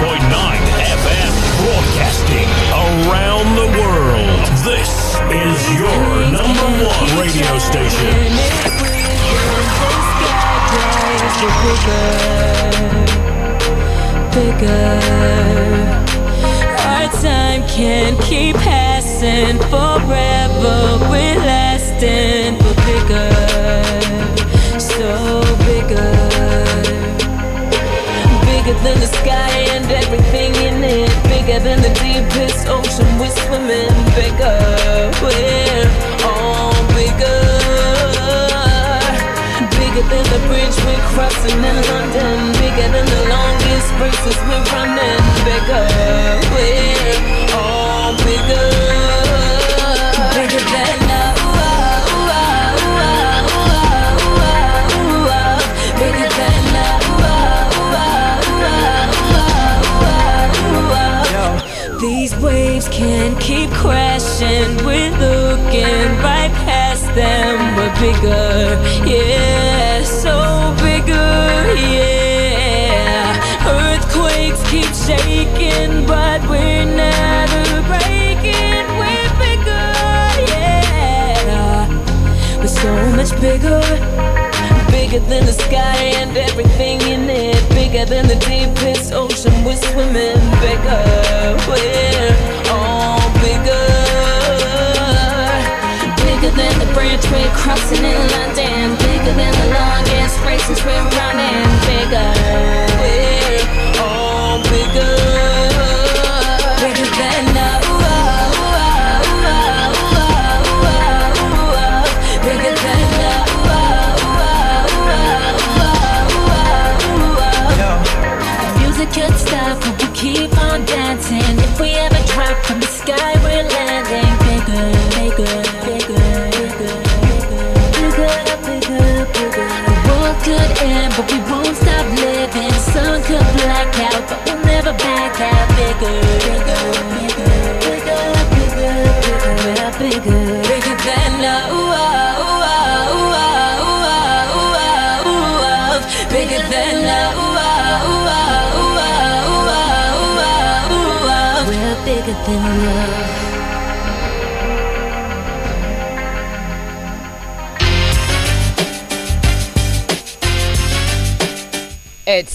FM, broadcasting around the world. This is your number one radio station. Bigger, bigger. Our time can keep passing forever. We're lasting for bigger. bigger than the sky and everything in it Bigger than the deepest ocean we're swimming Bigger, we're all bigger Bigger than the bridge we're crossing in London Bigger than the longest races we're running Bigger, we're all bigger Bigger than Things can keep crashing. We're looking right past them. We're bigger, yeah, so bigger, yeah. Earthquakes keep shaking, but we're never breaking. We're bigger, yeah. We're so much bigger. Bigger than the sky and everything in it. Bigger than the deepest ocean. We're swimming bigger. We're branch, we're crossing in London Bigger than the longest race since we're running Bigger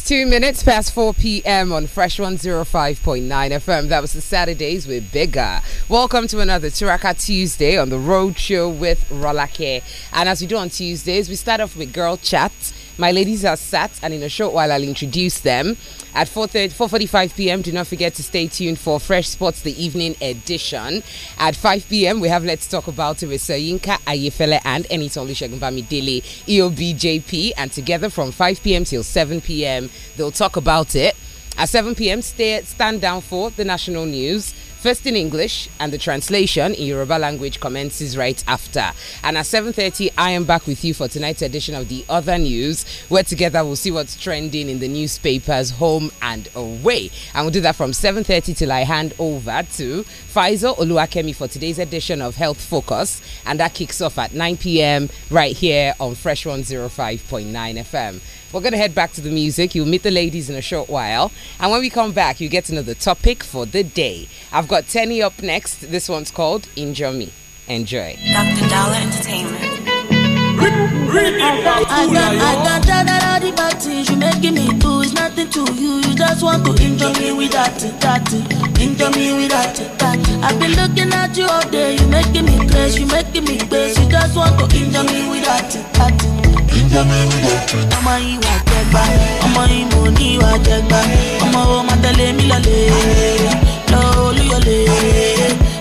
two minutes past 4 p.m. on Fresh 105.9 FM. That was the Saturdays with Bigger. Welcome to another Turaka Tuesday on the Road Show with Rolake. And as we do on Tuesdays, we start off with Girl Chat my ladies are sat, and in a short while, I'll introduce them. At 4.45 p.m., do not forget to stay tuned for Fresh Sports, the evening edition. At 5 p.m., we have Let's Talk About it with Soyinka Ayefele and Enitolu Shagunbami Dele, EOBJP. And together from 5 p.m. till 7 p.m., they'll talk about it. At 7 p.m., stay, stand down for the national news first in English, and the translation in Yoruba language commences right after. And at 7.30, I am back with you for tonight's edition of The Other News, where together we'll see what's trending in the newspapers home and away. And we'll do that from 7.30 till I hand over to Faisal Oluwakemi for today's edition of Health Focus, and that kicks off at 9 p.m. right here on Fresh 105.9 FM. We're going to head back to the music. You'll meet the ladies in a short while. And when we come back, you get to know the topic for the day. I've got got Tenny up next. This one's called Injure Me. Enjoy. Dr. Dollar Entertainment. I got you making me do is nothing to you. You just want to injure me that, injure me that. I've been looking at you all day. You making me crazy, you making me crazy. You just want to injure me that, injure me aṣọ olúyọlé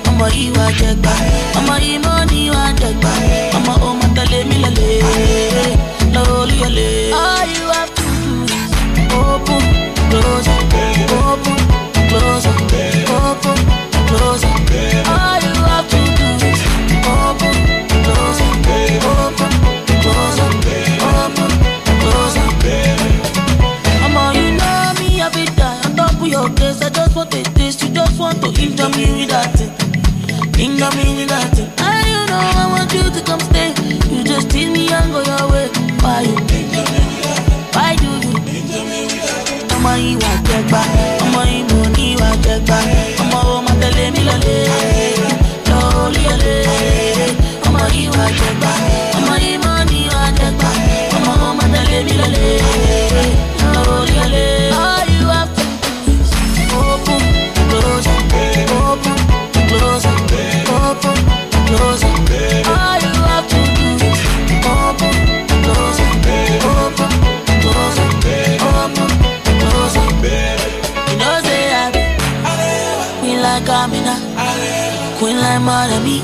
ọmọ yìí wá all you have to do is open close open close open close. just want to injure me with that thing. Injure me with that thing. And you know I want you to come stay. You just tease me and go your way. Why you? Why do you? you won't get back. come out of me.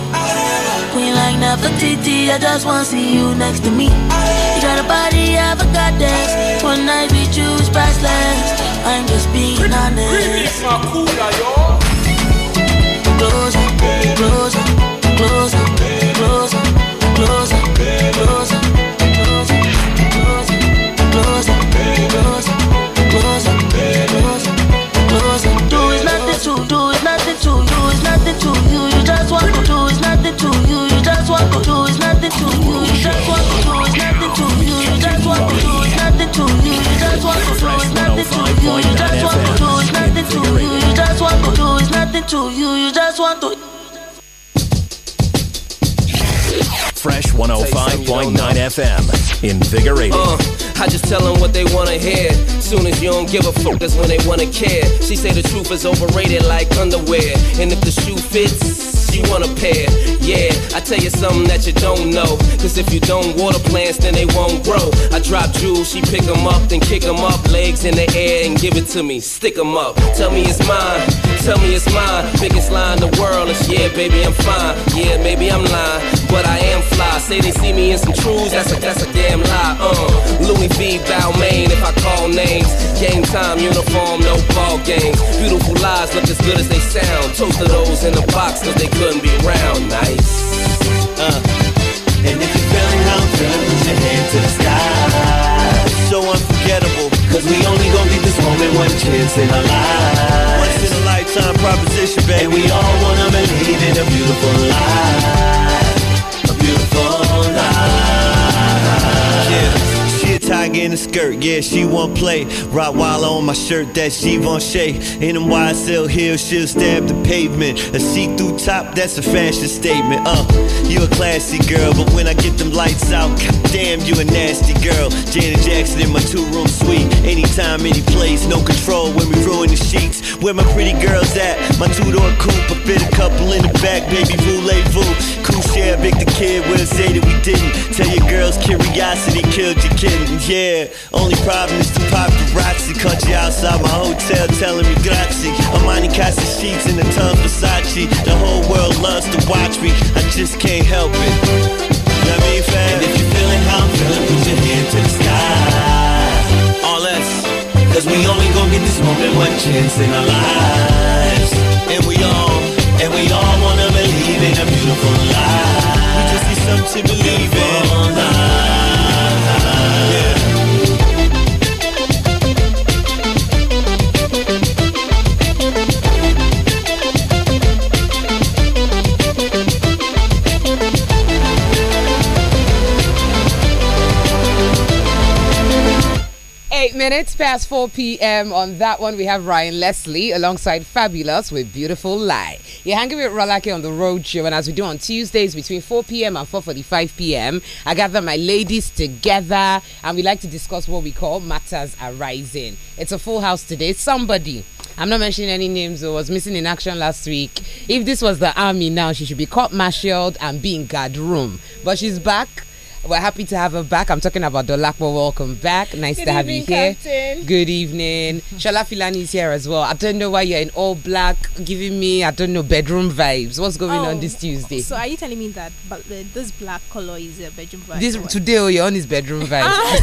Queen like Nefertiti, I just wanna see you next to me. You got a body of a goddess. One night with you is priceless. I'm just being honest. Fresh 105.9 FM. Invigorating. Uh, I just tell them what they wanna hear. Soon as you don't give a fuck, that's when they wanna care. She say the truth is overrated like underwear. And if the shoe fits, you want a pair. Yeah, I tell you something that you don't know. Cause if you don't water plants, then they won't grow. I drop jewels, she pick them up, then kick them up. Legs in the air and give it to me. Stick them up. Tell me it's mine. Tell me it's mine. Biggest lie in the world is yeah, baby, I'm fine. Yeah, maybe I'm lying, but I am fly. Say they see me in some trues, that's a, that's a damn lie. Uh, Louis V. Balmain, if I call names. Game time, uniform, no ball games. Beautiful lies look as good as they sound. Toast to those in the box, cause they couldn't be around nice. Uh. And if you're feeling how I'm feeling, put your hand to the sky. It's so unforgettable, cause we only gonna get this moment one chance in our lives. Once in a lifetime proposition, baby. And we all wanna believe in a beautiful life. in a skirt, yeah, she won't play. Rottweiler on my shirt, that's Givenchy. In them YSL heels, she'll stab the pavement. A see-through top, that's a fashion statement. Uh, you a classy girl, but when I get them lights out, damn, you a nasty girl. Janet Jackson in my two-room suite. Anytime, any place, no control when we ruin the sheets. Where my pretty girls at? My two-door coupe, I fit a couple in the back, baby voulez-vous. Cool share, big the kid, we'll say that we didn't. Tell your girls curiosity killed your kitten, yeah yeah. Only problem is the paparazzi caught you outside my hotel telling me grazie. Armani Casa sheets in the tongue Versace. The whole world loves to watch me. I just can't help it. You know I mean, fam? And if you're feeling how I'm feeling, put your hand to the sky. All us, cause we only gon' get this moment one chance in our lives. And we all, and we all wanna believe in a beautiful life. We just need something to believe in. Yeah. minutes past 4 p.m. On that one, we have Ryan Leslie alongside Fabulous with Beautiful Lie. You're hanging with Rolake on the road show, and as we do on Tuesdays between 4 p.m. and 4:45 p.m., I gather my ladies together, and we like to discuss what we call matters arising. It's a full house today. Somebody. I'm not mentioning any names who was missing in action last week. If this was the army now, she should be court martialed and be in guard room. But she's back we're happy to have her back. I'm talking about Dolakwa. Welcome back. Nice Good to have evening, you here. Captain. Good evening. Shala Filani is here as well. I don't know why you're in all black, giving me, I don't know, bedroom vibes. What's going oh, on this Tuesday? So, are you telling me that but, uh, this black color is a bedroom vibe? This, today, oh, you're on his bedroom vibes.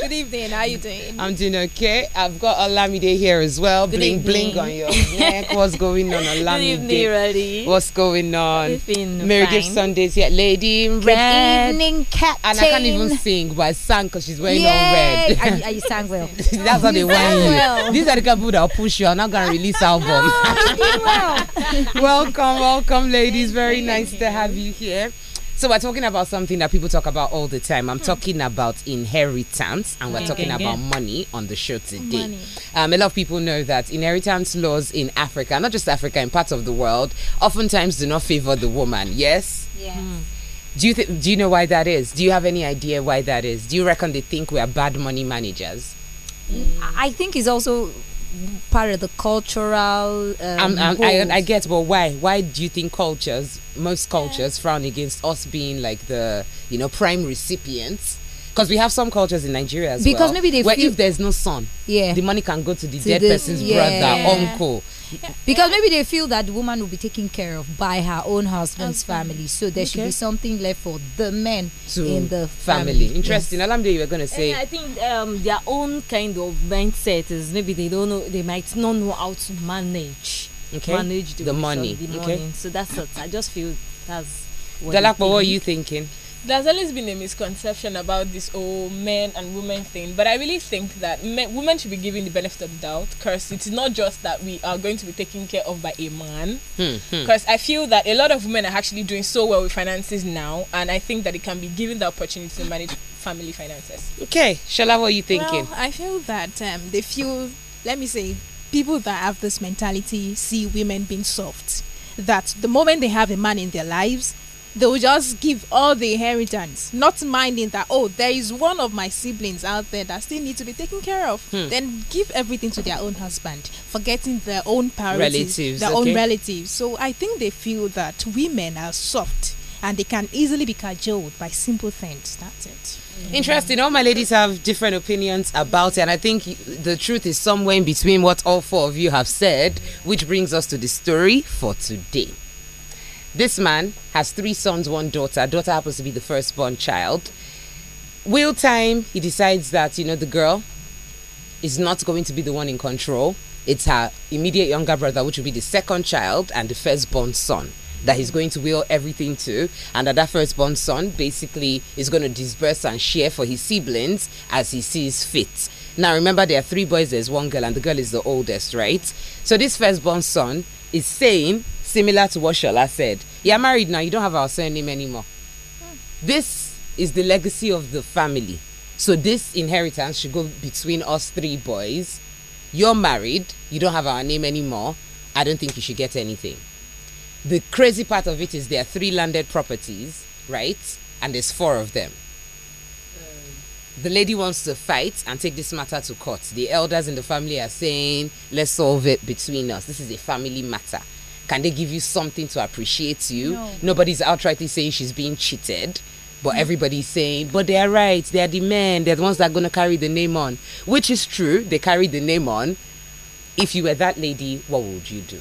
Good evening. How are you doing? I'm doing okay. I've got Olamide here as well. Good bling, evening. bling on your neck. What's going on, Olamide? Good evening, Rally. What's going on? Merry Gives Sundays here. Lady red. Evening cap And I can't even sing, but I sang because she's wearing Yay. all red. Are you, sang well. That's how they want you. These are the people that push you. I'm not gonna release album. no, well. welcome, welcome, ladies. Very nice to have you here. So we're talking about something that people talk about all the time. I'm hmm. talking about inheritance, and we're hmm. talking about money on the show today. Um, a lot of people know that inheritance laws in Africa, not just Africa, in parts of the world, oftentimes do not favor the woman. Yes. Yeah. Mm. Do you th- do you know why that is? Do you have any idea why that is? Do you reckon they think we are bad money managers? Mm, I think it's also part of the cultural. Um, I, I get, but why? Why do you think cultures, most cultures, yeah. frown against us being like the you know prime recipients? Because we have some cultures in Nigeria as because well. Because maybe they where if there's no son, yeah, the money can go to the to dead the, person's yeah. brother, uncle. because maybe they feel that the woman will be taken care of by her own husband's family, so there okay. should be something left for the men to in the family. family. Interesting. Yes. Alamde, you were gonna say. And I think um, their own kind of mindset is maybe they don't know, they might not know how to manage, okay. manage the, the money. The okay. So that's it. I just feel that's. What Dalakwa, what are you thinking? there's always been a misconception about this old men and women thing, but I really think that men, women should be given the benefit of the doubt because it's not just that we are going to be taken care of by a man. Because hmm, hmm. I feel that a lot of women are actually doing so well with finances now, and I think that it can be given the opportunity to manage family finances. Okay, Shala, what are you thinking? Well, I feel that um, they feel, let me say, people that have this mentality see women being soft. That the moment they have a man in their lives, they will just give all the inheritance, not minding that oh, there is one of my siblings out there that still need to be taken care of. Hmm. Then give everything to their own husband, forgetting their own relatives, their okay. own relatives. So I think they feel that women are soft and they can easily be cajoled by simple things. That's it. Mm-hmm. Interesting. All my ladies have different opinions about it, and I think the truth is somewhere in between what all four of you have said, which brings us to the story for today. This man has three sons, one daughter. Daughter happens to be the firstborn child. Will time, he decides that, you know, the girl is not going to be the one in control. It's her immediate younger brother, which will be the second child and the firstborn son that he's going to will everything to, and that that firstborn son basically is going to disperse and share for his siblings as he sees fit. Now, remember, there are three boys, there's one girl, and the girl is the oldest, right? So, this firstborn son is saying similar to what Shola said. You're married now, you don't have our surname anymore. This is the legacy of the family. So this inheritance should go between us three boys. You're married, you don't have our name anymore. I don't think you should get anything. The crazy part of it is there are three landed properties, right? And there's four of them. The lady wants to fight and take this matter to court. The elders in the family are saying, let's solve it between us. This is a family matter. Can they give you something to appreciate you? No. Nobody's outrightly saying she's being cheated. But mm. everybody's saying, but they're right, they're the men, they're the ones that are going to carry the name on. Which is true, they carry the name on. If you were that lady, what would you do?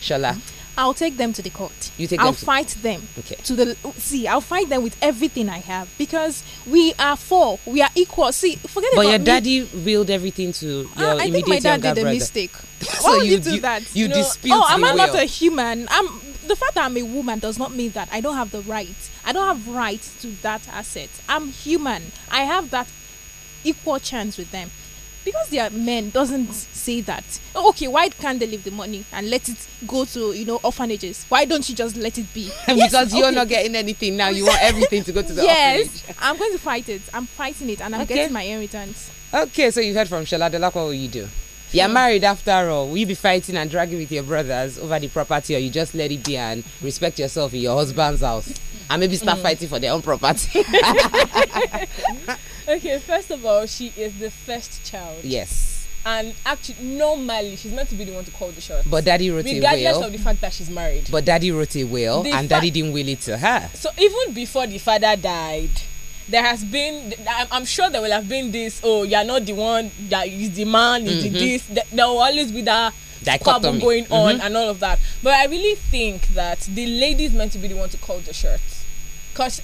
Shala? Mm-hmm. I'll take them to the court. You take I'll fight them. Okay. To the see, I'll fight them with everything I have because we are four. We are equal. See, forget but about But your daddy me. willed everything to your uh, I think my dad did brother. a mistake so you, you do you, that? You, you know, dispute. Oh, am I not a human? I'm the fact that I'm a woman does not mean that I don't have the right. I don't have right to that asset. I'm human. I have that equal chance with them. Because they are men doesn't say that. Okay, why can't they leave the money and let it go to you know orphanages? Why don't you just let it be? yes, because you're okay. not getting anything now. You want everything to go to the yes, orphanage. Yes, I'm going to fight it. I'm fighting it, and I'm okay. getting my inheritance. Okay, so you heard from Shala Delacqua. What will you do? You're married after all. Will you be fighting and dragging with your brothers over the property or you just let it be and respect yourself in your husband's house? And maybe start mm. fighting for their own property. okay, first of all, she is the first child. Yes and actually normally she's meant to be the one to call the shots. But daddy wrote regardless a will. Regardless of the fact that she's married. But daddy wrote a will the and daddy didn't will it to her. So even before the father died, there has been i'm sure there will have been this oh you're not the one that is the man mm -hmm. is this there will always be that problem going mm-hmm. on mm -hmm. and all of that but i really think that the lady is meant to be the one to call the shots because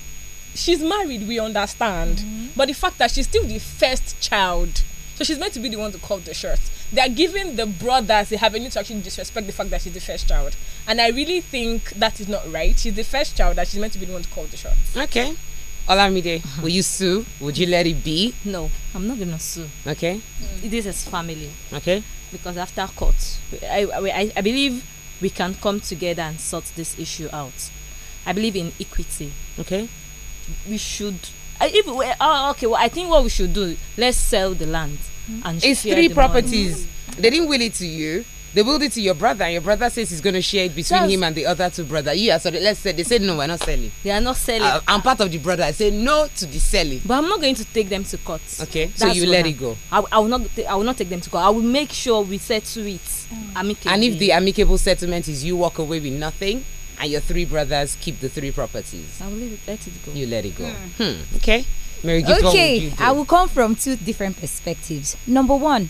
she's married we understand mm -hmm. but the fact that she's still the first child so she's meant to be the one to call the shots they're giving the brothers a need to actually disrespect the fact that she's the first child and i really think that is not right she's the first child that she's meant to be the one to call the shots okay Olamide, will you sue? Would you let it be? No, I'm not gonna sue. Okay. Mm. This is family. Okay. Because after court, I, I, I believe we can come together and sort this issue out. I believe in equity. Okay. We should. Uh, if we, uh, okay, well, I think what we should do, let's sell the land mm. and. It's three properties. Money. They didn't will it to you They willed it to your brother, and your brother says he's going to share it between That's him and the other two brothers. Yeah, so let's say they said no, we're not selling. They are not selling. Uh, I'm part of the brother. I say no to the selling. But I'm not going to take them to court. Okay, That's so you let I, it go. I, I will not. I will not take them to court. I will make sure we settle it mm. amicably. And if the amicable settlement is you walk away with nothing, and your three brothers keep the three properties. I will leave it, let it go. You let it go. Mm. Hmm. Okay. Mary, okay, I will come from two different perspectives. Number one,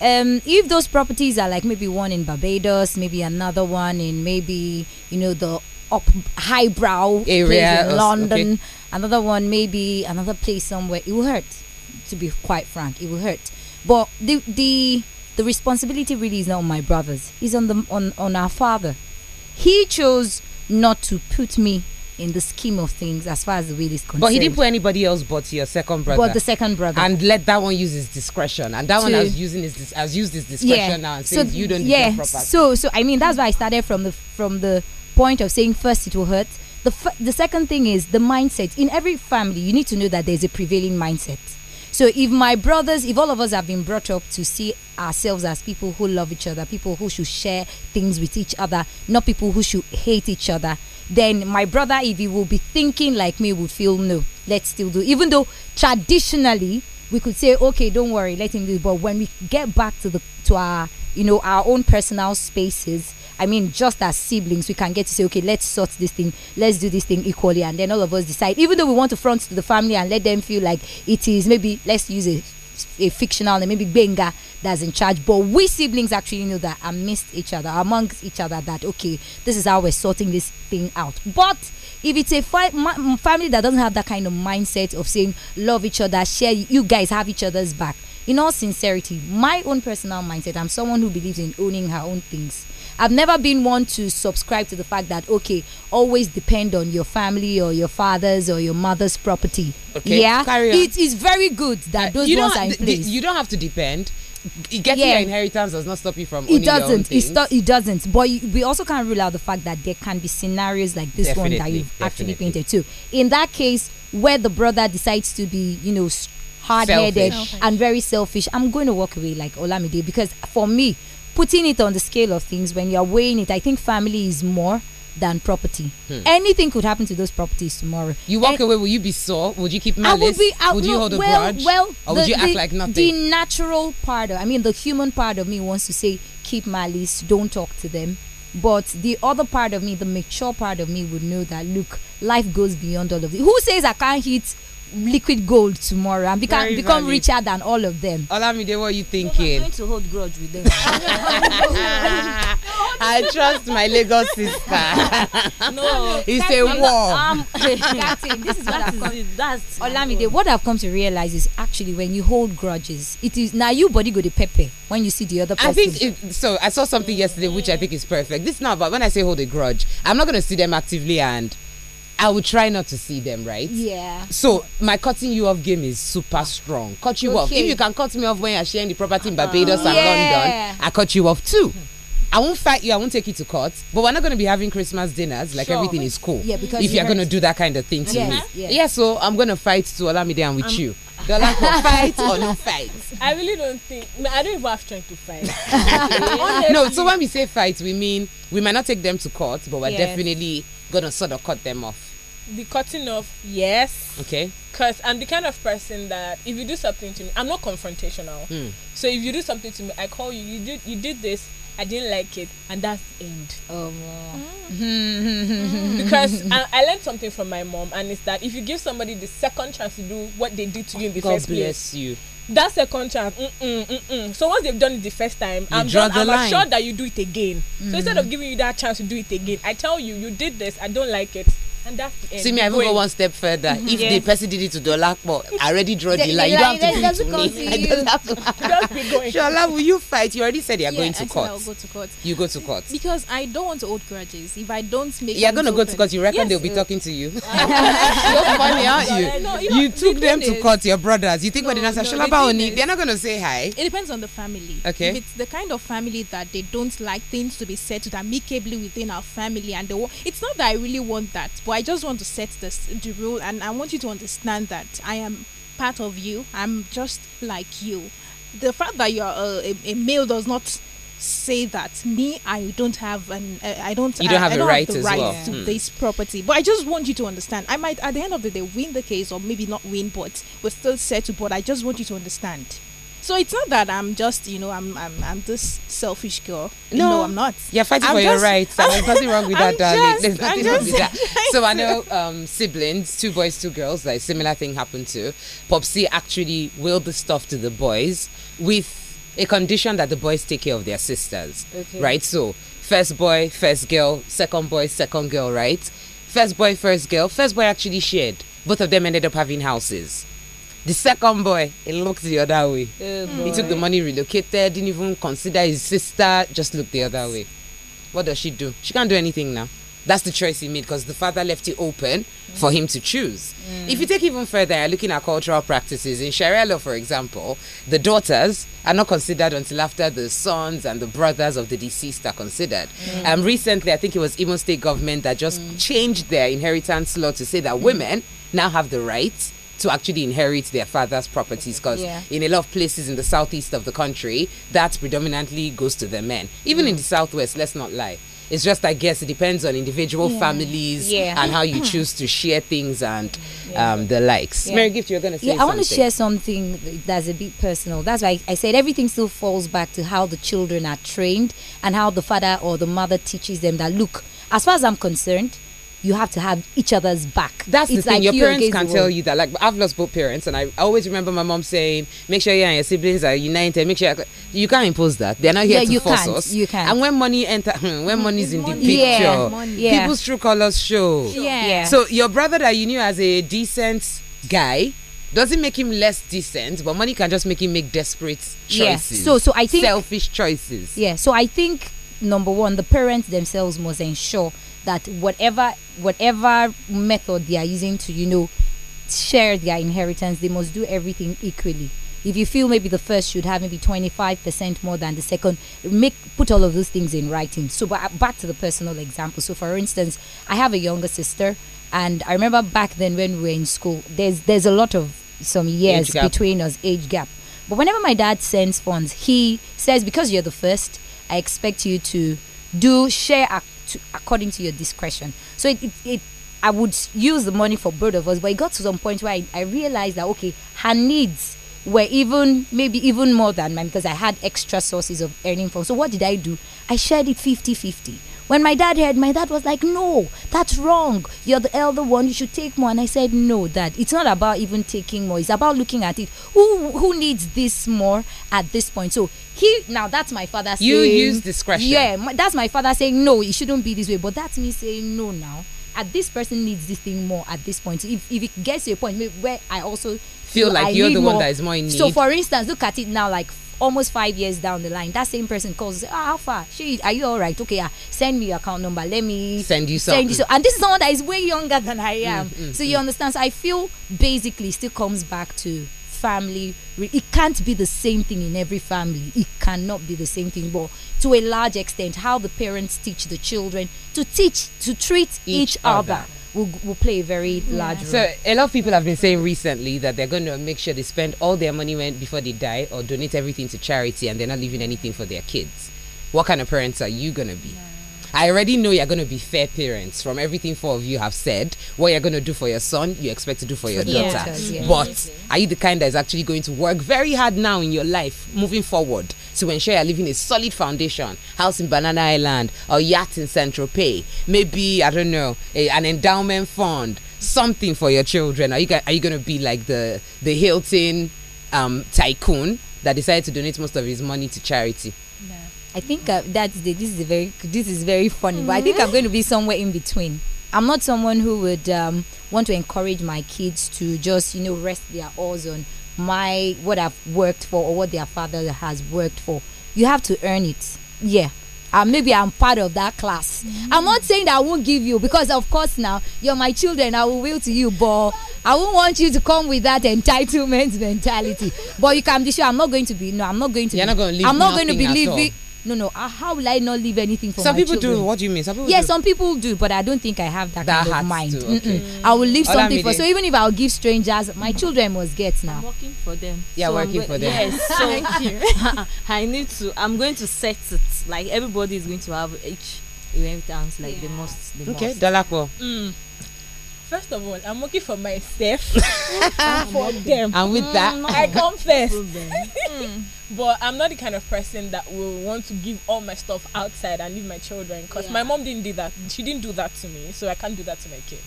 um, if those properties are like maybe one in Barbados, maybe another one in maybe you know the up highbrow area in London, okay. another one maybe another place somewhere, it will hurt. To be quite frank, it will hurt. But the the the responsibility really is not on my brothers; it's on the on on our father. He chose not to put me in the scheme of things as far as the will is concerned. But he didn't put anybody else but your second brother. But the second brother. And let that one use his discretion. And that to, one has using his has used his discretion yeah. now and so, you don't yeah. So so I mean that's why I started from the from the point of saying first it will hurt. The the second thing is the mindset. In every family you need to know that there's a prevailing mindset. So if my brothers, if all of us have been brought up to see ourselves as people who love each other, people who should share things with each other, not people who should hate each other, then my brother, if he will be thinking like me, will feel no, let's still do. Even though traditionally we could say, okay, don't worry, let him do. But when we get back to the to our you know our own personal spaces, I mean, just as siblings, we can get to say, okay, let's sort this thing, let's do this thing equally, and then all of us decide. Even though we want to front to the family and let them feel like it is maybe let's use it a fictional name, maybe Benga, that's in charge. But we siblings actually know that amidst each other, amongst each other, that okay, this is how we're sorting this thing out. But if it's a fi mm, family that doesn't have that kind of mindset of saying love each other, share, you guys have each other's back. In all sincerity, my own personal mindset, I'm someone who believes in owning her own things. I've never been one to subscribe to the fact that okay, always depend on your family or your father's or your mother's property. Okay, yeah, it is very good that uh, those ones are in place. you don't have to depend getting yeah. your inheritance does not stop you from it doesn't it, it doesn't but we also can't rule out the fact that there can be scenarios like this definitely, one that you've definitely. actually painted too in that case where the brother decides to be you know hard-headed and very selfish i'm going to walk away like olamide because for me putting it on the scale of things when you're weighing it i think family is more than property. Hmm. Anything could happen to those properties tomorrow. You walk and away, will you be sore? Would you keep malice? I would be, I, would no, you hold a well, grudge? Well, or the, would you the, act like nothing? The natural part of, I mean, the human part of me wants to say, keep malice, don't talk to them. But the other part of me, the mature part of me, would know that, look, life goes beyond all of this. Who says I can't hit liquid gold tomorrow and beca Very become valid. richer than all of them. Olamide, what are you thinking? I'm going to hold grudge with them. I trust my Lagos sister. no, it's a war. Um, that's it. This is what I've come. Olamide, what I've come to realize is actually when you hold grudges, it is now you body go the pepe when you see the other person. I think it, so. I saw something yesterday which I think is perfect. This is not about when I say hold a grudge. I'm not going to see them actively and I will try not to see them, right? Yeah. So my cutting you off game is super strong. Cut you okay. off. If you can cut me off when you're sharing the property in Barbados uh, and yeah. London, I cut you off too. I won't fight you. I won't take you to court. But we're not going to be having Christmas dinners. Like sure. everything is cool. Yeah, because if you are going to do that kind of thing to yes, me, yes. yeah. So I'm going to fight to allow me down with um, you. fight or no fight? I really don't think. I don't even have strength to fight. no. So when we say fight, we mean we might not take them to court, but we're yes. definitely going to sort of cut them off the cutting off, yes. Okay. Because I'm the kind of person that if you do something to me, I'm not confrontational. Mm. So if you do something to me, I call you. You did you did this. I didn't like it, and that's the end. Oh, wow. mm. because I, I, learned something from my mom, and it's that if you give somebody the second chance to do what they did to you in the God first place, God bless you. That second chance, mm-mm, mm-mm. so once they've done it the first time, you I'm, done, I'm assured that you do it again. Mm. So instead of hmm. giving you that chance to do it again, I tell you, you did this. I don't like it and that's the end. See me, I even go one step further. Mm-hmm. If yes. the person did it to Dolakpo, I already draw the, the line. You don't have to do it to me. To I don't have to. just Shola, will you fight? You already said you are yeah, going to I court. I will go to court. You go to court. Because I don't want old grudges. If I don't make, you're going to go to court. You reckon yes. they'll be talking to you? so funny, aren't you? No, you, you took them to court, your brothers. You think no, when they answer no, Shola they're not going to say hi. It depends on the family. Okay. If it's the kind of family that they don't like things to be said amicably within our family, and they it's not that I really want that, but I just want to set this, the rule and I want you to understand that I am part of you. I'm just like you. The fact that you're a, a male does not say that me I don't have an uh, I don't you don't I, have, I don't right have the right well. to yeah. Hmm. this property but I just want you to understand I might at the end of the day win the case or maybe not win but we're still to. but I just want you to understand so it's not that I'm just, you know, I'm I'm, I'm this selfish girl. No, no I'm not. You're fighting I'm for just, your rights. There's nothing wrong with that, darling. There's nothing wrong with that. So I know um, siblings, two boys, two girls, like similar thing happened to. Popsy actually willed the stuff to the boys with a condition that the boys take care of their sisters. Okay. Right? So first boy, first girl, second boy, second girl, right? First boy, first girl. First boy actually shared. Both of them ended up having houses. The second boy, he looked the other way. Oh he took the money, relocated, didn't even consider his sister, just looked the other way. What does she do? She can't do anything now. That's the choice he made because the father left it open mm. for him to choose. Mm. If you take even further, looking at cultural practices. In Sharia law, for example, the daughters are not considered until after the sons and the brothers of the deceased are considered. Mm. Um, recently, I think it was Imo State government that just mm. changed their inheritance law to say that women now have the right to actually inherit their father's properties because yeah. in a lot of places in the southeast of the country, that predominantly goes to the men. Even mm. in the southwest, let's not lie. It's just, I guess, it depends on individual yeah. families yeah. and how you choose to share things and yeah. um, the likes. Mary Gift, you're going to say Yeah, I want to share something that's a bit personal. That's why I said everything still falls back to how the children are trained and how the father or the mother teaches them that, look, as far as I'm concerned, you have to have each other's back. That's it's the thing. Like your you parents can tell you that. Like I've lost both parents, and I always remember my mom saying, "Make sure you and your siblings are united. Make sure you can't impose that. They're not here yeah, to you force can't. us. You can. And when money enter, when money's in money. the picture, yeah, Yeah. people's true colors show. Yeah. yeah. So your brother that you knew as a decent guy doesn't make him less decent, but money can just make him make desperate choices. Yeah. So so I think selfish choices. Yeah. So I think number one, the parents themselves must ensure that whatever whatever method they are using to you know share their inheritance they must do everything equally if you feel maybe the first should have maybe 25% more than the second make put all of those things in writing so but uh, back to the personal example so for instance i have a younger sister and i remember back then when we were in school there's there's a lot of some years between us age gap but whenever my dad sends funds he says because you're the first i expect you to do share to, according to your discretion. So it, it, it, I would use the money for both of us, but it got to some point where I, I realized that okay, her needs were even maybe even more than mine because I had extra sources of earning from. So what did I do? I shared it 50 50. When my dad heard, my dad was like, No, that's wrong. You're the elder one. You should take more. And I said, No, dad. It's not about even taking more. It's about looking at it. Who who needs this more at this point? So he now that's my father saying You use discretion. Yeah, my, that's my father saying no, it shouldn't be this way. But that's me saying no now. At this person needs this thing more at this point. if if it gets to a point where I also feel, feel like I you're the more, one that is more in need. So for instance, look at it now like almost five years down the line, that same person calls and says, oh, Alpha, she, are you all right? Okay, uh, send me your account number. Let me send you something. Send you so and this is someone that is way younger than I mm, am. Mm, mm, so you mm. understand? So I feel basically still comes back to family. It can't be the same thing in every family. It cannot be the same thing. But to a large extent, how the parents teach the children to teach, to treat each, each other. other will, will play a very yeah. large role. So a lot of people have been saying recently that they're going to make sure they spend all their money when, before they die or donate everything to charity and they're not leaving anything for their kids. What kind of parents are you going to be? Yeah. I already know you're going to be fair parents from everything four of you have said. What you're going to do for your son, you expect to do for your yeah. daughter. Yeah. But are you the kind that is actually going to work very hard now in your life, moving forward, to ensure you're leaving a solid foundation? House in Banana Island or yacht in Central Pay? Maybe, I don't know, a, an endowment fund, something for your children. Are you, are you going to be like the, the Hilton um, tycoon that decided to donate most of his money to charity? I think uh, that's the this is very this is very funny, but I think I'm mm-hmm. going to be somewhere in between. I'm not someone who would um, want to encourage my kids to just you know rest their oars on my what I've worked for or what their father has worked for. You have to earn it. Yeah. Uh, maybe I'm part of that class. mm I'm not saying that I won't give you because, of course, now you're my children. I will will to you, but I won't want you to come with that entitlement mentality. but you can be sure I'm not going to be. No, I'm not going to. You're be, not going to leave. I'm not going to be leaving no no uh, how will i not leave anything for some people children? do what do you mean some people yeah do. some people do but i don't think i have that, that kind of mind too, okay. mm -mm. i will leave All something for so even if i'll give strangers my children must get now I'm working for them yeah so working for them yes so thank you i need to i'm going to set it like everybody is going to have each event like yeah. the most the okay Dollar. mm. First of all, I'm working for myself and for them. And with that, mm, I confess. But I'm not the kind of person that will want to give all my stuff outside and leave my children because yeah. my mom didn't do that. She didn't do that to me, so I can't do that to my kids.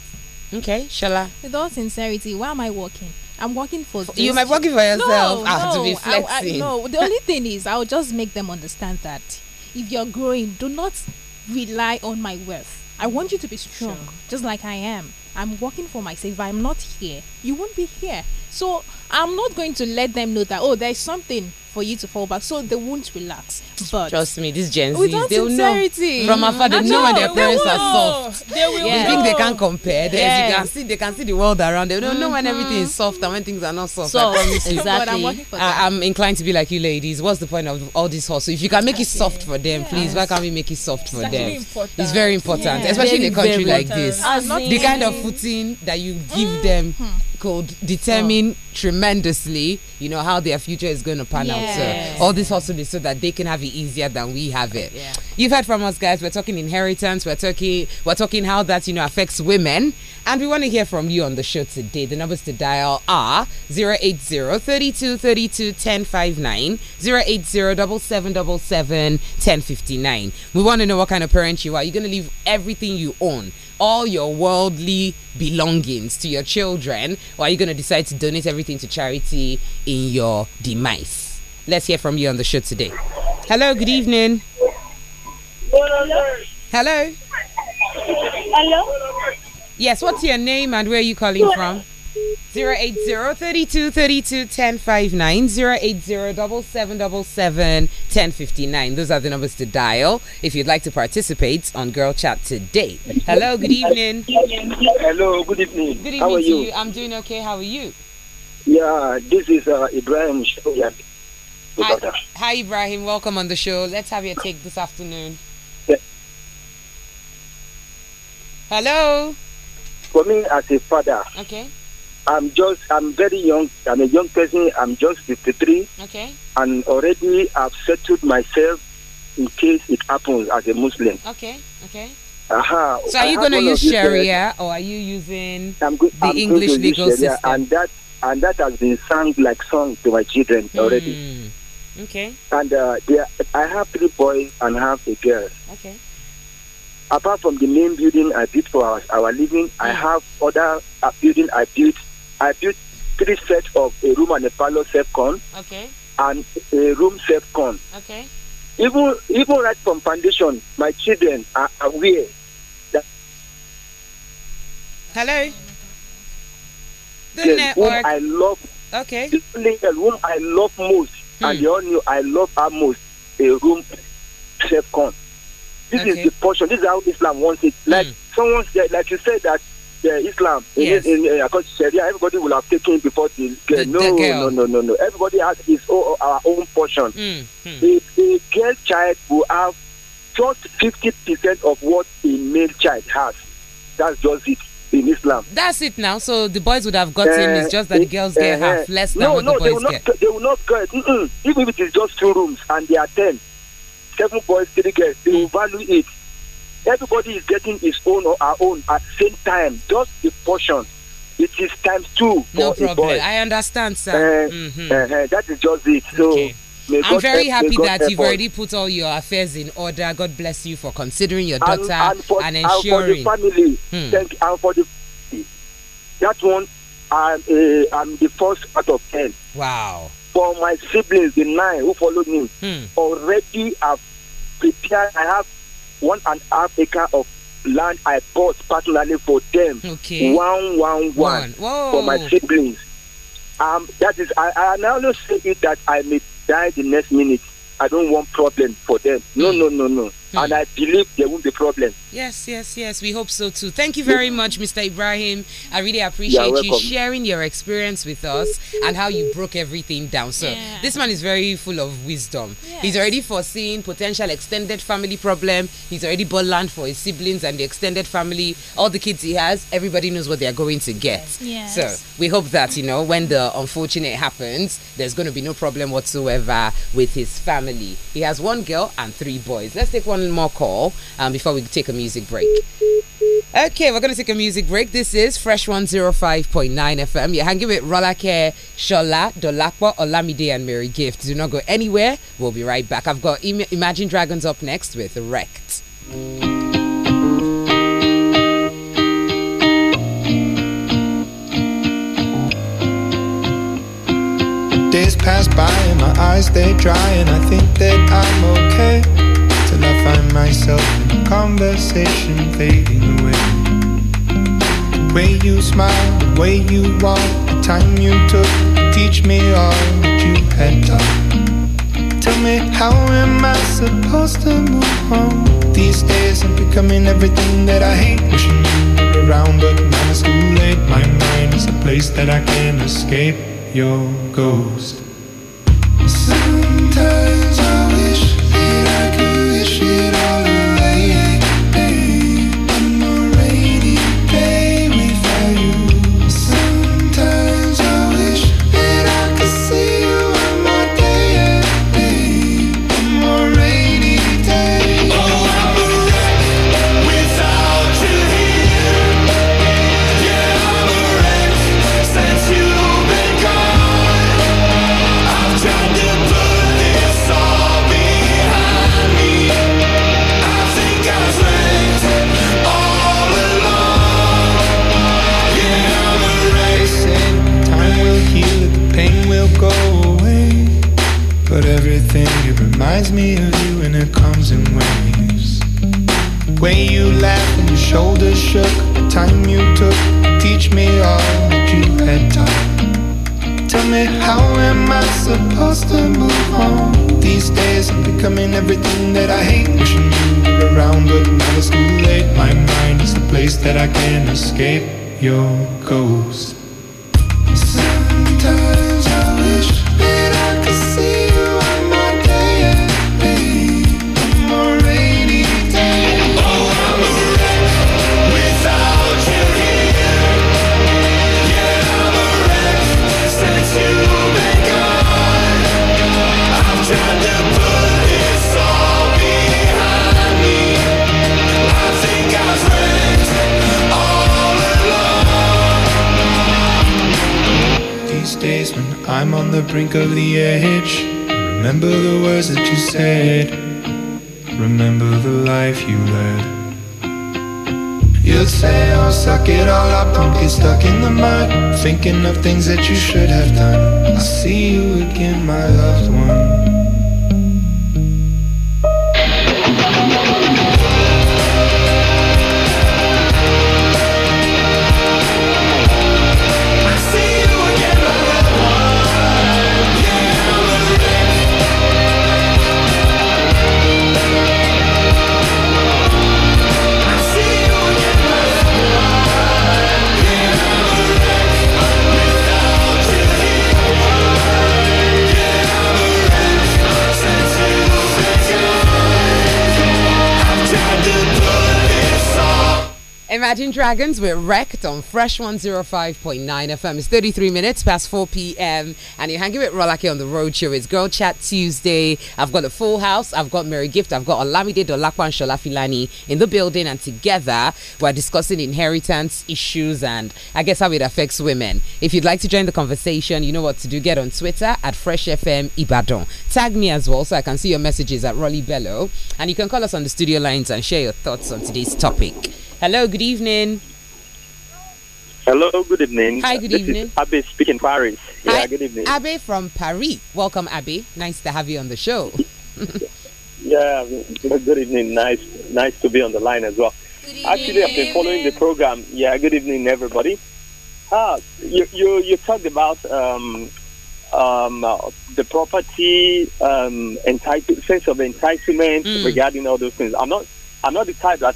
Okay, Shala. With all sincerity, why am I working? I'm working for, for you. Might working for yourself. Ah, no, no, to be flexing. I, I, no, the only thing is, I'll just make them understand that if you're growing, do not rely on my wealth. I want you to be strong, sure. just like I am. I'm working for myself. If I'm not here, you won't be here. So I'm not going to let them know that, oh, there's something for you to fall back, so they won't relax. But trust me, these Gen Zs, they will know from afar. They know when their parents are soft. They will. Yeah. think they can't compare. They, yes. You can see, they can see the world around them. They don't mm -hmm. know when mm-hmm. everything is soft and when things are not soft. So, Exactly. God, I'm, I'm, inclined to be like you, ladies. What's the point of all this hustle? If you can make it soft for them, yes. please, why can't we make it soft for them? Important. It's very important, yeah. especially very in a country like this. the kind of footing that you give them mm-hmm. could determine oh. tremendously, you know, how their future is going to pan yes. out. So all this also is so that they can have it easier than we have it. Yeah. You've heard from us, guys. We're talking inheritance. We're talking. We're talking how that you know affects women, and we want to hear from you on the show today. The numbers to dial are 080 32 32 080 We want to know what kind of parent you are. You're going to leave everything you own all your worldly belongings to your children, or are you going to decide to donate everything to charity in your demise? Let's hear from you on the show today. Hello, good evening. Hello. Hello. Yes, what's your name and where are you calling from? 80 1059 Those are the numbers to dial if you'd like to participate on Girl Chat today. Hello, good evening. Hello, good evening. Good evening How are you? you? I'm doing okay. How are you? Yeah, this is uh, Ibrahim Hi, hi, Ibrahim. Welcome on the show. Let's have your take this afternoon. Hello. For me, as a father, okay I'm just, I'm very young. I'm a young person. I'm just 53. Okay. And already I've settled myself in case it happens as a Muslim. Okay, okay. Uh-huh. So are you going to use Sharia or are you using I'm go- the I'm English legal system? And that, and that has been sung like song to my children mm. already. Okay. And uh, I have three boys and half a girl. Okay. Apart from the main building I built for our, our living, mm. I hmm. have other uh, building I built I built three sets of a room and a parlor self con. Okay. And a room self con. Okay. Even even right from foundation, my children are aware that. Hello. The network. Whom I love. Okay. The girl whom I love most, hmm. and they all knew I love her most. A room self con. This okay. is the portion. This is how Islam wants it. Like hmm. someone said, like you said that the Islam, in, yes. in, in, according to Sharia, everybody will have taken before the, uh, the, no, the girl. No, no, no, no. Everybody has his own, our own portion. Mm A, a girl child will have just 50% of what a male child has. That's just it in Islam. That's it now. So the boys would have gotten. Uh, it's just that the girls get uh, half less than no, what the boys they will not, get. They will not get. Mm -mm. Even if it is just two rooms and they are ten, seven boys, three girls, they will hmm. value it. Everybody is getting his own or our own at the same time, just a portion. It is times two. No problem. I understand, sir. Uh, mm -hmm. uh, that is just it. So. Okay. I'm very happy that you've already put all your affairs in order. God bless you for considering your daughter and, and, for, and ensuring. Hmm. And for the family, hmm. thank and for the that one, I'm, uh, I'm the first out of ten. Wow. For my siblings, the nine who followed me, hmm. already have prepared. I have one and a half acre of land I bought personally for them. Okay. One, one, one. one. For my siblings. Um, that is, I, I now say it that I may die the next minute. I don't want problem for them. No, mm. no, no, no. Hmm. And I believe there won't be problems. Yes, yes, yes. We hope so too. Thank you very hmm. much, Mr. Ibrahim. I really appreciate you sharing your experience with us and how you broke everything down. So yeah. this man is very full of wisdom. Yes. He's already foreseeing potential extended family problem. He's already bought land for his siblings and the extended family. All the kids he has, everybody knows what they are going to get. Yes. So we hope that, you know, when the unfortunate happens, there's going to be no problem whatsoever with his family. He has one girl and three boys. Let's take one one more call um, before we take a music break. Okay, we're going to take a music break. This is Fresh 105.9 FM. You're hanging with Rolake, Shola, Dolakwa, Olamide, and Mary Gift. Do not go anywhere. We'll be right back. I've got Imagine Dragons up next with Wrecked. Days pass by and my eyes they dry, and I think that I'm okay. I find myself in conversation fading away. The way you smile, the way you walk, the time you took to teach me all that you had taught. Tell me, how am I supposed to move on? These days I'm becoming everything that I hate, wishing you were around, but now it's too late. My mind is a place that I can't escape. Your ghost. me of you and it comes in waves. When you laughed and your shoulders shook, the time you took, teach me all that you had taught. Tell me, how am I supposed to move on? These days I'm becoming everything that I hate, wishing you were around, but now it's too late. My mind is the place that I can escape your ghost. brink of the edge. Remember the words that you said. Remember the life you led. You'd say, i oh, suck it all up, don't get stuck in the mud. Thinking of things that you should have done. I'll see you again, my loved one. Imagine Dragons were wrecked on Fresh 105.9 FM. It's 33 minutes past 4 p.m. And you're hanging with Rolake on the road show. It's Girl Chat Tuesday. I've got a full house. I've got Mary Gift. I've got Olamide Dolakwa and Shola Filani in the building. And together, we're discussing inheritance issues and I guess how it affects women. If you'd like to join the conversation, you know what to do. Get on Twitter at Fresh FM Ibadan. Tag me as well so I can see your messages at Rolly Bello. And you can call us on the studio lines and share your thoughts on today's topic. Hello, good evening. Hello, good evening. Hi, good this evening. Abbe speaking Paris. Yeah, Hi, good evening. Abbe from Paris. Welcome, Abbe. Nice to have you on the show. yeah, good evening. Nice, nice to be on the line as well. Actually, I've been following the program. Yeah, good evening, everybody. Ah, you you, you talked about um, um, uh, the property um, entitled sense of entitlement mm. regarding all those things. I'm not I'm not the type that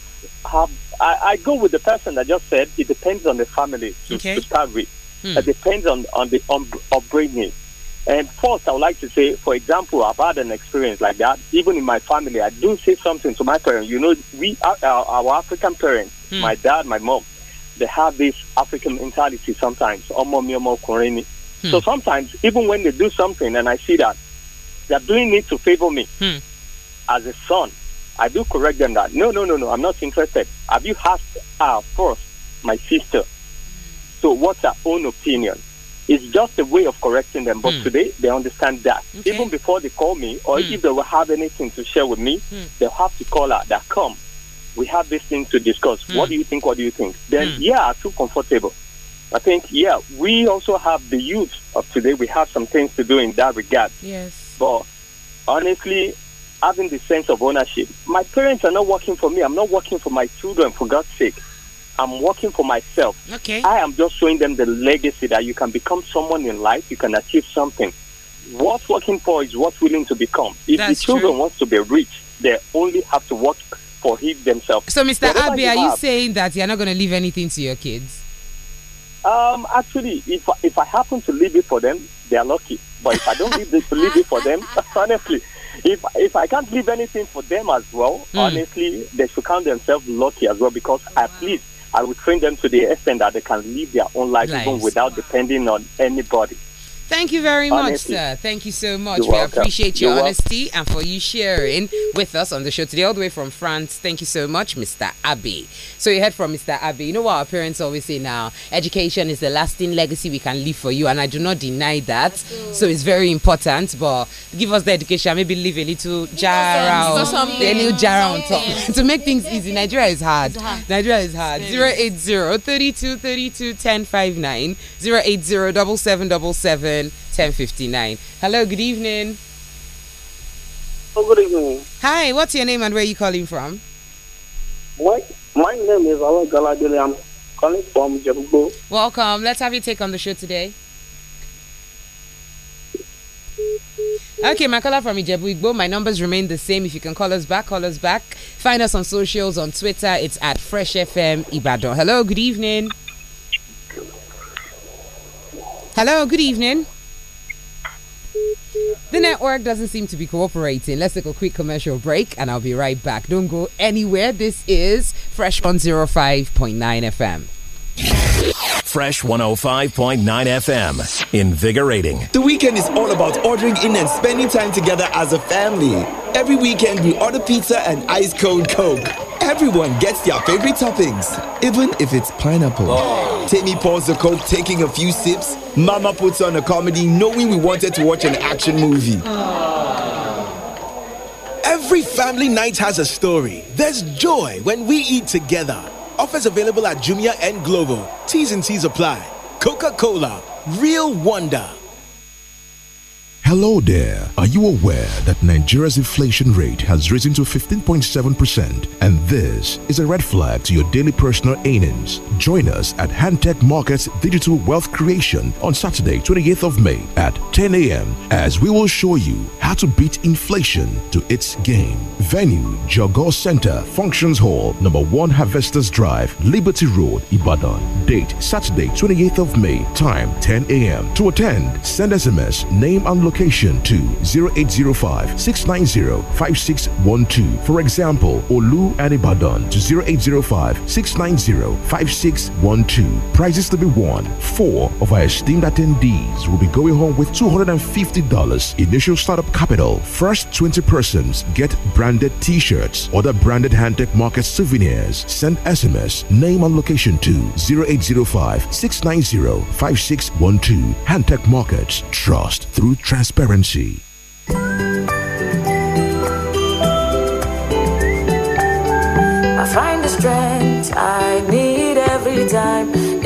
have I, I, go with the person I just said. It depends on the family to, okay. to start with. Hmm. It depends on on the upbringing. And first, I would like to say, for example, I've had an experience like that. Even in my family, I do say something to my parents. You know, we our, our African parents, hmm. my dad, my mom, they have this African mentality sometimes. Hmm. So sometimes, even when they do something, and I see that they're doing it to favor me as a son I do correct them that no, no, no, no, I'm not interested. Have you asked her uh, first, my sister? So what's her own opinion? It's just a way of correcting them. But mm. today they understand that. Okay. Even before they call me, or mm. if they will have anything to share with me, mm. they'll have to call her that come. We have this thing to discuss. Hmm. What do you think? What do you think? Then hmm. yeah, too comfortable. I think yeah, we also have the youth of today. We have some things to do in that regard. Yes. But honestly, having the sense of ownership. My parents are not working for me. I'm not working for my children, for God's sake. I'm working for myself. Okay. I am just showing them the legacy that you can become someone in life, you can achieve something. What's working for is what's willing to become. If That's the children true. want to be rich, they only have to work for it themselves. So, Mr. Whatever you are have, you saying that you're not going to leave anything to your kids? Um, actually, if if I happen to leave it for them, they are lucky. But if I don't leave, this, leave it for them, honestly, if if I can't leave anything for them as well, mm. honestly, they should count themselves lucky as well because wow. at least I will train them to the extent that they can live their own life even without depending on anybody. Thank you very much, sir. Thank you so much. You're we welcome. appreciate your You're honesty welcome. and for you sharing with us on the show today, all the way from France. Thank you so much, Mr. Abbey. So you heard from Mr. Abbey. You know what our parents always say now: education is the lasting legacy we can leave for you, and I do not deny that. So it's very important. But give us the education, maybe leave a little jar a little jar on top to make things easy. Nigeria is hard. hard. Nigeria is hard. Zero eight zero thirty two thirty two ten five nine zero eight zero double seven double seven. 1059. Hello, good evening. Oh, good evening. Hi, what's your name and where are you calling from? My, my name is Alan Galadele. I'm calling from Jebugo. Welcome. Let's have you take on the show today. Okay, my caller from Ijebu My numbers remain the same. If you can call us back, call us back. Find us on socials on Twitter. It's at Fresh FM Ibadan. Hello, good evening. Hello, good evening. The network doesn't seem to be cooperating. Let's take a quick commercial break and I'll be right back. Don't go anywhere. This is Fresh 105.9 FM. Fresh 105.9 FM. Invigorating. The weekend is all about ordering in and spending time together as a family. Every weekend, we order pizza and ice cold Coke. Everyone gets their favorite toppings, even if it's pineapple. Oh. Timmy pours the coke, taking a few sips. Mama puts on a comedy, knowing we wanted to watch an action movie. Every family night has a story. There's joy when we eat together. Offers available at Jumia and Glovo. T's and T's apply. Coca Cola, real wonder. Hello there. Are you aware that Nigeria's inflation rate has risen to 15.7% and this is a red flag to your daily personal earnings? Join us at Hantech Markets Digital Wealth Creation on Saturday, 28th of May at 10 a.m. as we will show you how to beat inflation to its game. Venue Jogor Center Functions Hall, number 1 Harvesters Drive, Liberty Road, Ibadan. Date Saturday, 28th of May, time 10 a.m. To attend, send SMS, name and location location to 0805 690 5612. For example, Olu Adibadan to 0805 690 5612. Prizes to be won. Four of our esteemed attendees will be going home with $250 initial startup capital. First 20 persons get branded t shirts, other branded handtech market souvenirs. Send SMS, name and location to 0805 690 5612. Handtech Markets. Trust through transfer transparency. I find the strength I need every time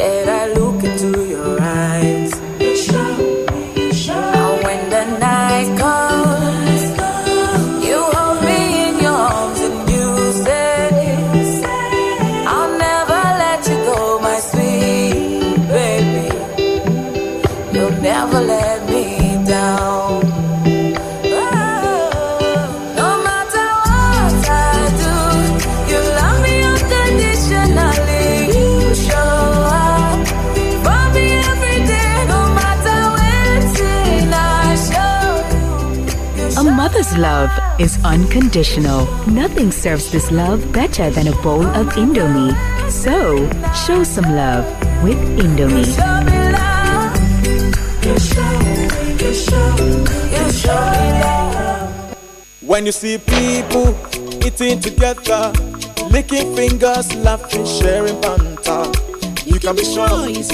love is unconditional. Nothing serves this love better than a bowl of Indomie. So, show some love with Indomie. When you see people eating together, licking fingers, laughing, sharing banter. You can be sure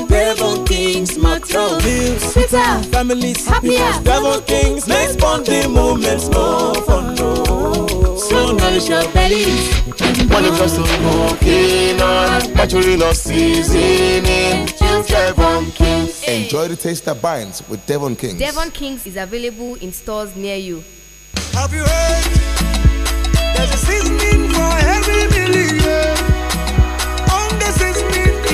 Devon Kings Matter Live sweeter, families happier Devon Kings makes bonding moments more fun no. So nourish your bellies Money for smoking on Naturally no seasoning Devon Kings Enjoy the taste that binds with Devon Kings Devon Kings is available in stores near you Have you heard? There's a seasoning for every believer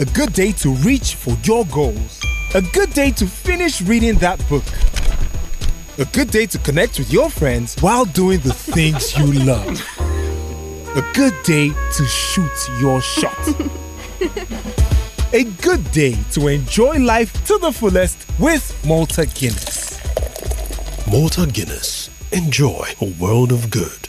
A good day to reach for your goals. A good day to finish reading that book. A good day to connect with your friends while doing the things you love. A good day to shoot your shot. A good day to enjoy life to the fullest with Malta Guinness. Malta Guinness. Enjoy a world of good.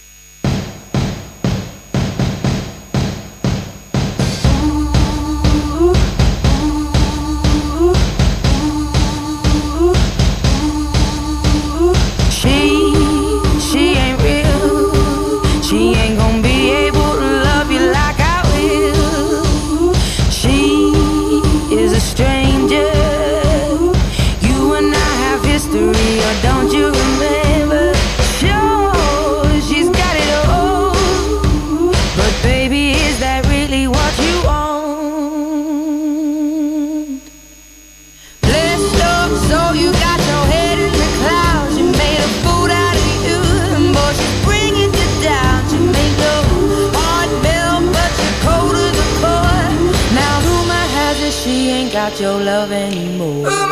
your love anymore.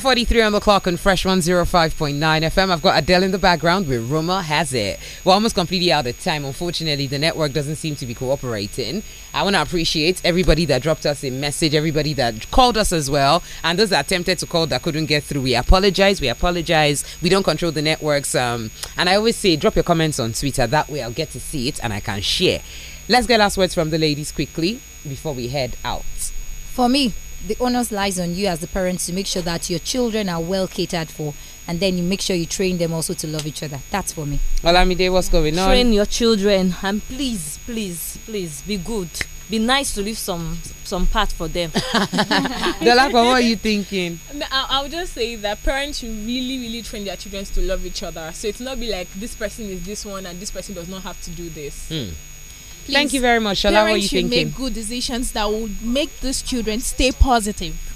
12.43 on the clock on Fresh 105.9 FM. I've got Adele in the background Where Rumor Has It. We're almost completely out of time. Unfortunately, the network doesn't seem to be cooperating. I want to appreciate everybody that dropped us a message, everybody that called us as well, and those that attempted to call that couldn't get through. We apologize. We apologize. We don't control the networks. Um, and I always say, drop your comments on Twitter. That way I'll get to see it and I can share. Let's get last words from the ladies quickly before we head out. For me, the onus lies on you as the parents to make sure that your children are well catered for and then you make sure you train them also to love each other that's for me olamide what's going on train your children and please please please be good be nice to leave some some part for them dolapo what are you thinking i would just say that parents should really really train their children to love each other so it's not be like this person is this one and this person does not have to do this mm. Please, Thank you very much. Shola, what you thinking? make good decisions that will make these children stay positive.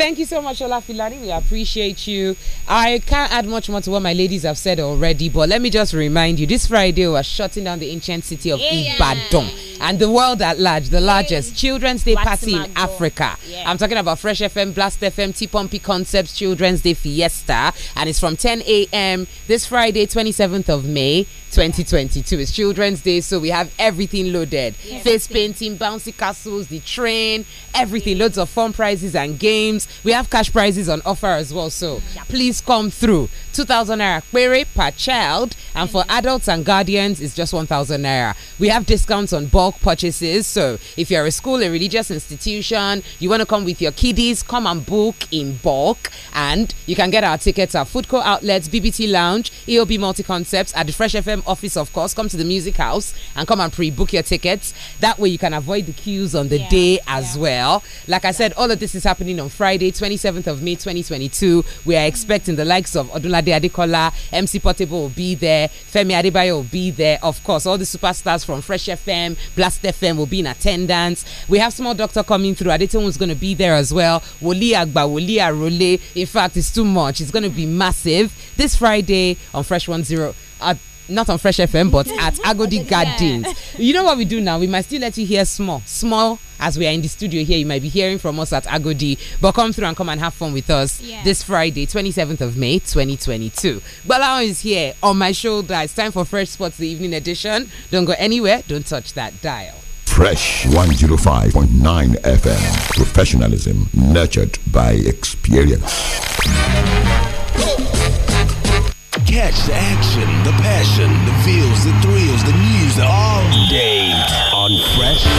Thank you so much, Ola Filani. We appreciate you. I can't add much more to what my ladies have said already, but let me just remind you this Friday we are shutting down the ancient city of yeah. Ibadan and the world at large, the largest yeah. Children's Day party in Africa. Yeah. I'm talking about Fresh FM, Blast FM, T Pompey Concepts Children's Day Fiesta, and it's from 10 a.m. this Friday, 27th of May. 2022 It's Children's Day, so we have everything loaded face painting, bouncy castles, the train, everything, loads of fun prizes and games we have cash prizes on offer as well. So yep. please come through. 2,000 naira query per child. And for mm-hmm. adults and guardians, it's just 1,000 naira. We have discounts on bulk purchases. So if you're a school, a religious institution, you want to come with your kiddies, come and book in bulk. And you can get our tickets at Food Outlets, BBT Lounge, EOB Multi Concepts, at the Fresh FM office, of course. Come to the Music House and come and pre book your tickets. That way you can avoid the queues on the yeah, day as yeah. well. Like I said, all of this is happening on Friday. Friday, 27th of May 2022. We are expecting the likes of Odunlade Adekola, MC Portable will be there, Femi Adebayo will be there. Of course, all the superstars from Fresh FM, Blast FM will be in attendance. We have small doctor coming through. Adetun is going to be there as well. Woli Agba, Woli Arole. In fact, it's too much. It's going to be massive this Friday on Fresh One Zero. Uh, not on Fresh FM, but at Agodi Gardens. You know what we do now? We might still let you hear small, small as we are in the studio here. You might be hearing from us at Agodi, but come through and come and have fun with us yeah. this Friday, 27th of May, 2022. Balao is here on my shoulder. It's time for Fresh Sports, the evening edition. Don't go anywhere. Don't touch that dial. Fresh 105.9 FM. Professionalism nurtured by experience. Catch the action, the passion, the feels, the thrills, the news all day on Fresh Sports.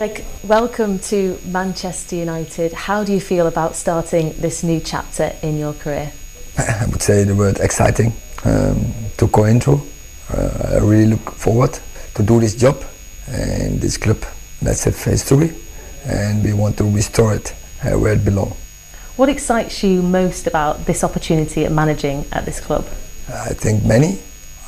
Like, welcome to Manchester United. How do you feel about starting this new chapter in your career? I would say the word exciting um, to go into. Uh, I really look forward to do this job and this club. That's a history, and we want to restore it uh, where it belongs. What excites you most about this opportunity at managing at this club? I think many.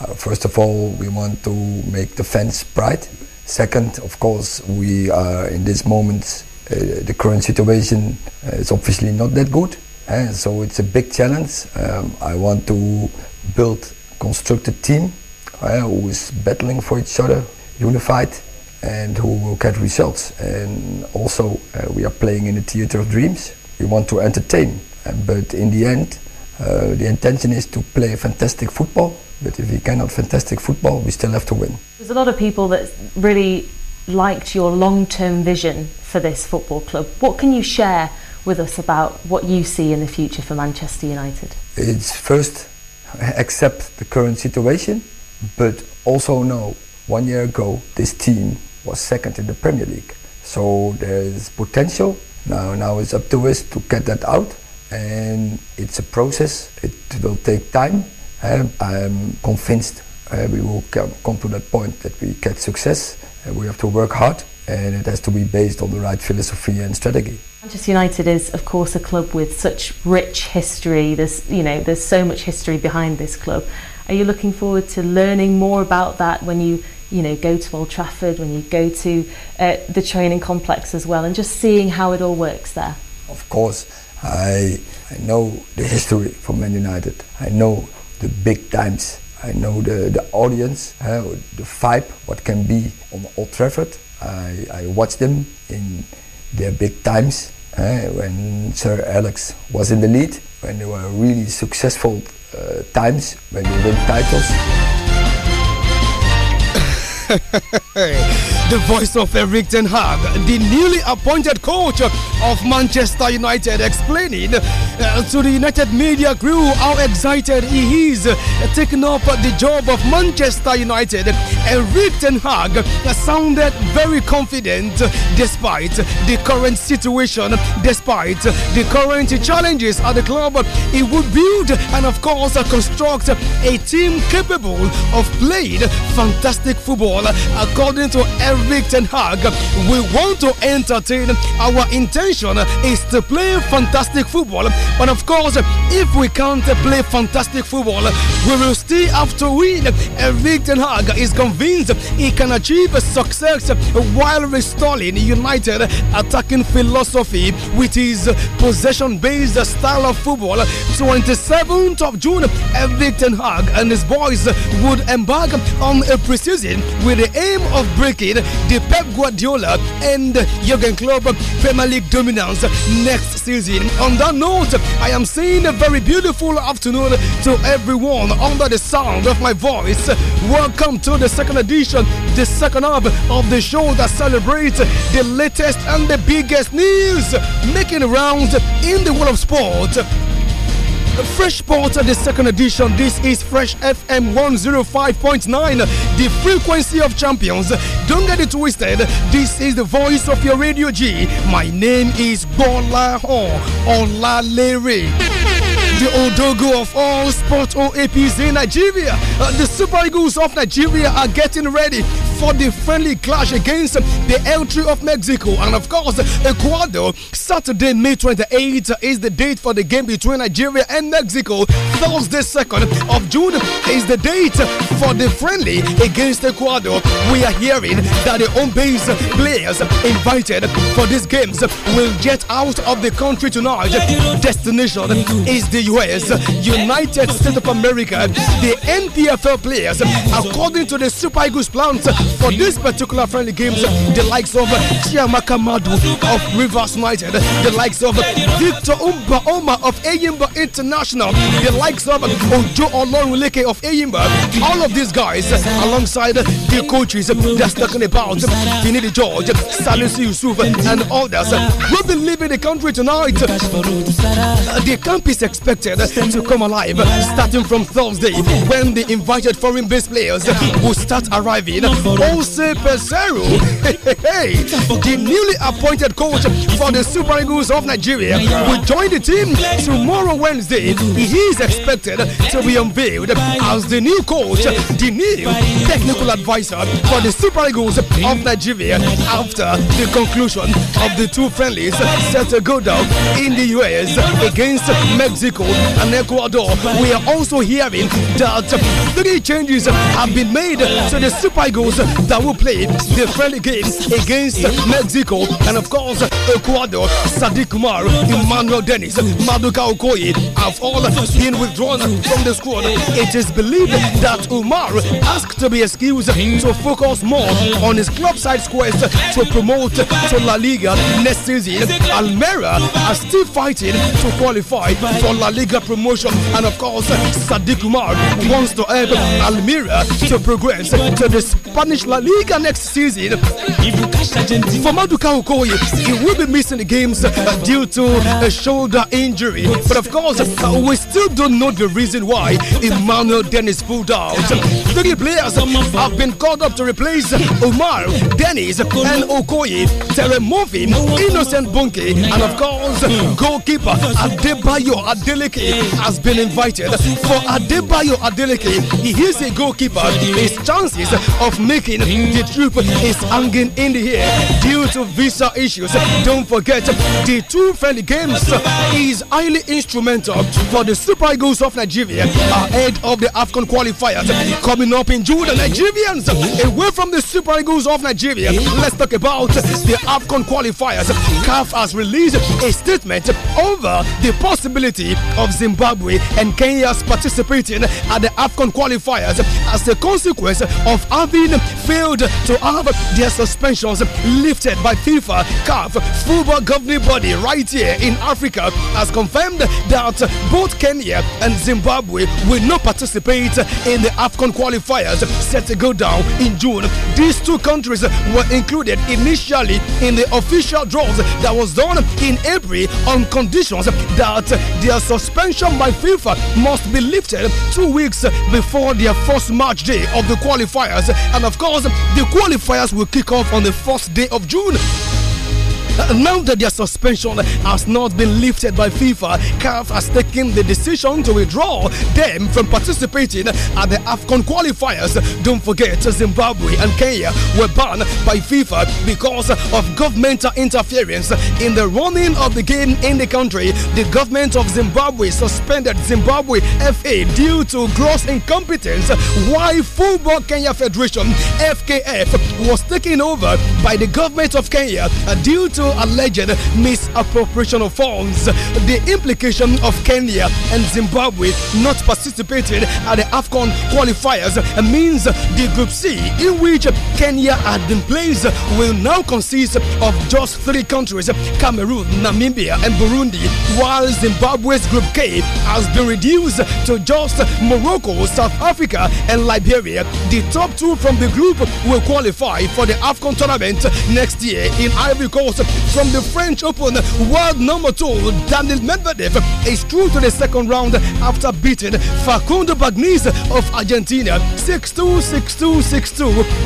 Uh, first of all, we want to make the fans proud. Second, of course, we are in this moment, uh, the current situation is obviously not that good and eh, so it's a big challenge. Um, I want to build construct a team uh, who is battling for each other, unified, and who will get results. And also, uh, we are playing in a theater of dreams. We want to entertain, but in the end, the intention is to play fantastic football. But if we cannot fantastic football, we still have to win. There's a lot of people that really liked your long-term vision for this football club. What can you share with us about what you see in the future for Manchester United. It's first accept the current situation, but also know one year ago this team was second in the Premier League. So there's potential. Now, now it's up to us to get that out, and it's a process. It will take time. Um, I'm convinced uh, we will come, come to that point that we get success. Uh, we have to work hard, and it has to be based on the right philosophy and strategy. Manchester United is, of course, a club with such rich history. There's, you know, there's so much history behind this club. Are you looking forward to learning more about that when you, you know, go to Old Trafford, when you go to uh, the training complex as well, and just seeing how it all works there? Of course, I I know the history from Man United. I know the big times. I know the the audience, uh, the vibe, what can be on Old Trafford. I I watch them in their big times uh, when Sir Alex was in the lead, when they were really successful uh, times, when they win titles. the voice of Eric Ten Hag, the newly appointed coach of Manchester United, explaining uh, to the United media crew how excited he is uh, taking up the job of Manchester United. Eric Ten Hag sounded very confident despite the current situation, despite the current challenges at the club. He would build and, of course, construct a team capable of playing fantastic football, according to Eric. Erik Ten we want to entertain. Our intention is to play fantastic football. But of course, if we can't play fantastic football, we will still have to win. Erik Ten Hag is convinced he can achieve success while restoring United attacking philosophy with his possession-based style of football. 27th of June, Erik Ten Hag and his boys would embark on a preseason with the aim of breaking the Pep Guardiola and Jurgen Klopp Premier League dominance next season. On that note, I am saying a very beautiful afternoon to everyone under the sound of my voice. Welcome to the second edition, the second half of the show that celebrates the latest and the biggest news making rounds in the world of sport. Fresh Port, the second edition. This is Fresh FM 105.9, the frequency of champions. Don't get it twisted. This is the voice of your Radio G. My name is Bola Hon Lere. the Odogo of all sport OAPs in Nigeria. Uh, the Super Eagles of Nigeria are getting ready for the friendly clash against the L3 of Mexico. And of course, Ecuador, Saturday, May 28th is the date for the game between Nigeria and Mexico. Thursday, 2nd of June is the date for the friendly against Ecuador. We are hearing that the home base players invited for these games will get out of the country tonight. Destination is the US, United States of America. The NPFL players, according to the Super Eagles plans, for this particular friendly games, the likes of Chiamaka Madu of Rivers United, the likes of Victor Umba Oma of Ayimba International, the likes of Ojo Olorunleke of Ayimba, all of these guys alongside the coaches that's talking about Finidi George, Salisu Yusuf, and others will be leaving the country tonight. The camp is expected to come alive starting from Thursday when the invited foreign based players will start arriving Jose Pesero, the newly appointed coach for the Super Eagles of Nigeria, will join the team tomorrow, Wednesday. He is expected to be unveiled as the new coach, the new technical advisor for the Super Eagles of Nigeria after the conclusion of the two friendlies set to go down in the US against Mexico and Ecuador. We are also hearing that three changes have been made to the Super Eagles that will play the friendly games against Mexico and of course Ecuador, Sadiq Kumar, Emmanuel Dennis, Maduka Okoye have all been withdrawn from the squad. It is believed that Umar asked to be excused to focus more on his club side quest to promote to La Liga next season. Almera are still fighting to qualify for La Liga promotion and of course Sadiq Umar wants to help Almira to progress to the Spanish La Liga next season. For Maduka Okoye, he will be missing the games due to a shoulder injury. But of course, we still don't know the reason why Emmanuel Dennis pulled out. Three players have been called up to replace Omar, Dennis, and Okoye. Tere Innocent Bunke, and of course, goalkeeper Adebayo Adeleke has been invited. For Adebayo Adeleke, he is a goalkeeper. His chances of making speaking. The troop is hanging in the air due to visa issues. Don't forget, the two friendly games is highly instrumental for the Super Eagles of Nigeria ahead of the AFCON qualifiers coming up in June. The Nigerians away from the Super Eagles of Nigeria. Let's talk about the AFCON qualifiers. CAF has released a statement over the possibility of Zimbabwe and Kenya's participating at the AFCON qualifiers as a consequence of having failed to have their suspensions lifted by FIFA, CAF, football governing body right here in Africa, has confirmed that both Kenya and Zimbabwe will not participate in the AFCON qualifiers set to go down in June. These two countries were included initially in the official draws that was done in April on conditions that their suspension by FIFA must be lifted two weeks before their first match day of the qualifiers. And of course, because the qualifiers will kick off on the first day of June. Uh, now that their suspension has not been lifted by FIFA, CAF has taken the decision to withdraw them from participating at the AFCON qualifiers. Don't forget, Zimbabwe and Kenya were banned by FIFA because of governmental interference in the running of the game in the country. The government of Zimbabwe suspended Zimbabwe FA due to gross incompetence, Why Football Kenya Federation FKF was taken over by the government of Kenya uh, due to also alleged misappropriation of funds. The implication of Kenya and Zimbabwe not participating at the AFCON qualifiers means the Group C, in which Kenya had been placed, will now consist of just three countries Cameroon, Namibia, and Burundi, while Zimbabwe's Group K has been reduced to just Morocco, South Africa, and Liberia. The top two from the group will qualify for the AFCON tournament next year in Ivory Coast from the French Open. World number two, Daniel Medvedev, is through to the second round after beating Facundo Bagnis of Argentina 6 2 6 2 6 2.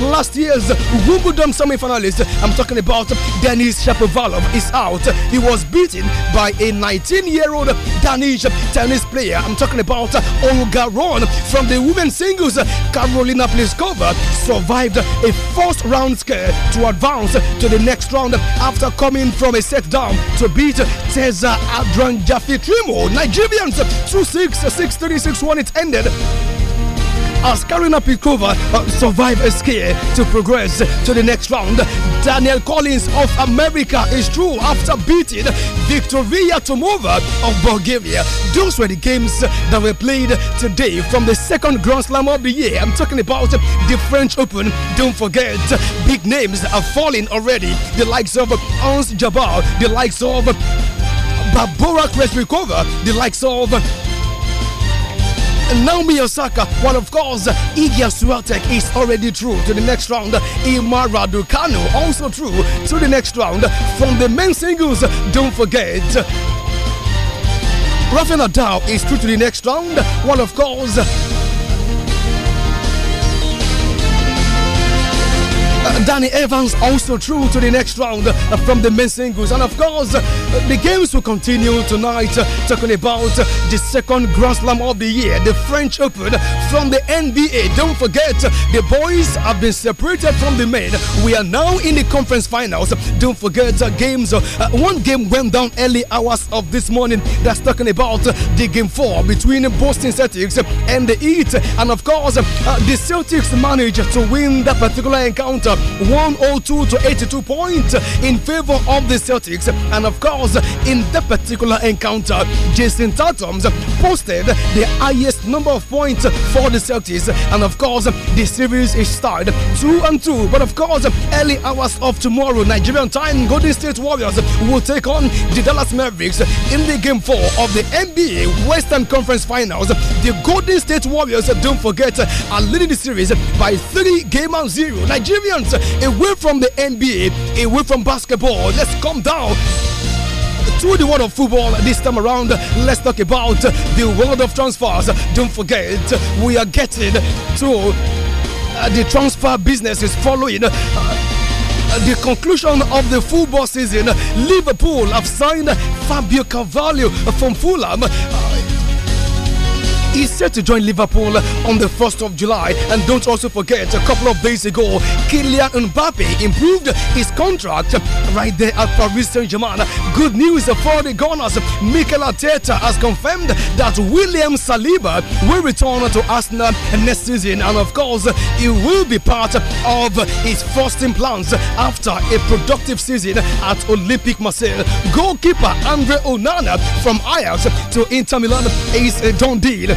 Last year's Wimbledon semi finalist, I'm talking about Denis Shapovalov, is out. He was beaten by a 19 year old Danish tennis player. I'm talking about Olga Ron from the women's singles. Carolina Pliskova survived a first round scare to advance to the next round after coming from a set down to beat Teza Adranjafitrimo. Nigerians 2 6 6 3 6 1. It ended as Karina Pikova uh, survived a scare to progress to the next round. Daniel Collins of America is true after beating Victoria Tomova of Bulgaria. Those were the games that were played today from the second Grand Slam of the year. I'm talking about the French Open. Don't forget, big names are falling already. The likes of Hans Jabal, the likes of Barbara Kresnikova, the likes of Naomi Osaka, while of course Iga Swiatek is already through to the next round. Ima Raducanu also through to the next round. From the main singles, don't forget Rafael Nadal is through to the next round. While of course Danny Evans also through to the next round uh, from the men's singles. And of course, uh, the games will continue tonight, uh, talking about the second Grand Slam of the year, the French Open from the NBA. Don't forget, the boys have been separated from the men. We are now in the conference finals. Don't forget, games. One game went down early hours of this morning. That's talking about the game four between Boston Celtics and the Heat. And of course, the Celtics managed to win that particular encounter 102 to 82 points in favor of the Celtics. And of course, in the particular encounter, Jason Tatum's posted the highest number of points for the Celtics. And of course, the series is tied 2 and 2. But of course, early hours of tomorrow, Nigerian time, Golden State Warriors will take on the Dallas Mavericks in the game 4 of the NBA Western Conference Finals. The Golden State Warriors, don't forget, are leading the series by 3 game and 0. Nigerians away from the NBA, away from basketball. Let's come down through the world of football this time around. Let's talk about the world of transfers. Don't forget, we are getting to uh, the transfer business is following. Uh, the conclusion of the football season, Liverpool have signed Fabio Cavalli from Fulham. Uh, He's set to join Liverpool on the 1st of July. And don't also forget, a couple of days ago, Kylian Mbappe improved his contract right there at Paris Saint-Germain. Good news for the Gunners. Mikel Arteta has confirmed that William Saliba will return to Arsenal next season. And of course, he will be part of his first plans after a productive season at Olympic Marseille. Goalkeeper Andre Onana from Ajax to Inter Milan is a done deal.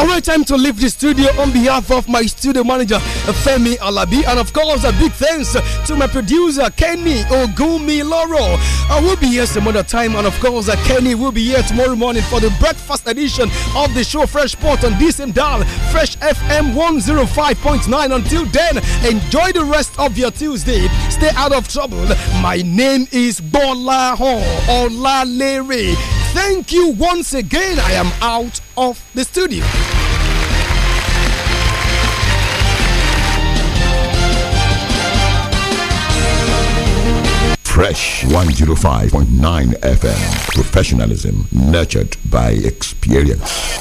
All right, time to leave the studio on behalf of my studio manager, Femi Alabi. And of course, a big thanks to my producer, Kenny Ogumi Loro. I will be here some other time. And of course, uh, Kenny will be here tomorrow morning for the breakfast edition of the show Fresh Port on DSM Dial, Fresh FM 105.9. Until then, enjoy the rest of your Tuesday. Stay out of trouble. My name is Bola Ola Leary. Thank you once again. I am out of the studio. Fresh 105.9 FM. Professionalism nurtured by experience.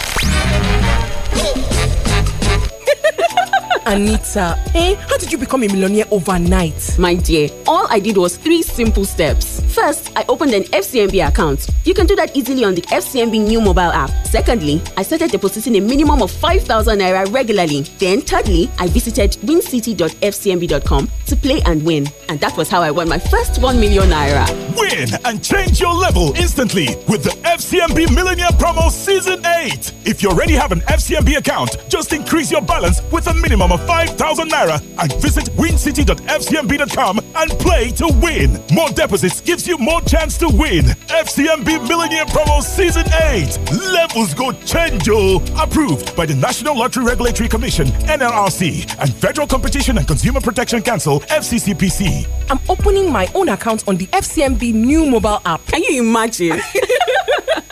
Anita, eh? How did you become a millionaire overnight? My dear, all I did was three simple steps. First, I opened an FCMB account. You can do that easily on the FCMB new mobile app. Secondly, I started depositing a minimum of 5,000 naira regularly. Then, thirdly, I visited wincity.fcmb.com to play and win. And that was how I won my first 1 million naira. Win and change your level instantly with the FCMB Millionaire Promo Season 8. If you already have an FCMB account, just increase your balance with a minimum of 5,000 naira and visit wincity.fcmb.com and play to win. More deposits gives you more chance to win. FCMB Millionaire Promo Season 8. Levels go change. Approved by the National Lottery Regulatory Commission, NLRC, and Federal Competition and Consumer Protection Council, FCCPC. I'm opening my own account on the FCMB new mobile app. Can you imagine?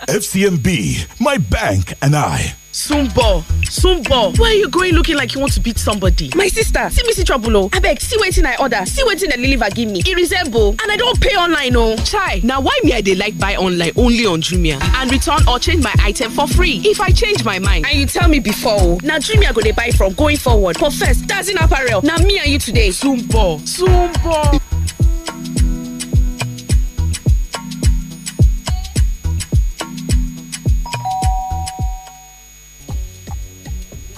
FCMB, my bank and I. Sumbo, Sumbo, where are you going looking like you want to beat somebody? My sister, see me see trouble oh. Abeg, see wetin I order, see wetin that deliver give me. E resemble oh. and I don't pay online oh. Chai, now. why me I dey like buy online only on Jumia and return or change my item for free if I change my mind. And you tell me before oh, Now Jumia go dey buy from going forward. For first, Dazin apparel, Now me and you today. Sumbo, Sumbo.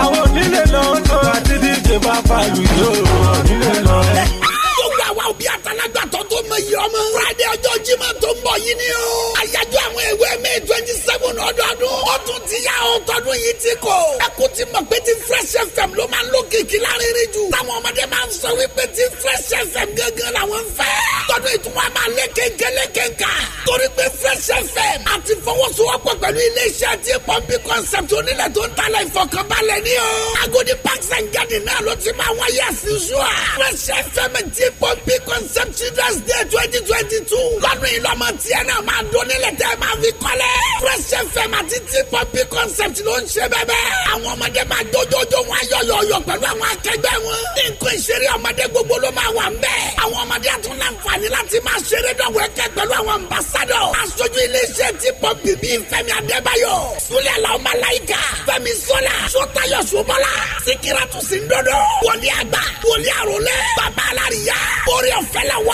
àwọn onílé lọ́ńdọ̀ àti díje bá balùwẹ̀ o onílé lọ́ńdọ̀ bí àtàlágbà tó tó mọ iye ọmọ. friday ọjọ́ jimá tó ń bọ̀ yìí ni o. àyájọ́ àwọn ìwé may twenty seven ọdọọdún. ó tún ti yá o tọdún yìí ti kò. ẹ kò ti mọ̀ pé ti fresh fm ló máa ń lo kìkì lárinrin jù. táwọn ọmọdé máa ń sọ wípé ti fresh fm gángan làwọn fẹ́. tọdún ìtumọ̀ máa lé kéńkélékéńká. torí pé fresh fm a ti fọwọ́sowọ́pọ̀ pẹ̀lú iléeṣẹ́ àti pọ́ǹpì concept concept children's day twenty twenty two lọ́dún yìí lọ́mọ tiẹ̀ náà máa dún nílẹ̀ tẹ́ máa fi kọ́lẹ̀. fresh fm àti t-popi concept ló ń ṣe bẹ́ẹ̀ bẹ́ẹ̀. àwọn ọmọdé máa jójójó wọn ayọ̀yọ̀yọ̀ pẹ̀lú àwọn akẹgbẹ́ wọn. nǹkan ìṣeré ọmọdé gbogbo ló máa wà ńbẹ̀. àwọn ọmọdé àtún láǹfààní láti máa ṣeré dọ̀wẹ́kẹ́ pẹ̀lú àwọn ambassadọ̀. aṣojú iléeṣẹ́ t-popi bíi Fẹ́mi Adébáyọ̀ Sule Alao Malaika Fẹ́mi Sola Sọtayọ Sọmọlá Sikiratu Sindodo wòlíàgbà wòlíàrólẹ̀ bàbá alárìíyá orí your fellow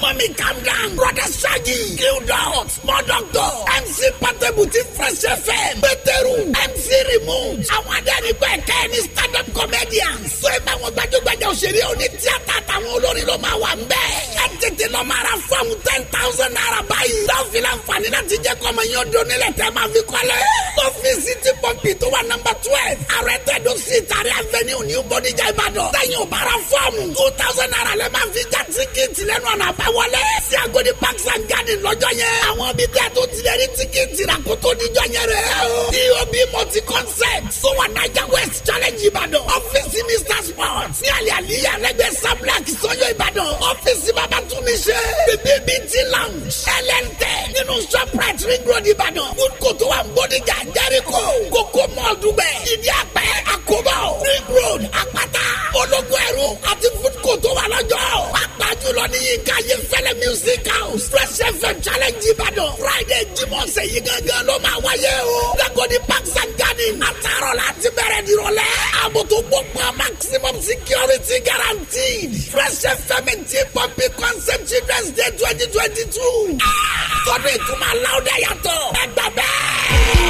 Mommy, calm down. Brother Shaggy, Q Dot, Small Doctor, MC Patebuti Fresh FM, Beteru, MC Remote. Àwọn adẹ́rìn pẹ̀ kẹ́ ni stand up comedians. Sọ ẹ bá wọn gbajúgbajà òṣèré oní tíátà àtàwọn olórin ló máa wà ń bẹ́ẹ̀. Ẹ tètè lọ máa ra fọ́ọ̀mù ten thousand naira báyìí. Láfi láǹfààní láti jẹ́ kọ́ ọmọ yẹn dún nílẹ̀ tẹ́ máa fi kọ́lẹ̀. Ọ́fíìsì ti pọ́ǹpì tó wà nọ́mbà twelve. Ààrẹ tẹ̀dó sí Ìtàrí Avenue New Bodijà Ìbàdàn. Sẹ́yìn ò bára fọ́ọ̀mù two thousand naira lẹ́ máa fi já sí tíkìtì lẹ́nu ọ̀nà àbáwọlé sí Agodi parks and garden lọ́jọ́ yẹn. àwọn bíi tí a tó tilẹ̀ rí tíkìtì rà kó tó níjọ́ yẹn rẹ̀ o. dob multi concept sowa naija west challenge Ìbàdàn ọ́fíìsì mr sports ní àlẹ́ àlíyà lẹ́gbẹ́ black sọ́yọ́ Ìbàdàn ọ́fíìsì babatunmi ṣe bbbt lounge lnt nínú shoprite ring road Ìbàdàn food court wa ń bọ́díjà jẹ́ríkò kókó mall dùgbẹ́ ìdí àpẹ́ àkóbọ̀ ring road àpáta ológun ẹ̀rù àti food court wa lọ́jọ́ pápá jùlọ ní yínká yín fẹ́lẹ́ music house fresh fm challenge ìbàdàn friday jimoh sèyí gangan ló máa wáyé o lagodi parks and garden àtàrọ̀ láti bẹ̀rẹ̀ nírọ̀lẹ́ àbùtù pọ̀pọ̀ maximum security guaranteed fresh fm ti pọ̀pì concept children's day twenty twenty two ah! tọ́dún ìtumọ̀ aláwọ̀dẹ yàtọ̀ ẹgbẹ́ bẹ́ẹ̀.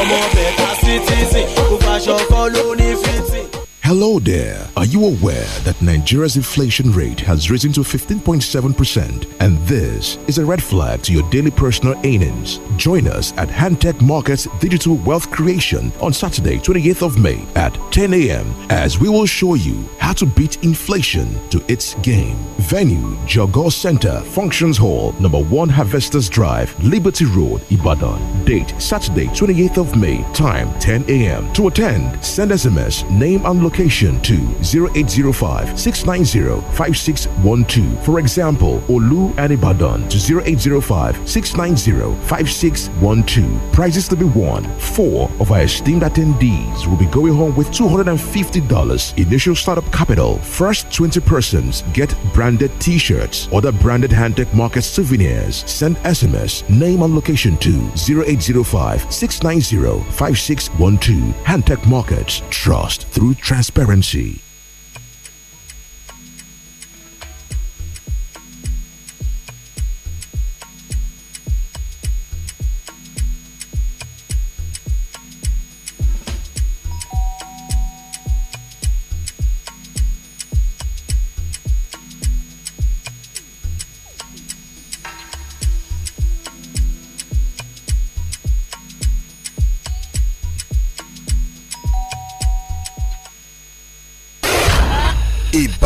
ọmọ bẹ̀ka citizen kò fàṣọ kọ́ ló ní fìtì. Hello there. Are you aware that Nigeria's inflation rate has risen to 15.7% and this is a red flag to your daily personal earnings? Join us at Hantech Markets Digital Wealth Creation on Saturday, 28th of May at 10 a.m. as we will show you how to beat inflation to its game. Venue Jogos Center, Functions Hall, number 1 Harvesters Drive, Liberty Road, Ibadan. Date Saturday, 28th of May, time 10 a.m. To attend, send SMS, name and location location to 0805 690 5612. For example, Olu and Ibadan to 0805 690 5612. Prizes to be won. Four of our esteemed attendees will be going home with $250 initial startup capital. First 20 persons get branded t shirts, other branded handtech market souvenirs. Send SMS, name and location to 0805 690 5612. Handtech Markets. Trust through trans transparency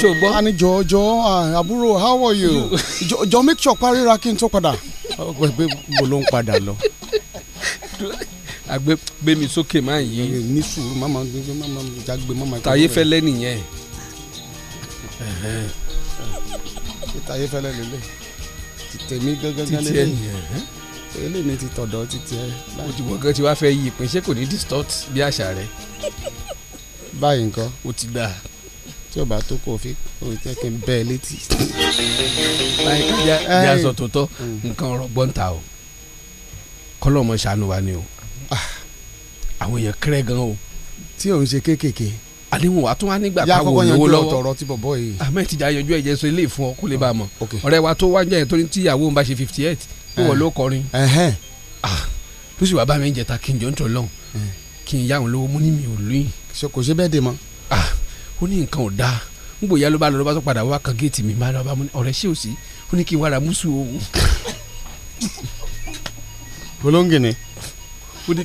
ṣó gbọ́. a ní jọ jọ àbúrò how are you jọ make sure parira kí n tó padà. ọkọ ẹgbẹ́ mo ló ń padà lọ. àgbẹ̀ gbé mi sókè máa yí. ní sùúrù máma máma jágbe máma. tàyé fẹ́lẹ́ nìyẹn. tàyé fẹ́lẹ́ lélẹ̀ tèmi gángan lélẹ̀ eléyìí ni ti tọ̀dọ̀ ti tiẹ̀. o ti wọ́n gan ti wá fẹ́ yí ìpín ṣé kò ní distort bí àṣà rẹ̀. báyìí nǹkan. o ti dáa tí ọba tó kò fi òun tẹ́ kí n bẹ́ ẹ létí. ìyá sọ tòótọ́ mm. nǹkan ọ̀rọ̀ gbọ́ǹta o kọ́lọ́mọ ṣàánú wa ni o ah, àwọn èèyàn kéré gan o. tí òun ṣe kéékèèké. àdéhùn wa tún wá nígbà táwọn olówó lọ́wọ́ tọrọ tí bọ̀bọ̀ yìí. ahmed ti jà yanjú ẹ̀jẹ̀ sọ ilé ìfún ọ kó lè bá a mọ̀ ọ̀rẹ́ wa tó wájà ẹ̀ tó ní tíyàwó ń bá ṣe fifty eight tó wọ̀ eh. ló kọrin ah, tó sì wá bá mi jẹta kí n jọ ń tọ lọ́hùn eh. kí n yá òun lówó mú ní mi ò lóyún. kò ṣe bẹ́ẹ̀ dè mọ́. Ah, ó ní nǹkan ò dáa n gbò ya ló bá lọ ló bá tó padà wá kan géètì mi máa lọ bá ọ̀rẹ́ ṣé ò sí ó ní kí n wá ra mùsù òun. olóńgè ni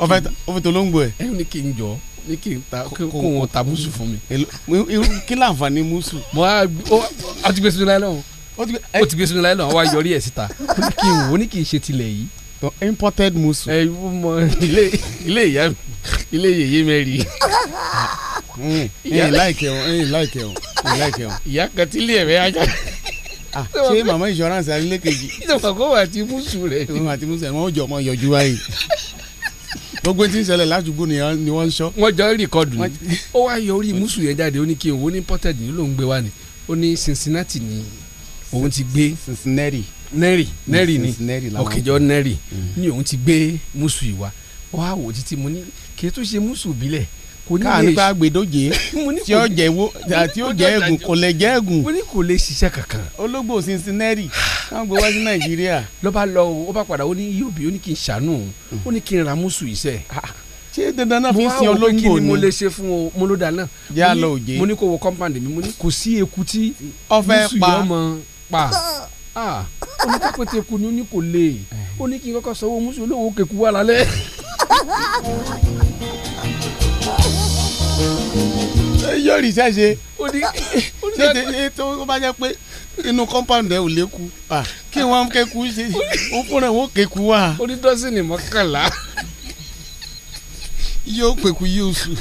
ọfẹ tó olóńgbò ẹ. ẹ ní kí n jọ ní kí n ta kó wọn ta mùsù fún mi. kí láǹfààní mùsù. mo á ó ti gbé sínú láyé lọ́wọ́ ó ti gbé sínú láyé lọ́wọ́ wá yọrí ẹ̀ síta ó ní kí n wò ó ní kí n ṣe tilẹ̀ yìí. imported mùsù. ẹ mọ ilé ilé ìyá ilé yèyé mẹ́rin. ìyá láìkẹ́ o ìyá láìkẹ́ o ìyá láìkẹ́ o. ìyá kan tí ilé ẹ̀rẹ́ ajá. Ah, ṣé màmá insurance alẹ́ kejì. ìjọba kó wà tí mùsù rẹ̀. wọ́n wà tí mùsù rẹ̀ wọ́n jọ ọmọ yọjú báyìí gbogbo tí ń ṣẹlẹ̀ ládùúgbò ni wọ́n ń sọ. wọ́n jọ rìkọ́dù ni ó wá yọ orí mùsù yẹn jáde ó ní kí owó ní ported ní ló gbé wa ni ó ní Cincinnati ni òun ti gbé. Cincinnati nẹ́rì nẹ́rì ni ọ̀kẹ́jọ́ nẹ́rì mm. ni òun ti gbé musu yìí wa wá wò títí mo ní kí ètò ṣe mùsù bílẹ̀ kò ní lè káànífà gbèdóje tí ó jẹ wo tí ó jẹ ẹgùn kò lè jẹ ẹgùn. mo ní kò lè ṣiṣẹ́ kankan. ológbò Cincinnati wọn gbé wá sí Nàìjíríà. ló bá lọ ó bá padà ó ní yóò ó ní kí n ṣàánú hmm. ó ní kí n ra mùsù iṣẹ́ ah, ah. ṣé dandan náà fi sin olóńgbò ni mo wá wò pé kí ni mo lè ṣe fún o mo ló da náà. yà á lọ òye mo ní kó wọ compound mi mo ní kò sí eku tí musu yọ pa ah. ó ní kókó eku ni ó ní kò lè eh. ó ní kí n kọ́kọ́ sọ owó musu yóò rí iṣẹ́ ṣe ṣé tó bá jẹ́ pé inú compound ẹ ò léku kí wọ́n kéku ṣe ó fúnra wọn kéku wá. ó ní dọ́sìnì mọ́kànlá. yóò pèkú yóò sùn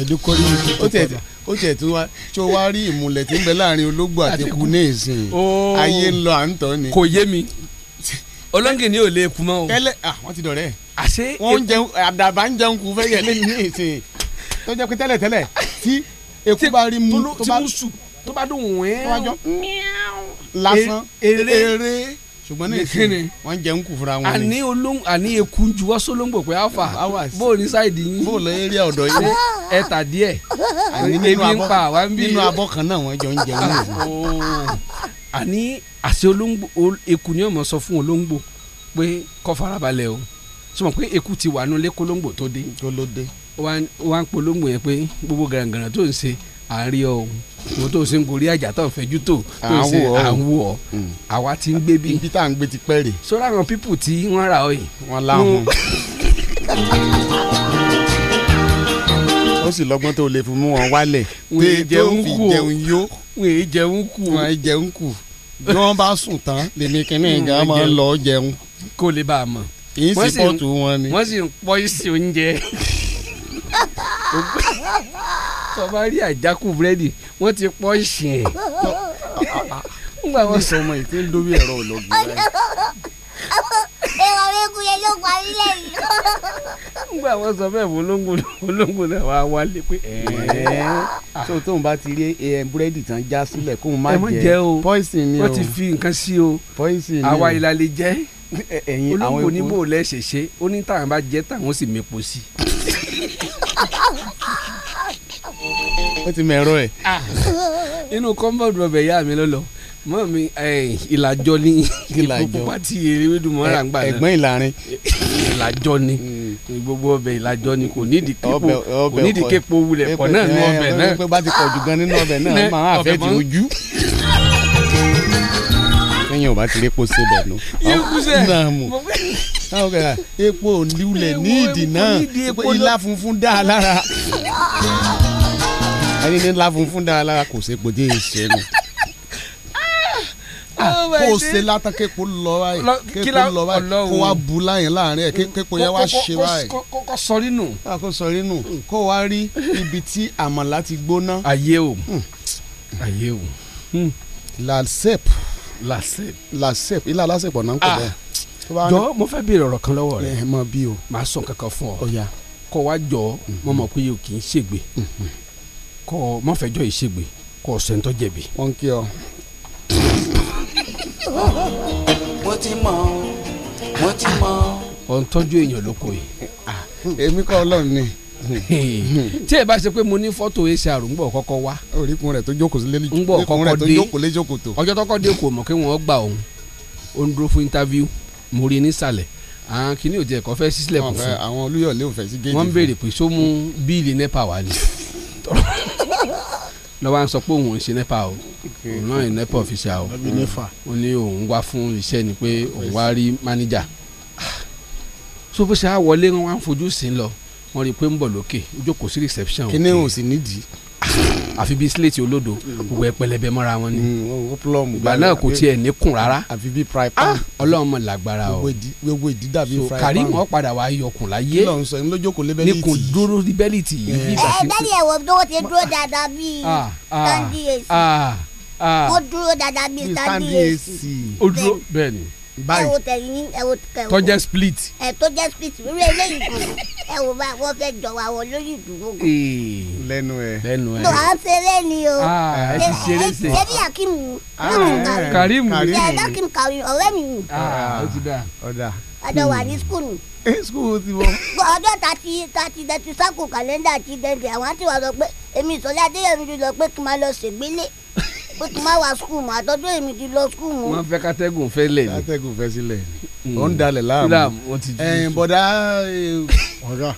ẹ̀dùn kọ́ yóò sùn ó tẹ̀ ó tẹ̀ tó wá tó wá rí ìmùlẹ̀ tí ń bẹ láàrin ológbò àti kú ní ìsìn ayé ń lọ à ń tọ́ ni. kò yé mi olóńgè ni ò lè kú mọ́ o. tẹ́lẹ̀ ah wọ́n ti dọ̀rẹ́. àṣé wọ́n ń jẹun àdàbà ń jẹun kú fẹ́ yẹ ní ìsìn tó jẹ́ pé tẹ́lẹ̀ tẹ́lẹ̀ tí eku bá rí mu tó bá sùn tó bá dùn wẹ́ẹ́wọ́ eh. lásán eré ṣùgbọ́n ní ìsinmi wọ́n jẹ́ ń kú fúnra wọn ni. àní olóhùn àní eku ń juwọ́ sólóńgbò pé alfa bó o ní sáìdì yín bó o lọ eré ọ̀dọ̀ yín ẹ tà díẹ̀ ebi ń pa àwa ń bí. nínú abọ́ kan náà wọ́n jọ ń jẹun ní òun. àní àṣẹ olóńgbò eku ni ọmọ sọ fún olóńgbò pé kó farabalẹ̀ o sọ ma pé eku ti wà nílé kólóńgbò tó dé. tó ló dé wá ń polómù yẹn pé gbogbo gàràngàrà tó ń ṣe àárí ọ mo tó ṣe ń gorí àjà tó ń fẹjú tó tó ṣe à ń wò ọ mm. àwa ti ń gbé bí. ibi tá à ń gbé ti pẹ́ rè. sọ́ra àwọn pípù tí wọ́n ra ọ yìí. wọ́n láwọn ó sì lọ́gbọ́n tó lè fún mú wọn wálẹ̀. wọ́n èyí jẹun kù o jẹun yó. wọ́n èyí jẹun kù o. wọ́n èyí jẹun kù. bí wọ́n bá sùn tán lèmi kìnnì ìgbà máa ń lọ jẹun. kó lè bá a mọ̀. kì í sì pọ̀tù wọn ni. wọ́n sì ń pọ́ ìsì oúnjẹ. tọ́ba rí àjákù búrẹ́dì wọ́n ti pọ́ ṣe é nígbà wọn sọ ọmọ yìí tí ń dóbi ẹ̀rọ ọlọ́gbìn báyìí. ẹ̀rọ egun yẹn ló pa nílẹ̀ yìí. nígbà wọn sọ bẹ́ẹ̀ fún olóńgùn olóńgùn náà wàá wálé pé ẹ̀ẹ́n tó tóun bá ti rí eh, búrẹ́dì tán já sílẹ̀ kóun má jẹ poison ni o wọ́n ti fi nǹkan sí o àwa ìlàlẹ̀ jẹ́ ẹ̀yin àwọn epo olóńgbò níbo lẹ ṣe ó ní táwọn bá jẹ táwọn sì mepo sí. ó ti mẹ̀rọ ẹ̀. inú kọ́ńbọ̀dù ọbẹ̀ ìyá mi ló mọ mi ìlàjọ ni ìlàjọ pati ewédú mọ ń gbà náà ẹ̀gbọ́n ìlàrin ìlàjọ ni gbogbo ọbẹ̀ ìlàjọ ni kò nídìí képo kò nídìí képo wulẹ̀ pọ̀ náà ní ọbẹ̀ náà. pé bá ti pọ̀ jù gan nínú ọbẹ̀ náà máa àfẹ́ ti ojú téèyàn ò bá ti rí epo ṣe bẹ̀ nù. yíkú sẹ́ náà mu epo òǹdíwulẹ̀ ní ìdì náà ilá funfun dá a lára ẹni ní ilá funfun dá a lára kò ṣe pòjé ìṣe nù ah, ah, oh kó o ṣe látà képo lọ báyìí képo lọ báyìí kó wa bu láyìn láàrin ẹ képo yẹn wá ṣe báyìí. Ah, kó sọrí nù. kó sọrí nù kó wa rí ibi tí àmàlà ti gbóná. ayé o hmm. ayé o. Hmm. la sep lasep lasep ilá lasep ọ̀nà ń pè ah. bẹ́ẹ̀. jọ mo fẹ́ béèrè ọ̀rọ̀ kan lọ́wọ́ rẹ mọ o màá sọ kankan fún ọ kọ wá jọ mo mm-hmm. mọ̀ pé o kì í ṣègbè mm-hmm. kọ mọ fẹ́ jọ yìí ṣègbè kọ ọ̀sẹ̀ ń tọ́ jẹ̀bi. wọ́n kí ọ. mo ti mọ mo ti mọ. ọ̀ ń tọ́jú èèyàn lóko yìí. Ah, èmi kọ́ ọlọ́run ni tí ẹ bá ṣe pé mo ní fọ́tò hr ń bọ̀ kọ́kọ́ wá. oríkun rẹ̀ tó jókòó sílé ní ń bọ̀ kọ́kọ́ dé ọjọ́ tọ́kọ́ dé kò mọ̀ kí wọ́n gbà òun ó ń dúró fún interview mo rí nísàlẹ̀ àwọn kìíní ò jẹ́ ẹ̀kọ́ fẹ́ sísílẹ̀ kù fún àwọn olúyọ̀lé ò fẹ́ sí géèjì wọ́n ń béèrè pé só mú bíìlì nepa wá ni lọ́wọ́ à ń sọ pé òun ò ń ṣe nepa o òun náà nepa ọ̀fíṣà o ó ní òun wá fún iṣẹ́ ni pé òun wá rí mánéjà so ah. bó ṣe á wọlé wọn wá ń fojú sí lọ wọ́n rí i pé ń bọ̀ lókè jókòó sí reception. kí ni òun sì nídìí. àfi bíi slate olódo hmm. gbogbo ẹpẹlẹbẹ mọ́ra wọn ni. Hmm, ìgbà náà kò tiẹ̀ níkùn rárá. àfi bíi fry pan. Ah! ọlọ́run mọ̀ lágbára o. gbogbo ìdí dàbí fry pan. kàrí mọ́ padà wá yọkùn láyé. kí ló ń sọ ní lójókòó lébẹ́lì tì. níkùn dúró di bẹ́lì tì yìí. ẹ eh. eh, bẹ́ẹ̀ni ẹ̀wọ̀ tó ti dúró dáadáa bíi tàǹdì èsì. ó dúró dáadáa bíi tàǹdì èsì. ó dúró bẹ́ẹ̀ ni báyìí ẹ tó jẹ́ split ẹ tó jẹ́ split irú eléyìí kan ẹ wo bá wọ́n fẹ́ jọ wa wọ́n lórí ìdúró kan. lẹ́nu ẹ lẹ́nu ẹ. lọ́wọ́ ṣeré ni o ah, ẹ ti ṣeré ṣe ẹ bí Hakeem ah, Karim Karim ẹ Hakeem Karim ọ̀rẹ́ mi ni. Ah, ọ̀dà ọ̀dọ̀ wà ní skul ni. ẹ skul ti wọ. ọjọ́ ta ti ta ti dẹ ti sáko kàlẹ́ndà ti dẹ̀ dẹ̀ àwọn àti wà lọ pé èmi ìsọ̀lá adéyẹ̀mí lọ pé kí n máa lọ ṣègbélé ó ti máa wá skul mọ́ àtọ́jú èmi ti lọ skul mọ́. wọ́n fẹ́ kátẹ́gùn fẹ́ lẹ̀ ni. kátẹ́gùn fẹ́ sílẹ̀ ni. Hmm. ó ń dalẹ̀ láàmú. ẹyin bọ̀dá ọ̀gá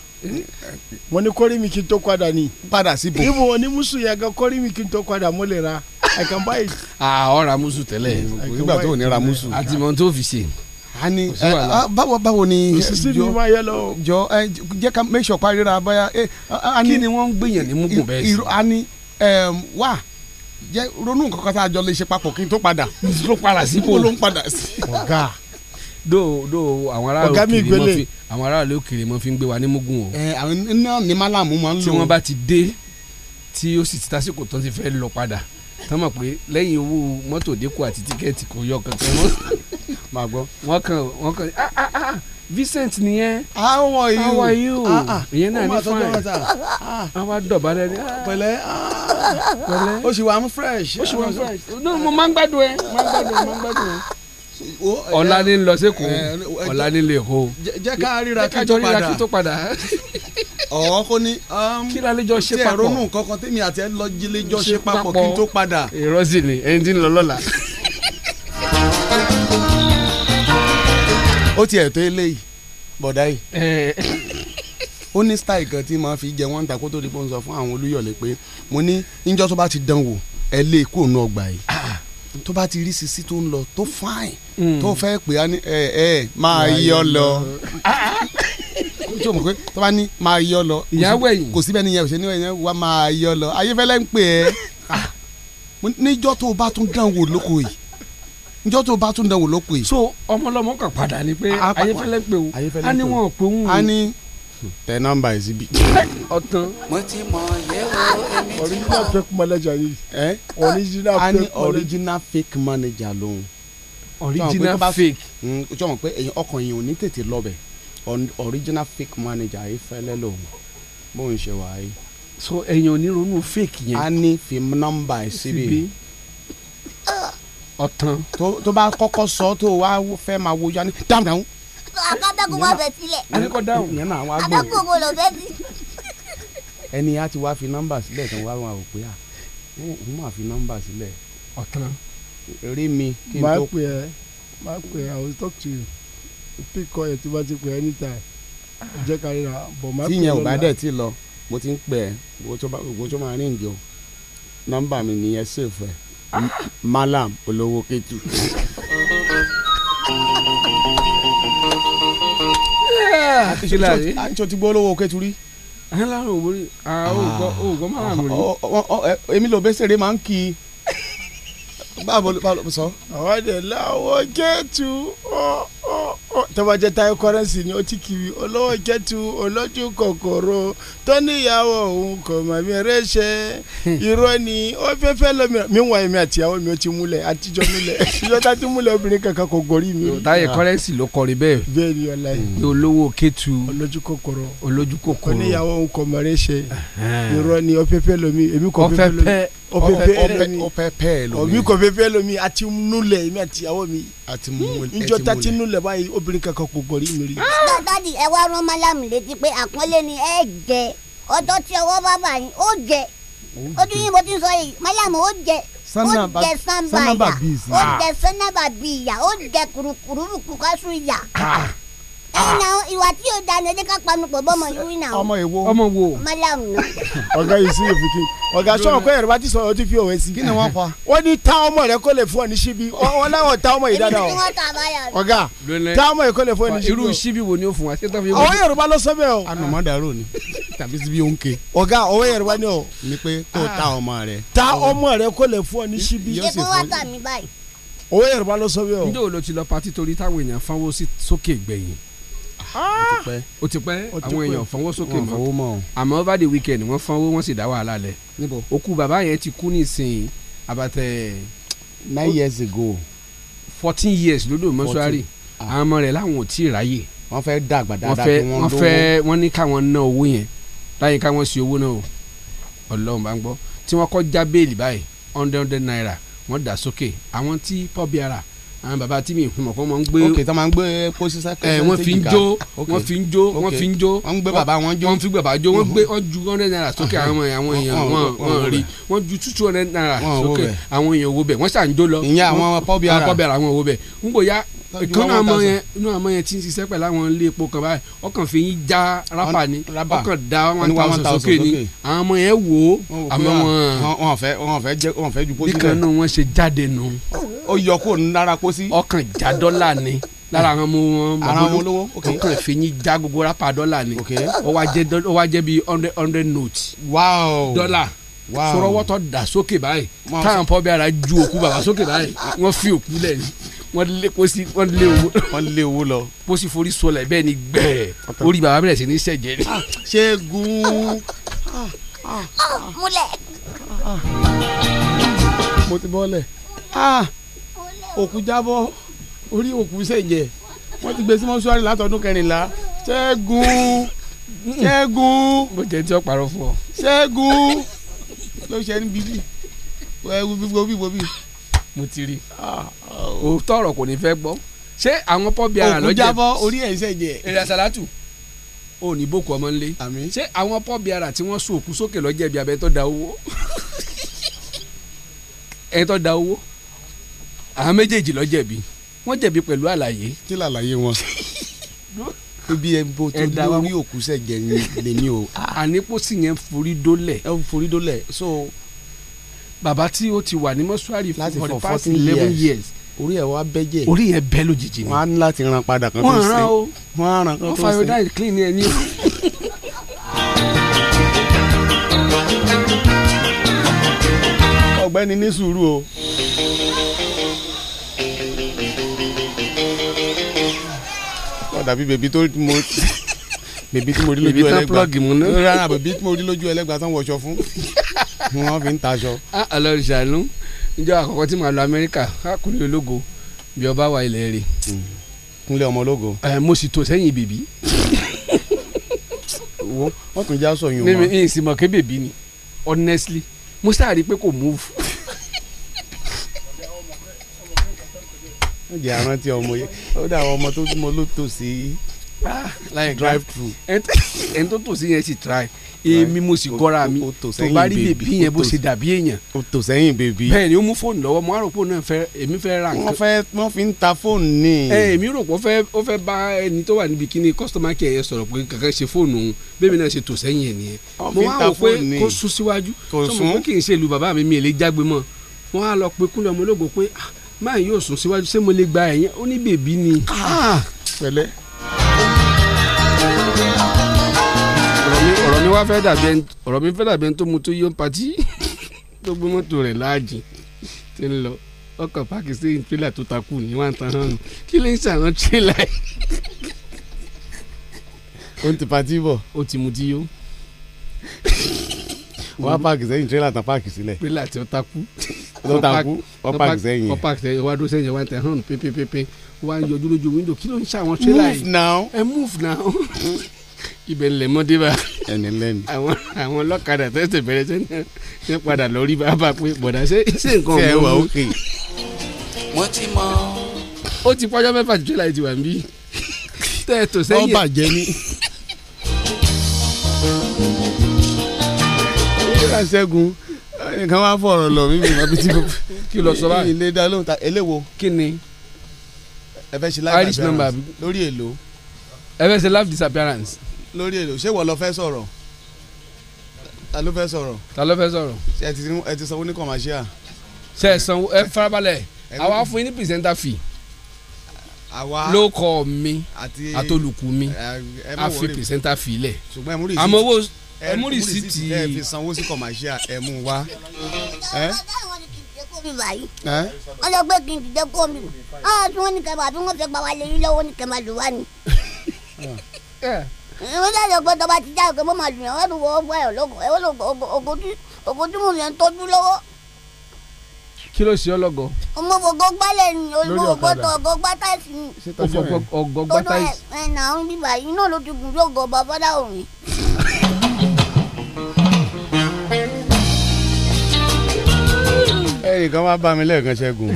mo ní kọ́rí mi kí n tó padà ni. padà síbò. ibo ní musu yẹn kan kọ́rí mi kí n tó padà mo lè ra i can buy it. a ọ ra musu tẹ́lẹ̀ nígbà tó ò ní ra musu. àti mọ̀ tó fi ṣe. a ní báwo báwo ni jọ jọ jẹ ká make sure parí ra báyà. kí ni wọ́n ń gbìyànjú mú gùn bẹ́ẹ̀ sí. a ní wà jẹ́ ronú nǹkan kan tá a jọ lè ṣe papọ̀ kí n tó padà ló padà sí kó ló ń padà sí. ọ̀gá do do àwọn ará òkèèrè mọ fi àwọn ará òkèèrè mọ fi ń gbé wa ní mugun o. ẹ àwọn náà ni málàmú máa ń lò. tí wọ́n bá ti dé tí ó sì ti tásìkò tó ti fẹ́ lọ padà tán mọ̀ pé lẹ́yìn owó mọ́tò dínkù àti tíkẹ́ẹ̀tì kò yọ kankan wọn. màá gbọ́. wọ́n kàn wọ́n kàn ah ah ah Vincent nìyẹn. how are you how are you ah, ah. ìyẹn náà ní fine àwọn adọ̀bálẹ̀ ah, ni. pẹ̀lẹ́ pẹ̀lẹ́ o ṣì wà mú fresh. o ṣì mú fresh. mo máa ń gbádùn ẹ máa ń gbádùn ẹ máa ń gbádùn ẹ ọ̀la ni lọ sí kò ọ̀la ni lè ho. jẹ́ ká ríra kí tó padà. ọ̀ọ́ kó ní um, kí la lè jọ ṣe papọ̀ tí ẹ̀rọ nù kankan tèmi àti ẹ̀ lọ jílé jọ ṣe papọ̀ kí n tó padà. ìrọsì ni ẹni tí ń lọ lọ́la. ó ti ẹ̀ tó eléyìí bọ̀dá yìí ó ní style kan tí màá fi jẹ wọ́n ta kó tó di pé fún àwọn olúyọ̀lé pé mo ní níjọ́ tó bá ti dán wò ẹ lé e kúrò nù ọgbà yìí tó bá ti rí sisi tó ń lọ tó fine mm. tó fẹ́ pè á ní ẹ ẹ máa yọ lọ tó bá ní máa yọ lọ kò síbẹ̀ ni yẹn ṣe ní ẹ̀yẹ wa máa yọ lọ ayéfẹ́lẹ́ ń pè ẹ́ ah. níjọ́ tó o bá tún dán wò lóko yìí níjọ́ tó o bá tún dán wò lóko yìí. so ọmọlọmọ kan padà ni pé ayéfẹ́lẹ́ ń pè o a ní wọn ò pé òun o tẹ nọmba yìí síbi. ọtán. mo ti mọ yẹ̀wò èmi ti mọ. original fake manager yìí. ẹ original fake manager. original fake manager lòun. original fake. tí wọ́n mọ̀ pé èyàn mm, ọkàn yìí ò ní tètè lọ́bẹ̀ original fake manager yìí fẹ́lẹ́ lòun bó ń ṣe wà yìí. so èyàn ò ní ronú fake yẹn. a ní fi nọmba yìí síbi. ọtán. tó bá kọ́kọ́ sọ tó wá fẹ́ máa wo yanni dáhùn dáhùn. akádágún wà fẹ́ a ẹni kọ́ dáhùn yẹn náà wá gbọ́. ti wá fi nọmba sílẹ̀ tó wá wà ó à fi nọmba sílẹ̀. ọ̀tán. rí mi kí n tó. máa pè máa I talk to you pick call ẹ̀ bá ti pè anytime jẹ́ ká ríra bọ̀ máa pè ti lọ mo ti ń pè ẹ́ gbogbo tó máa rìn mi nìyẹn malam olówó kejì. àjọ ti gbọ́ lọ́wọ́ kẹ́tùrí. ẹ lárò òwúrí òògùn òògùn máa ń rí. èmi ló bẹ́sẹ̀rẹ̀ máa ń kí i. báwo ló sọ. àwọn ẹ̀dẹ̀ láwọ̀ kẹ́tù ọ̀ ọ̀ tó bá jẹ́ táyé kọ́rẹ́nsì ni ó ti kiri olówó jẹ́tu olójú kòkòrò tó níyàwó òun kò mọ̀ mí eré ṣe hmm. irọ́ ni ó fẹ́fẹ́ lómìnira mi wọ èmi àtìyàwó mi ó ti múlẹ̀ àtijọ́ múlẹ̀ ìjọ tá ti múlẹ̀ obìnrin kankan kò gorí mi. táyé kọ́rẹ́nsì ló kọrin bẹ́ẹ̀. bẹ́ẹ̀ ni ọ̀la yìí. olówó kẹ́tu olójú kòkòrò olójú kòkòrò tó níyàwó òun kò mọ̀ eré ṣe irọ́ ni ó fẹ́fẹ́ lómi èmi kò fẹ́fẹ́ lómi ọpẹpẹ lomi ọmi kò fẹ́fẹ́ lomi àti nulẹ̀ èmi àtìyàwó mi. àti nulẹ̀ njọ tá ti nulẹ̀ báyìí obìnrin kankan kò gbọ̀rí mi rí. Ah! dádì ẹ wá rán málàmù létí pé àpọ́nlé ni ẹ jẹ ọjọ́ tí ọwọ́ bàbá yín ó jẹ ojú yín mo ti sọ yìí málàmù ó jẹ ah! ó jẹ sanba ìyá ó jẹ sanaba bí ìyá ó jẹ kurukuru kukasu ìyá. Ah. ẹnà ìwà tí yóò dànù ẹjẹ ká panu pọ̀ bọ́mọ yìí wí náà. ọmọ èwo ọmọ wo malamu náà. ọ̀gá yìí sí ìfikì ọ̀gá sọ̀rọ̀ pé ẹ̀rọ bá ti sọ̀rọ̀ ó ti fi òwe sí. kí ni wọ́n fa. wọ́n ní tá ọmọ rẹ kó lè fún ọ ní síbi wọ́n láwọn tá ọmọ yìí dáadáa o. ọ̀gá tá ọmọ yìí kó lè fún ọ ní síbi. irú síbi wo ni ó fún wa. ọwọ́ Yorùbá ló sọ o. anamọ dàrú ni tàbí síbi ó ń ké. ọ̀gá ọwọ́ Yorùbá ni o. ni pé kó ah. tá ọmọ rẹ. tá ọmọ rẹ kó lè fún ọ ní síbi. epo wá tà mí báyìí. ọwọ́ Yorùbá ló sọ bẹ́ẹ̀ o. njẹ́ o lo ti lọ pati torí táwọn èèyàn fáwọn sókè gbẹ̀yìn Ah! ó ti pẹ́ àwọn èèyàn fọwọ́ sókè mọ́ àmọ́ over the weekend wọ́n fọwọ́ wọ́n sì dá wàhálà lẹ̀ òkú bàbá yẹn ti kú nísìnyí abatẹ. Eh, nine years ago. fourteen years lódò mọ́ṣúárì ah. àwọn ọmọ rẹ̀ láwọn ò tí ì ráyè. wọ́n fẹ́ dàgbà dáadáa kí wọ́n lówó. wọ́n fẹ́ wọ́n ní káwọn ná owó yẹn láyé káwọn sí owó náà o ọlọ́run bá ń gbọ́ tí wọ́n kọ́ já béèlì báyìí hundred hundred naira wọ́n dà sókè àwọn tí pọ́bíara àwọn bàbá tí mi ì kúmọ̀ kọ́ wọ́n gbé. ok tó máa ń gbé pósí sákẹ́ ẹ wọ́n fi ń jó wọ́n fi ń jó wọ́n fi ń jó. wọ́n gbé bàbá wọn jó. wọ́n fi gbé jó wọ́n gbé wọ́n ju hundred naira sókè àwọn àwọn èèyàn wọn wọn rí wọ́n ju two hundred naira sókè àwọn èèyàn wo bẹ̀ wọ́n ṣà lọ. ìyẹn àwọn pọ́bíara àwọn pọ́bíara àwọn wo bẹ̀ ń bò ya ìkànnì àmọ́ yẹn inú àmọ́ yẹn ti ń ṣiṣẹ́ pẹ̀lú àwọn ilé epo kan báyìí ọkàn fi yín já rábà ni ọkàn da one thousand sókè ni àwọn ọmọ yẹn wò ó àmọ́ wọn. wọn fẹ́ wọn fẹ́ jẹ wọn fẹ́ ju pósí bẹ́ẹ̀. bí kan náà wọn ṣe jáde nù. ó yọ kó nara pósí. ọkàn já dọ́là ni lára àwọn ọmọ wọn màbúlò olówó ọkàn ìfẹ̀yìn já gbogbo rápá dọ́là ni ó wá jẹ́ ó wá jẹ́ bíi hundred hundred note dọ́là sọ̀rọ̀ wọ́tọ̀ dà sókè báyìí táwọn pọ̀ bí ara ju òkú bàbá sókè báyìí wọ́n fi òkú lẹ̀ ni wọ́n lé pósí wọ́n lé owó wọ́n lé owó lọ pósí forí sọlẹ̀ bẹ́ẹ̀ ni gbẹ̀ẹ́ orí bàbá bẹ̀rẹ̀ sí ní sẹ̀jẹ̀ ni. Ah, ṣẹ́gun. Ah, ah, múlẹ̀. mo ti bọ́lẹ̀ òkú jábọ́ orí òkú sẹ̀jẹ̀ wọ́n ti gbé sí mọ́ṣúárì látọdún kẹrìnlá ṣẹ́gun ṣẹ́gun. mo jẹ́ tí ó parọ́ fún ọ. ṣẹ́gun ló ṣe ní bíbí wẹ́ẹ́ wíwọ́ bíbọ́ bíbọ́ bíbọ́ mo ti rí òótọ́ ọ̀rọ̀ kò ní fẹ́ gbọ́ ṣé àwọn pọ́bì ara lọ́jẹ́ òkú jábọ́ orí ẹ̀ ń ṣẹ̀jẹ̀ èrè àsálàtù ò ní boko ọmọ ńlẹ̀ ṣé àwọn pọ́bì ara tí wọ́n sun òkú sókè lọ́jẹ́ bí abẹ́tọ́ da owó ẹ̀tọ́ da owó àwọn méjèèjì ló jẹ̀bi wọ́n jẹ̀bi pẹ̀lú àlàyé. kí làlàyé wọn ibi ẹbọ tó lórí òkú sẹ̀jẹ̀ lèmi o. ànípòsí yẹn forí dólẹ̀. ẹ forí dólẹ̀ so bàbá tí ó ti wà ní mọ́ṣúárì for the past eleven years orí ẹ̀ wá bẹ́jẹ̀ orí yẹn bẹ́ lójijì ni. wọ́n á ní láti ran padà kan tó ń sè wọ́n á ran kan tó ń sè. wọ́n fa iodine clean ẹ ní. ọ̀gbẹ́ni ní sùúrù o. wọ́n dàbí bèbí tó mo bèbí tí mo rí lójú ẹlẹ́gbàá bèbí tí mo rí lójú ẹlẹ́gbàá tán wọṣọ fún ni wọ́n fi ń taṣọ. ọlọ́run ṣàánú níjọ́ àkọ́kọ́ tí màá lọ amẹ́ríkà kúnlẹ̀ ológo bí ọba wa ilẹ̀ rẹ̀. Hmm. kúnlẹ̀ ọmọ ológo. mo sì tò sẹ́yìn bèbí. wo wọn tún já sọ yín o ma. mi ì sì mọ̀ pé bèbí ni honestly mo sáà rí i pé kò move. ó jẹ́ àrántí ọmọ yìí ó dà àwọn ọmọ tó mọ ló tò sí i láyé drive through ẹni tó tò sí yẹn sì try èmi mo sì gọ́ra mi tó bá rí bèbí yẹn bó ṣe dàbí èèyàn. o tò sẹ́yìn bèbí. bẹ́ẹ̀ ni ó mú fóònù lọ́wọ́ mo á rò fóònù náà fẹ́ èmi fẹ́ ra nǹkan. wọ́n fẹ́ wọ́n fi ń ta fóònù ni. ẹ èmi rò pé ó fẹ́ bá ẹni tó wà níbi kíní customer care yẹn sọ̀rọ̀ pé kankan ṣe fóònù òun bẹ́ẹ̀ náà ṣe tò sẹ́yìn ẹ̀ nìyẹn. mo wá rò pé kó sún síwájú tó mọ̀ pé kì í ṣe ìlú bàbá mi mi èlé jágbe mọ́ wọ́n á lọ pe kúlẹ̀ ọmọ ológo pé ah, máa mi wá fẹ́ dàbí ẹni ọ̀rọ̀ mi fẹ́ dàbí ẹni tó mu tó yó ń patí tó gbé mọ́tò rẹ̀ láàjì ti ń lọ ọkọ̀ páàkì sí tírélà tó takú ní wà ń tan hàn nù kí ló ń ṣàrán tírélà yìí. o ti patí bọ̀. o ti mu ti yó. wọ́n á páàkì sẹ́yìn tírélà tán páàkì sílẹ̀. tírélà tí ó takú. ló takú ọ páàkì sẹ́yìn. ọ páàkì sẹ́yìn wá dúró sẹ́yìn wá ń tan hàn pépépépé wá ń yọjú lójú wíńdò kí ló ń ṣàwọn tírélà yìí. move now. ẹ move now ibẹ̀ ńlẹ̀ mọ́ bá ẹni lẹ́nu àwọn ọlọ́kadà tó bẹ̀rẹ̀ ṣe padà lọ rí bàbá pé bọ̀dà ṣe ṣe nǹkan ọ̀gbọ́n mi. ok mo ti mọ. ó ti pọ́jọ́ mẹ́fà tí jọ́lá ti wà ń bí tẹ́ ẹ tò sẹ́yìn. ọba jẹ ní. ìyá ṣẹ́gun nǹkan wá fọ̀rọ̀ lọ mímì àbí tí kí lọ sọ báyìí. ilé dá lóhùn ta eléwo. kí ni. ẹ fẹ́ ṣe live appearance lórí èlò. ẹ fẹ́ ṣe live disappearance lórí èlò ṣé wọ́n lọ fẹ́ sọ̀rọ̀ ta ló fẹ́ sọ̀rọ̀. ta ló fẹ́ sọ̀rọ̀. ṣe ẹ ti sanwó ní kọ̀máṣíà. ṣe ẹ sanwó ẹ farabalẹ̀ àwa fún yín ní pìrìsẹ́ńtà fì. àwa lóko mi àtolùkù mi a fi pìrìsẹ́ńtà fì lẹ̀. ṣùgbọ́n ẹ múrí sí àmọ́ owó ẹ múrí sí ti. ẹ fi sanwó sí kọ̀máṣíà ẹ mú wa. ẹ mi báyìí. wọ́n lọ gbé kìnkìn jẹ́ kó mi. wọ́n tún ní kẹ́mà àbí wọ́n fẹ́ gbà wá lẹ́yìn lọ́wọ́ ní kẹ́mà lù ni. wọ́n ṣàṣọ pé tọba ti jáde pé mo máa dùn ẹ̀wọ́n tó wọ́n fún ẹ̀yọ̀ lọ́gọ̀ ẹ̀wọ́n lọ ògùn tí mo yẹn ń tọ́jú lọ́wọ́. kí ló ṣe ọ lọgọ. mo fògó gbálẹ̀ ni olùkọ́ tó ọgọ́ gbátáìsì ni. ọgọ́ gbátáìsì. tọ́nà ẹ̀ náà ń bíbá yìí náà ló ti gùn sí ọgọ́ bàbá òrìn. ẹnìkan wá bá mi lẹ́ẹ̀kan ṣẹ́gun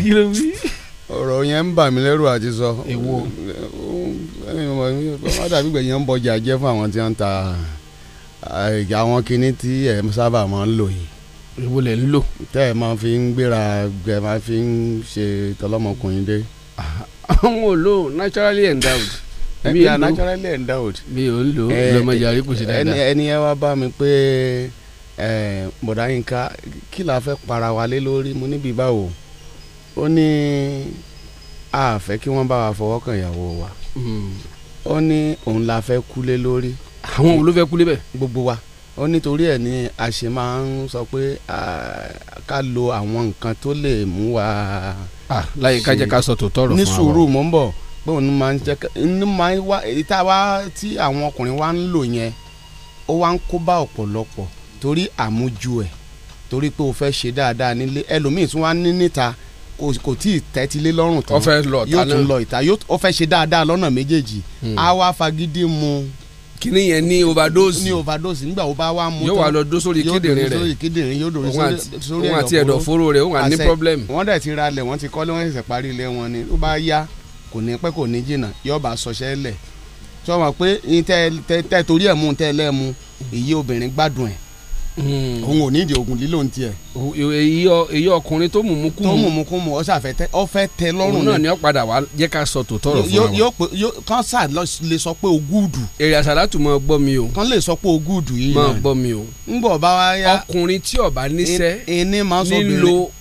ọ̀rọ̀ yẹn ń bà mí lẹ́rù àti sọ. èwo wọ́n dàbí gbẹ̀yìn ń bọjà jẹ́ fún àwọn tí wọ́n ń ta àwọn kinní tí ẹ̀ sábà máa ń lò yìí. ìwo lẹ̀ ń lò. tẹ́ ẹ máa fi ń gbéra ẹ máa fi ń ṣe tọlọ́mọkùnrin dé. àwọn olóò naturally endowed mi ò naturally endowed. mi ò ń lò ó lọmọdé àríkùsí dáadáa. ẹni ẹ wá bá mi pé bọ̀dá kí la fẹ́ para wa lé lórí mo níbi báwo ó ní a kí wọ́n bá wa fọwọ́ kàn ìyàwó wa ó ní òun la fẹ́ kúlé lórí. àwọn wo ló fẹ́ kúlé bẹ́ẹ̀. gbogbo wa ó nítorí ẹ̀ ni a ṣe máa ń sọ pé ká lo àwọn nǹkan tó lè mú wa. láyé ká jẹ́ ká sọ tòótọ́ ọ̀rọ̀ fún wa. ní sùúrù mò ń bọ̀ pé òun máa ń jẹ́ ní máa ń wá ìta wa tí àwọn ọkùnrin wa ń lò yẹn ó wá ń kó bá ọ̀pọ̀lọpọ̀ torí àmújù ẹ̀ torí pé o fẹ́ ṣe dáadáa nílé ẹlòmíì tún wá ní níta kò tí ì tẹ́tílé lọ́rùn tán yóò tún lọ ìta ó fẹ́ ṣe dáadáa lọ́nà méjèèjì á hmm. wá fagídí mu. kíní yẹn ní overdose ní overdose nígbà ó bá wá mu tán yóò wá lọ dó sórí kíndìnrín rẹ yóò dó sórí ẹ̀dọ̀fóró òun àti ẹ̀dọ̀fóró rẹ òun ní problem. wọ́n dẹ̀ ti ralẹ̀ wọ́n ti kọ́lé wọ́n ṣẹ̀ṣẹ̀ parí ilé wọn ni ó bá yá kò ní pẹ́ kò ní jìnnà yóò bá sọṣẹ́ lẹ̀ sọ wọn pé Hmm. òun ò ní ìdí oògùn lílò ní tiẹ̀. èyí ọkùnrin tó mùmú mu tó mùmú mu ọsà tẹ ọfẹ́ tẹ lọ́rùn náà ni ó padà wá jẹ́ ká sọ tòótọ́ rẹ̀ fún wa. kán sà lè sọ pé o gúùdù. èrè àsàlátù máa gbọ́ mi o. kán lè sọ pé o gúùdù yìí. máa gbọ́ mi o. ń bọ̀ bá wa ya. ọkùnrin tí ó bá níṣẹ́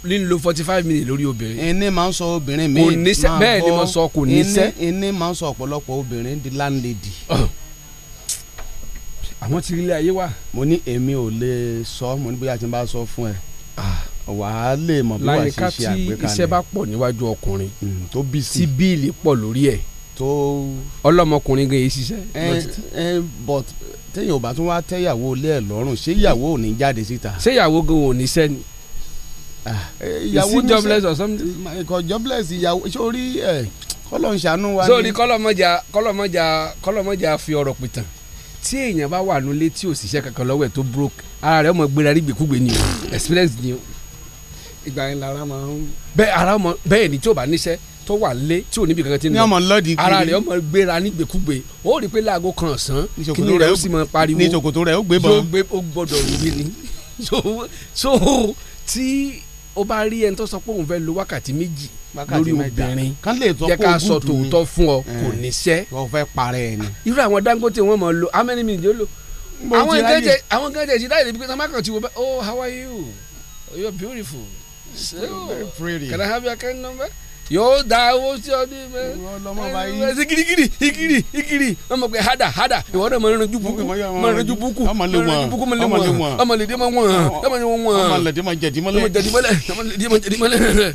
nílò forty five minutes lórí obìnrin. ẹni máa ń sọ obìnrin mi. kò níṣẹ́ bẹ́ẹ̀ ni mo sọ kò níṣẹ́. ẹni máa ń sọ ọ̀pọ̀lọpọ̀ obìnrin di landlady. Oh àwọn ti rí ilé ayé wa. mo ní èmi ò lè sọ mo ní bóyá tí n bá sọ fún ẹ wàá lè mọ bí wàá ṣe ṣe àgbékalẹ̀ láyìíká tí iṣẹ́ bá pọ̀ níwájú ọkùnrin hmm, tó bí sí tí bíìlì pọ̀ lórí ẹ̀ tó ọlọ́mọkùnrin gan yìí ṣiṣẹ́. ẹ eh, ẹ eh, eh, but téèyàn ò bá tún wá tẹ́yàwó lé ẹ̀ lọ́rùn ṣé ìyàwó ò ní jáde síta. ṣé ìyàwó gan ò ní sẹ́ni. Ah, ìyàwó ní sẹ́ni jobless or something. ikọ̀ jobless ìyàwó sórí ẹ̀ kọ́lọ̀ ń ṣàánú wa ni. sórí kọ́lọ̀ mọ́jà kọ́lọ̀ mọ́jà kọ́lọ̀ mọ́jà fi ọ̀rọ̀ pìtàn tí èèyàn bá wà nulẹ̀ tí ò kankan lọ́wọ́ ẹ̀ tó broke ara rẹ̀ ọmọ gbéra rí gbèkúgbè ni o experience ni o. ìgbà yẹn lára máa ń. bẹ́ẹ̀ ara ọmọ bẹ́ẹ̀ ni tí o bá níṣẹ́ tó wà lé tí ò níbi kankan ti nù. ní ara rẹ̀ ọmọ gbéra ní gbèkúgbè ó rí pé láago kan ọ̀sán kìnìún rẹ̀ ó sì máa pariwo ní ìṣòkòtò rẹ̀ ó gbé bọ̀. ó gbọ́dọ̀ rí ni so so tí ó bá rí ẹni tó sọ pé òun fẹ́ lo wákàtí méjì lórí obìnrin jẹ́ ká sọ tòótọ́ fún ọ eh. kò níṣẹ́. wọ́n fẹ́ parẹ́ ẹni. irú àwọn Dangote wọ́n mọ̀ lo how many minutes ló lò. àwọn gẹ́jẹ̀ àwọn gẹ́jẹ̀ ti dáìlẹ̀ bí pé tamakọ̀ ti bẹ́ẹ̀ oh how are you you are beautiful so very pretty can I have your account number yóò da owó sí ọ ní mẹ ẹ kirikiri ikiri ikiri ọmọ pé hada hada ìwọ náà máa ń ranjú buku máa ń ranjú buku ọmọ lè wọn ọmọ lè dé máa wọn ọmọ lè dé máa wọn ọmọ lè dé máa jẹdí mọ́lẹ̀ ọmọ lè dé máa jẹdí mọ́lẹ̀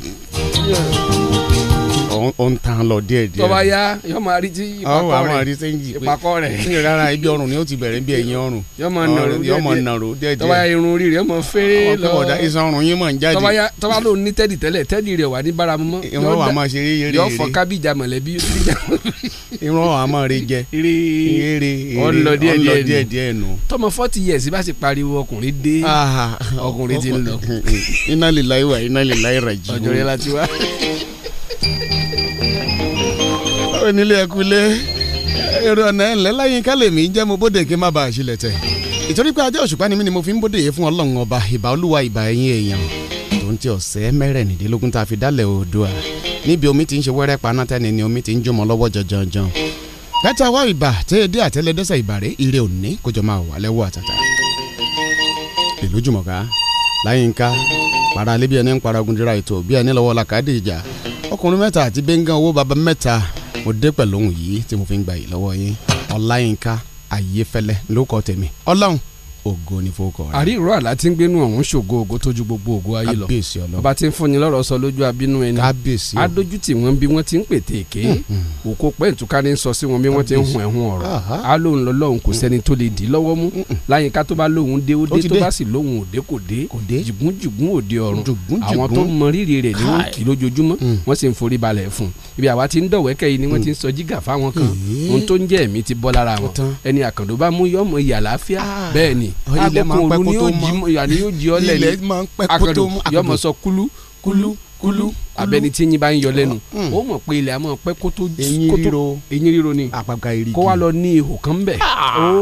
ó ń tan lọ díẹ̀ díẹ̀. tọ́ba ya yọ máa rí tí ìpàkọ́ rẹ̀ àwọn àrí sẹ́yìn pé ìpàkọ́ rẹ̀. ní rárá ibi ọrùn ni ó ti bẹ̀rẹ̀ bí ẹ̀yìn ọrùn. yọ máa nàró díẹ̀ díẹ̀ yọ máa nàró díẹ̀ díẹ̀. tọ́ba ya irun orí rẹ̀ mọ̀ fẹ́rẹ́ lọ. ọ̀dà iṣan ọrùn yín mọ̀ ń jáde. tọ́ba ya tọ́ba ló ní tẹ́dì tẹ́lẹ̀ tẹ́dì rẹ̀ wà ní báramu mọ́. irun wa máa ṣe eré eré. yọ fọ kábíjà mọ̀lẹ́bí. irun wa máa re jẹ. eré ọlọ díẹ̀ díẹ̀ nù. tọmọ fọ́tì yẹ̀ sí bá ti pariwo ọkùnrin dé ọkùnrin ti lọ. iná lè láyé wà iná lè láyé rà jí. ọjọ́ yẹn la ti wá onílé ẹkú ilé èrò ọ̀nà ẹ̀ńlẹ́ láyín kálẹ̀ mi jẹ́ mo bóde kí n má bàa ṣílẹ̀ tẹ̀ ìtorí pé ajá òṣùpá ni mí ni mo fi ń bóde yìí fún ọlọ́run ọba ìbà olúwa ìbà ẹ̀yìn èèyàn tó ń tẹ ọ̀sẹ̀ mẹ́rẹ̀ẹ́nìdínlógún tá a fi dálẹ̀ oòdùà níbi omi ti ń ṣe wẹ́rẹ́ panátẹ́ni ni omi ti ń jómọ lọ́wọ́ jọjọjọn kẹta wá ìbà tẹ ẹ dé àtẹlẹdẹsẹ ìbàrẹ ire òní kójọ máa wà lẹ́wọ́ àtàtà ìlú jùmọ̀ká láyínká paralé bí ẹni ń para ogun dira ètò bí ẹni lọ́wọ́ làkàdé ìjà ọkùnrin mẹ́ta àti bẹ́ńgá owó baba mẹ́ta mo dé pẹ̀lú ohun yìí tí mo fi ń gba yìí lọ́wọ́ yín ọláyínká ayéfẹ́lẹ́ lórúkọ tèmi ọlọ́run ògo ní fowókọ rẹ. àrí ìró àlá tí ń gbénu ọ̀hún ṣògo ògo tójú gbogbo ògo ayé lọ kábíyèsí ọlọ́run bá ti ń fúnni lọ́rọ̀ sọ lójú abínú ẹni kábíyèsí o adójú tí wọ́n bí wọ́n ti ń pètè èké mm-hmm. òkò pẹ́ǹtùká ní sọ sí wọn bí wọ́n ti ń hun ẹ̀hún ọ̀rọ̀ á lóun lọ́lọ́run kò sẹ́ni tó lè dì lọ́wọ́ mú láyínká tó bá lóun dé ó dé tó bá sì lóun òde kò dé jìgúnjìgún òde ọ̀run àwọn tó mọ rírì rẹ̀ ni wọ́n kì lójoojúmọ́ mm. wọ́n sì ń forí balẹ̀ fún ibi àwa ti ń dọ̀wẹ́kẹ́ yìí ni wọ́n mm. ti ń sọ jígà fáwọn kan ohun tó ń jẹ́ ẹ̀mí ti bọ́ lára wọn ẹni àkàndó bá mú yọmọ ìyà láfíà ah. bẹ́ẹ̀ ni ilẹ̀ máa ń pẹ́ kó tó mọ́ ilẹ̀ máa ń pẹ́ kó tó mọ́ àkàndùn yọmọ sọ kúlú kúlú Kulu mm-hmm. abẹni tí eyín bá ń yọ mm-hmm. lẹ́nu mm-hmm. ó mọ̀ pé ilẹ̀ àmọ́ pẹ́ kó tó eyín ríro eyín ríro ni àpàgà èrìgì kó wá lọ ní ihò kan bẹ̀ ah!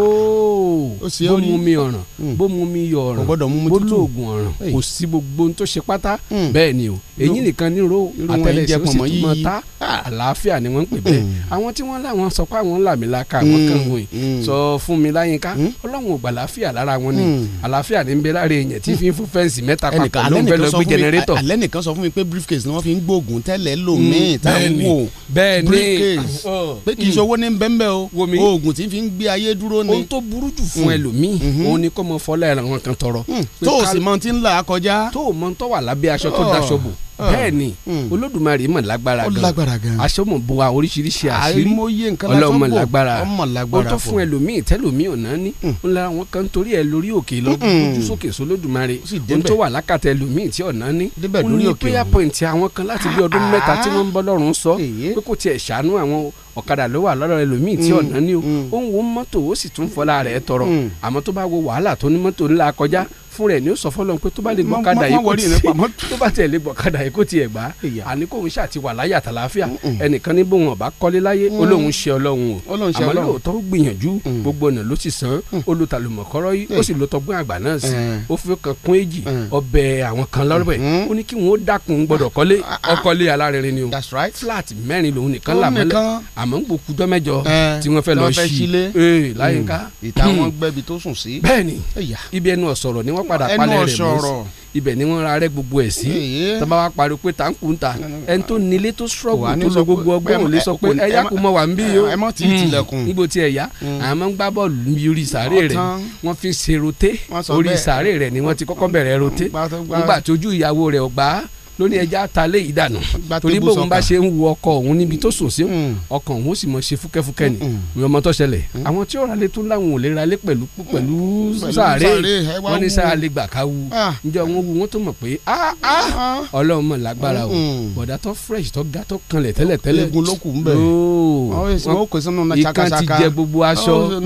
bó mu mi ọ̀ràn mm. bó mu mi yọ ọ̀ràn bó lóògùn ọ̀ràn kò sí gbogbo tó ṣe pátá mm. bẹ́ẹ̀ ni o eyín nìkan nírò àtẹlẹsẹ̀ ó sì tún mọ ta ah! àlàáfíà ni wọ́n ń pè bẹ́ẹ̀ mm. àwọn tí wọ́n láwọn sọ pé àwọn làmìlaka àwọn kan wọ̀nyí sọ fún mi láyínká ọlọ́run ò àlàáfíà lára wọn ni àlàáfíà ni ń bẹ lára èèyàn tí fi pé briefcase ni wọ́n fi ń gbóògùn tẹ́lẹ̀ lòmíì mm, tá wò briefcase ah, ah. pé kì í mm. ṣowó ní bẹ́ńbẹ́ o oògùn tí fi ń gbé ayé dúró ni. ohun tó burú jù fún mm. ẹlòmíì mm-hmm. òun ni kọ́ mọ fọlá ẹ̀ràn kan tọrọ. tó o sì mọ ti ń là á kọjá. tó o mọ tó wà lábẹ́ aṣọ tó oh. daṣọ bò Ah. bẹ́ẹ̀ni hmm. olódùmarè mọ lágbára gan ó lágbára gan aṣọmọ buwa oríṣiríṣi àṣírí ọlọmọ lágbára ó tó fún ẹlòmíì tẹlòmíì ọ̀nà ní hmm. ńlá wọn kan torí ẹ lórí òkè lọ́gbọ̀n hmm. ojú sókè sólódùmarè ó tó wà lákàtà ẹlòmíì tí ọ̀nà ní ó ní prayer point àwọn kan láti bí ọdún ah. mẹ́ta tí wọ́n ń bọ́ lọ́rùn sọ pé kò tiẹ̀ ṣàánú àwọn ọ̀kadà ló wà lọ́dọ̀ ẹlòmíì tí ọ̀nà ní ó ń wo mọ́tò ó sì tún fọlá rẹ̀ tọrọ àmọ́ tó bá wo wàhálà tó ní mọ́tò ńlá kọjá fún rẹ̀ ní ó sọ fọlọ́n pé tó bá lè gbọ́kadà yìí kò tí tó bá tẹ̀ lè gbọ́kadà yìí kò tiẹ̀ gbà àní kóun ṣáà ti wà láyà tàlàáfíà ẹnìkan ní bóun ọ̀bá kọ́lé láyé olóhùn mm. ṣe ọlọ́run o àmọ́ lóòótọ́ ó gbìyànjú mm. gbogbo ọ̀nà ló sì san mm. olùtàlùmọ̀kọ́rọ́ yìí ó sì lo tọgbọ́n àgbà náà sí ó fi kan kún èjì ọbẹ̀ àwọn kan lọ́rọ̀ mm-hmm. ó ní kí wọ́n dákun gbọ́dọ̀ kọ́lé ah, ah, ah. flat mẹ́rin lòun nìkan làmọ́lẹ̀ àmọ́ ń gbòkú jọ́ mẹ́jọ eh, tí wọ́n fẹ́ lọ sí eh, láyé ká hmm. ni ibi ni wọ́n wọ́n padà palẹ̀ rẹ̀ mọ́ ibẹ̀ ni wọ́n ra rẹ̀ gbogbo ẹ̀ sí tó bá wa pariwo pé tá n kú n ta ẹn tó nílé tó sọ̀rọ̀ tó lọ gbogbo ọgbọ́n ò lè sọ pé ẹ yá kó mọ wà ń bí yó hmm. níbo tí ẹ yá hmm. àwọn máa ń gbá bọ́ọ̀lù ní orí sàárè rẹ̀ wọ́n fi ṣe roté orí sàárè rẹ̀ ni wọ́n ti kọ́kọ́ bẹ̀rẹ̀ roté nígbà tójú ìyàwó rẹ̀ ọgbà lóní ẹja ta lé yìí dànù torí bóun bá ṣe ń wo ọkọ òun níbi tó sùn sí mm. Mm. ọkàn òun sì mọ ṣe fúkẹ́fúkẹ́ ni ìwé mm. ọmọ tó ṣẹlẹ̀ àwọn tí ó ralé tún láwọn ò lè ralé pẹ̀lú pẹ̀lú sáré wọn ní sáà lè gbà ká wu ǹjẹ́ ah. wọn wu wọn tó mọ̀ pé ah, ah, ọlọ́run mọ̀ lágbára o bọ̀dá tó fresh tó ga tó kanlẹ̀ tẹ́lẹ̀ tẹ́lẹ̀ egun ló kù ń bẹ̀ wọn ìkan ti jẹ gbogbo aṣọ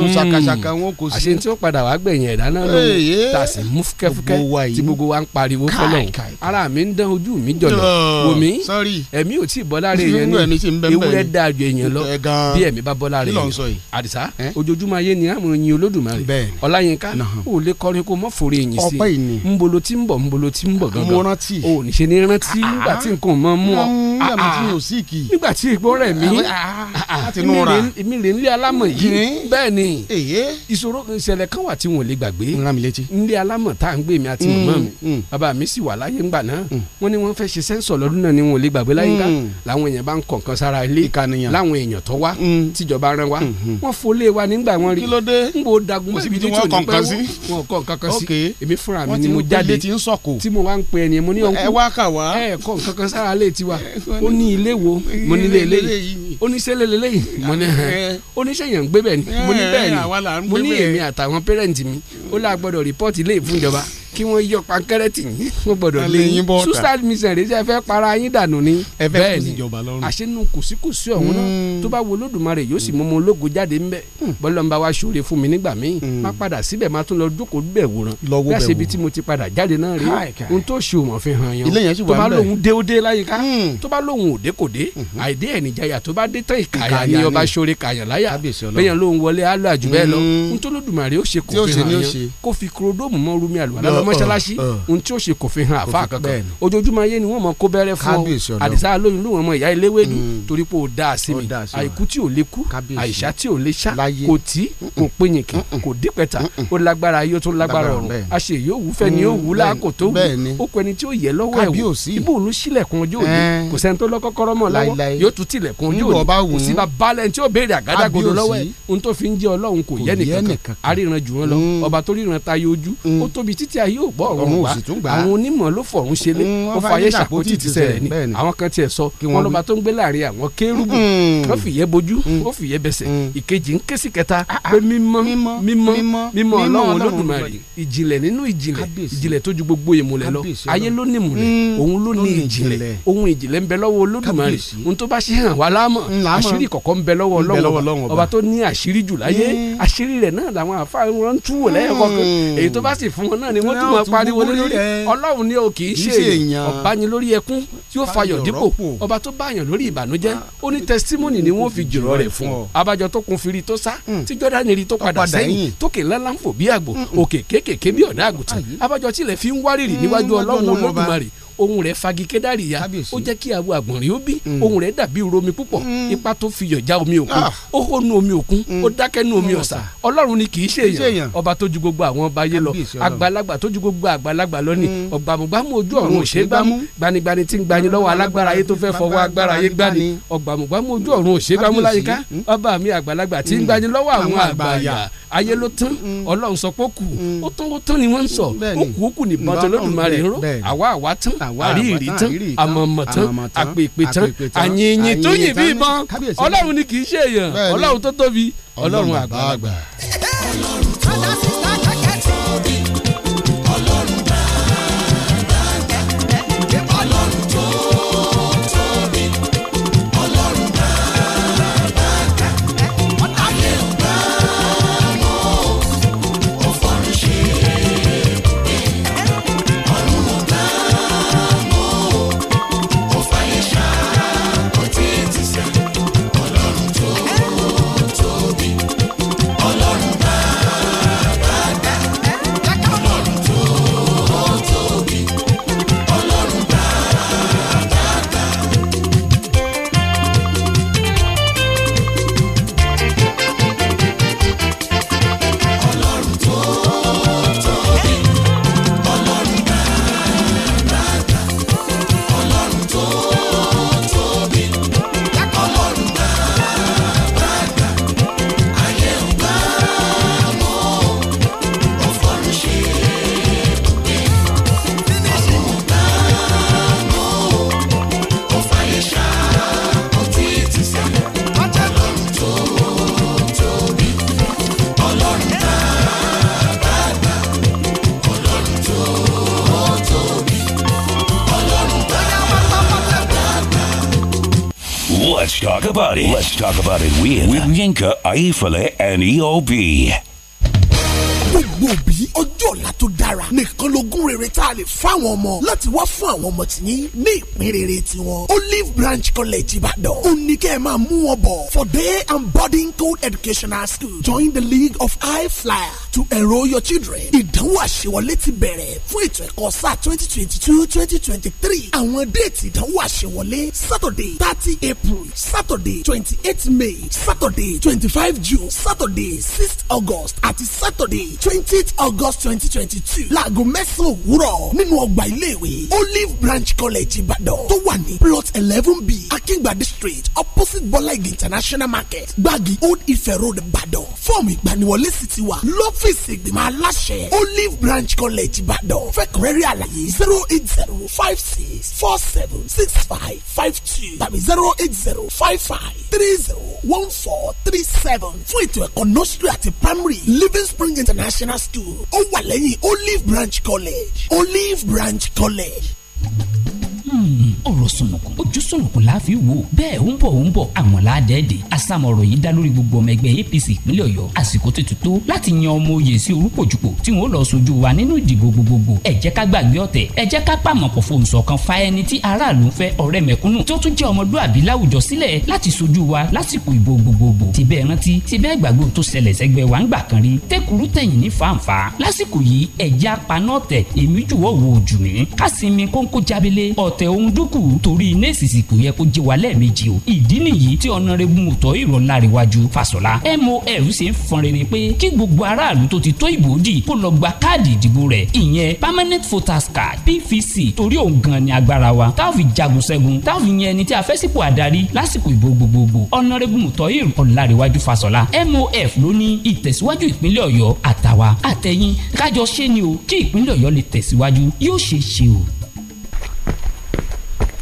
àṣẹ tí ó padà wá gbẹ̀yìn ẹ̀dá náà ló tà sí mú fúkẹ́fúkẹ́ tí gbogbo wa ń pariwo fọlọ́run ara mi ń dán ojú wùmí jọ̀lọ̀ wùmí ẹ̀mí ò tí ì bọ́ lára èèyàn ní ewúrẹ́ dáa ju èèyàn lọ bí ẹ̀mí bá bọ́ lára èèyàn àdìsá ojoojúmọ́ ayé ni àmọ́ yin olódùmarè ọláyínká ò lè kọrin kó mọ́ fòrè yìí sí nbolo tí ń bọ̀ nbolo tí ń bọ̀ gangan ò ní ṣe ní rántí ah. nígbà tí nǹkan mọ́ mú ọ bí àmì tí yóò ah, ah. sí kì í. nígbà tí ìgbọ́ rẹ̀ mí ah, èmi rè nílé alámọ̀ yìí bẹ́ẹ̀ ni ìṣòro ìṣẹ̀lẹ̀ kan wà tí wọn lè gbàgbé nílé alámọ̀ tá à ń gbé mi àti màmá mm, mi mm. bàbá mi sì wà láyé ńgbà náà mm. wọ́n ní wọ́n fẹ́ ṣe sẹ́ńsọ̀ lọ́dún náà ni wọn lè gbàgbé láyé ká làwọn èèyàn bá ń kọ̀ọ̀kan sára ilé láwọn èèyàn tó wá tíjọba rán wa mm-hmm. wọ́n folé wa nígbà wọn rí n ń pe ó ní ilé wo mo ní ilé eléyìí ó ní sẹ́lẹ̀ lélẹ́yìí mo ní hàn ó ní sẹ́yìn gbé bẹ́ẹ̀ ni mo ní bẹ́ẹ̀ ni mo ní èmi àtàwọn pẹ́rẹ́ǹtì mi ó lá gbọ́dọ̀ rìpọ́ọ̀tì ilé ìfúnjọba kí wọ́n yọ pankẹ́rẹ́tì yín wọ́n gbọ́dọ̀ lé yín suicide mission rẹ̀ ṣe fẹ́ para yín dànù ni bẹ́ẹ̀ ni àṣẹnu kùsíkùsí ọ̀hún náà hmm. tó bá wo Olódùmarè yóò sì mú mu ológo jáde ńbẹ hmm. bọ́lá ń bá wa ṣòre fún mi nígbà míì hmm. má padà síbẹ̀ má tún lọ jókòó bẹ̀ wòran bẹ́ẹ̀ ṣe ibi tí mo ti padà jáde náà rí ohun tó ṣe òmò fi hàn yàn tó bá lóhun dé ó dé láyìíká tó bá lóhun òde kò dé àìdé ẹ̀nìjàyà tó bá dé tán ìkàyà ni ọba ṣòre kàyàn láyà bẹ́ẹ̀ lóhun wọlé á lọ àjù bẹ́ẹ̀ lọ ohun tó Olódùmarè ó ṣe kò fi hàn yàn kó fi kúròdómù mọ́ṣáláṣí ohun tí ó ṣe kò fi hàn àfa kankan ojoojúmọ́ ayé ni wọ́n mọ̀ kó bẹ́rẹ́ fún ọ àdìsá lóyún lóhùn ọmọ ìyá eléwédú mm. torí pé ó dáa sí mi àìkú tí ò lè kú àìsá tí ò lè sá kò tí kò péyìnkì kò dípẹ̀tà ó lágbára ayé ó tún lágbára ọ̀run a ṣe yóò wú fẹ́ni yóò wú láàkó tó wù ó kọ ẹni tí ó yẹ lọ́wọ́ ẹ̀ wò ibò òun sílẹ̀kùn ọjọ́ òní eh. kò sẹ́ni tó lọ́kọ́kọ́rọ́ mọ̀ lọ́wọ́ yóò yóò gbọ́ ọ̀run gbà àwọn onímọ̀ ló fọ̀run ṣe lé ó mm, fàyè ṣàpótì tìṣe rẹ̀ ni àwọn kan tiẹ̀ sọ wọn lọ́ba tó ń gbé láàrin àwọn kérúbù mm. wọ́n fìyẹ́ bojú ó mm. fìyẹ́ bẹsẹ̀ ìkejì ń ké sí kẹta ah, ah. pé mímọ́ mímọ́ mímọ́ ọlọ́run olódùmarè ìjìnlẹ̀ nínú ìjìnlẹ̀ ìjìnlẹ̀ tó ju gbogbo ìmùlẹ̀ lọ ayé ló ní ìmùlẹ̀ òun ló ní ìjìnlẹ̀ ohun ìjìnlẹ̀ ń bẹ lọ́wọ́ olódùmarè ohun tó bá ṣe hàn wá lámọ̀ àṣírí kọ̀kọ́ ń bẹ lọ́wọ́ ọlọ́run ọba tó ní àṣírí jù láyé àṣírí rẹ̀ náà làwọn àfáà wọn ń túwò lẹ́yìn kọ̀ọ̀kan èyí tó bá sì fún wọn náà ni wọ́n tún máa pariwo lórí ọlọ́run ni o kì í ṣe èèyàn ọ̀báni lórí ẹkún tí ó fayọ̀ dípò ọba tó báyàn lórí ìbànújẹ́ ah. ó ní testimony ni wọ́n fi jùlọ rẹ̀ fún abájọ tó kun firi tó sá hmm. tí jọ́dánì rí tó padà sẹ́yìn tókè ńláńlá ń fò bí àgbò hmm. òkè kéékèèké bí ọ̀dà àgùntàn abájọ tilẹ̀ fi ń wárìrì hmm. níwájú ọlọ́run olódùmarè ohun rẹ̀ fagi kédàríya ó jẹ́ kí awo àgbọ̀nrín ó bí mm. ohun rẹ̀ dàbí romi púpọ̀ mm. ipa tó fi yọ̀já omi òkun ah. ó hó nu omi òkun mm. ó dákẹ́ nu omi ọ̀sà ọlọ́run ni kì í ṣe èèyàn ọba tó ju gbogbo àwọn ọba ayé lọ àgbàlagbà tó ju gbogbo àgbàlagbà lọ ni ọ̀gbàmùgbàmù ojú ọ̀run òṣè gbàmù gbanigbani tí ń gbani lọ́wọ́ alágbára ayé tó fẹ́ fọwọ́ agbára ayé gbani ọ̀gbàmùgbàmù ojú ọ̀run òṣè gbàmù láyìíká ọba mi àgbàlagbà tí ń gbani lọ́wọ́ àwọn àgbàyà ayé ló tán mm, mm. ọlọ́run sọ pé ó kù mm. ó tán ó tán ni wọ́n ń sọ ó kù ó kù ní bọ́n tó lódùmarè ró àwa àwa tán àríyìnrí tán àmọ̀mọ̀ tán àpèpè tán àyìnyìn tó yìn bí ìbọn ọlọ́run ni kì í ṣe èèyàn ọlọ́run tó tóbi ọlọ́run àgbà. ọlọ́run tó tóbi. Talk about it with, with Yinka Ayefele and EOB. gbogbo òbí ọjọ́ ọ̀la tó dára nìkan lógún rere tá a lè fáwọn ọmọ láti wá fún àwọn ọmọ tìyín ní ìpín rere tiwọn Olive Branch College Ìbàdàn ó ní kẹ́ ẹ máa mú wọn bọ̀ for day and boarding co-educational school join the League of High Flyers to enrol your children. ìdánwò àṣewọlé ti bẹ̀rẹ̀ fún ètò ẹ̀kọ́ sáà twenty twenty two twenty twenty three àwọn déètì ìdánwò àṣewọlé saturday thirty april saturday twenty eight may saturday twenty five june saturday six august àti saturday twenty august twenty twenty two láago mẹ́sàn-án òwúrọ̀ nínú ọgbà iléèwé olive branch college ìbàdàn tó wà ní plot eleven b akíngbàdé street opposite bọ́lá international market gbági old ife road ìbàdàn fọ́ọ̀mù ìgbaniwọlé sì ti wà lọ́fẹ̀ẹ́ ọ́fíìsì ìgbìmọ̀ aláṣẹ olive branch college ìbàdàn fẹ́kùrẹ́rì àlàyé zero eight zero five six four seven six five five two tàbí zero eight zero five five three zero one four three seven fún ètò ẹ̀kọ́ nursery àti primary living spring international school ó wà lẹ́yìn olive branch college olive branch college sọnù ọ̀rọ̀ sọnùkùn ojú sọnùkùn láàfin wò bẹ́ẹ̀ ó ń bọ̀ ó ń bọ̀ àwọn ládẹ́ẹ̀dẹ́ àsàmọ̀ ọ̀rọ̀ yìí dá lórí gbogbo ọmọ ẹgbẹ́ APC ìpínlẹ̀ Ọ̀yọ́ àsìkò tètè tó láti yan ọmọ oyè sí orúkòjùpò tí wọn ó lọ sojú wa nínú ìdìbò gbogbogbò ẹ jẹ́ ká gbàgbé ọ̀tẹ̀ ẹ jẹ́ ká pàmọ̀ pọ̀ fohùn ṣọ̀kan fa ẹni tí aráàlú ń fẹ́ ọ̀rẹ́ mẹ̀kúnnù tó tún jẹ́ ọmọlúàbí láwùjọ sílẹ̀ láti sojú wa òun dúkù torí nẹ́ẹ̀sì kò yẹ kó jẹ́ wa lẹ́ẹ̀mejì o ìdí nìyí tí ọ̀nàrẹ́bù mùtọ́ ìrọ̀lárẹ̀wájú Fasola MOF ṣe ń fọn rere pé kí gbogbo aráàlú tó ti tó ìbò kó lọ gba káàdì ìdìbò rẹ̀ ìyẹn permanent voters card PVC torí òun gan ni agbára wa tá a fi jagun ṣẹ́gun tá a fi yan ẹni tí a fẹ́ sípò adarí lásìkò ìbò gbogbogbò ọ̀nàrẹ́bù mùtọ́ ìrọ̀lárẹ̀wájú Fasola MOF ló ní ìtẹ̀síwájú ìpínlẹ̀ Ọ̀yọ́ àtàwa àtẹ̀yìn kájọ ṣe ni o kí ìpínlẹ̀ Ọ̀yọ́ lè tẹ̀síwájú yóò ṣe é ṣe o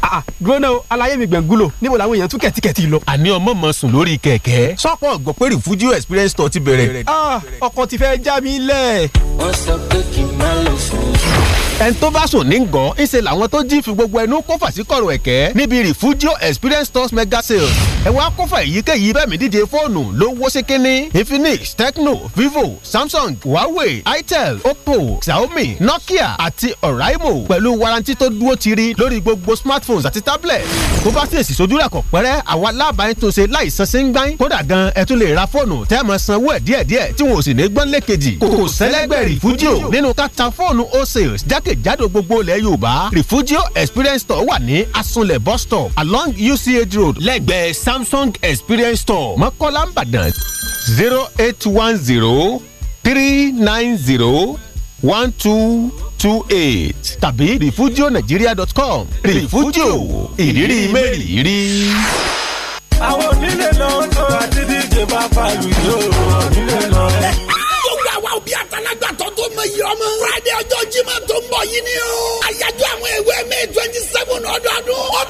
Ah, ah, dúró náà alayé mi gbẹ̀ngúlò níbo làwọn èèyàn tún kẹ̀tíkẹ̀tì lọ. àní ọmọ mọ sùn lórí kẹ̀kẹ́. sọ́kọ̀ gbọ́ pé refugio experience store ti bẹ̀rẹ̀. Ah, ọkọ̀ ti fẹ́ já mi lẹ̀. wọ́n sọ pé kí n má lọ fún un ẹn tó bá sùn ní gan ńṣe làwọn tó jí fi gbogbo ẹnu kófà sí kọ̀rọ̀ ẹ̀kẹ́ níbi refugio experience stores mega sales ẹ wá kófà èyíkéyìí bẹ́ẹ̀ mi díje fóònù lówó ṣe kínní infinix tecno vivo samsung huawei itel oppo xiaomi nokia àti oraimo pẹ̀lú warranty tó dúró tiri lórí gbogbo smartphones àti tablet tó bá sì èsì sojúlẹ̀ kọ̀ pẹ́rẹ́ àwa lábàáyé tó ṣe láì san sí ń gbáyìn kódà gan ẹ tún lè ra fóònù tẹ́ ẹ mọ̀ sanwó ẹ̀ díẹ̀díẹ̀ tí wọn ò sì ní gbọ́n lẹ́kejì kò sẹ́lẹ́gbẹ̀rì fújì o nínú ká fóònù o sales jẹ́ jákèjádò gbogbo ilẹ̀ yorùbá refugio experience store wà ní asunlẹ̀ bus stop along uch road lẹ́gbẹ̀ẹ́ samsung experience store mọ́kọ́lá ìbàdàn zero eight one zero three nine zero one two two eight tàbí refugio.nigeria.com refugio ìrírí mẹ́rin rí. àwọn onílé lọ sọ àti díje bá fàlùyò onílé lọ yọ mọ́. friday ọjọ́ jimá tó ń bọ̀ yìí ni o. àyájọ́ àwọn ewé may twenty seven ọdọọdún. ó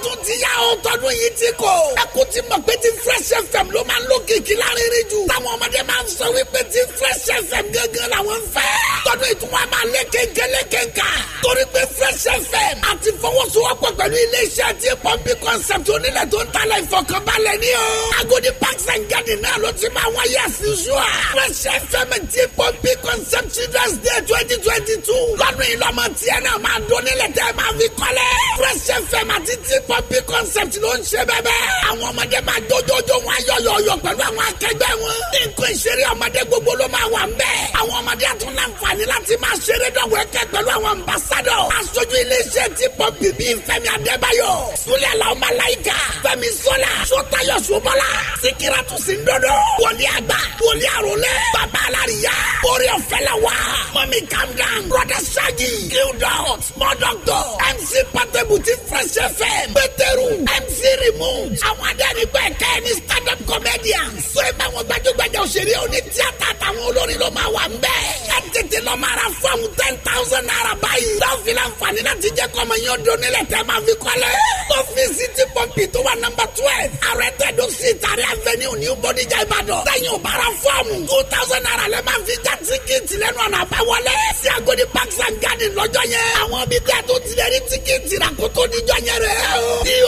já o tọdún yìí ti kò. ẹ ti mọ̀ pé ti fresh fm ló máa ń lo kìkì lárinrin jù. táwọn ọmọdé máa ń sọ wípé ti fresh fm gángan làwọn fẹ́. tọdún ìtumọ̀ máa lé kéńkéle kéńkà. torí pé fresh fm a ti fọwọ́sowọ́pọ̀ pẹ̀lú iléeṣẹ́ ti pọ́ńpì concept onílẹ̀ tó ń talẹ̀ ìfọkànbalẹ̀ ni o. agodi parks and garden náà ló ti máa wáyé àṣìṣù fresh fm ti pọ́ńpì concept children's day twenty twenty two. lọ́dún ìlọ́mọ tiẹ̀ náà máa dún nílẹ̀ tẹ́ máa fi kọ́lẹ̀. fresh fm àti ti pọ́ńpì concept concept ló ń ṣe bẹ́ẹ̀ bẹ́ẹ̀. àwọn ọmọdé máa jójójó wọn ayọ̀yọ̀yọ̀ pẹ̀lú àwọn akẹgbẹ́ wọn. nǹkan ìṣeré ọmọdé gbogbo ló máa wà ńbẹ̀. àwọn ọmọdé àtún láǹfààní láti máa ṣeré dọ̀wẹ́kẹ́ pẹ̀lú àwọn ambassadọ̀. aṣojú iléeṣẹ́ ti pọ̀ bíbí fẹ́mi adébáyọ̀. sulẹ̀ la ọmọ aláìka. fẹ́mi sọ́la sọ́tayọ̀ sọ́mọ́lá. sikiratu sí dọ́dọ̀. wòlí àgbà wòlí àròlẹ̀. bàbá alárìíyá. orí ọ̀fẹ́ la wà. mọ̀mí kamdan. rọ́dà ṣáàjì. gildot. small doctor. mc patebuti fresh fm. pétérù MC removed. àwọn adẹ́rìn pẹ̀ kẹ́ ẹ stand up comedians. tó ẹ bá wọn gbajúgbajà òṣèré oní tíátà àtàwọn olórin ló máa wà ń bẹ́ẹ̀. ẹ tètè lọ máa ra fọ́ọ̀mù ten thousand naira báyìí. lọ́ọ̀fì láǹfààní láti jẹ́ kọ́ ọmọ yẹn ọdún nílẹ̀ tẹ́ máa fi kọ́lẹ̀. ọ́fíìsì ti pọ́ǹpì tó wà nọ́mbà twelve. ààrẹ tẹ̀dọ̀ sí ìtàrí avenue new Bódìjà Ìbàdàn. sẹ́yìn ò bára fọ́ọ̀mù. two thousand naira lẹ́ máa fi já tíkẹ́ẹ̀tì lẹ́nu ọ̀nà àbáwọlé. sí Agodi Parks and Garden lọ́jọ́ yẹn. àwọn bíi tẹ́tù tilẹ̀ rí tíkẹ́ẹ̀tì rà kótó níjọ́ yẹn rẹ̀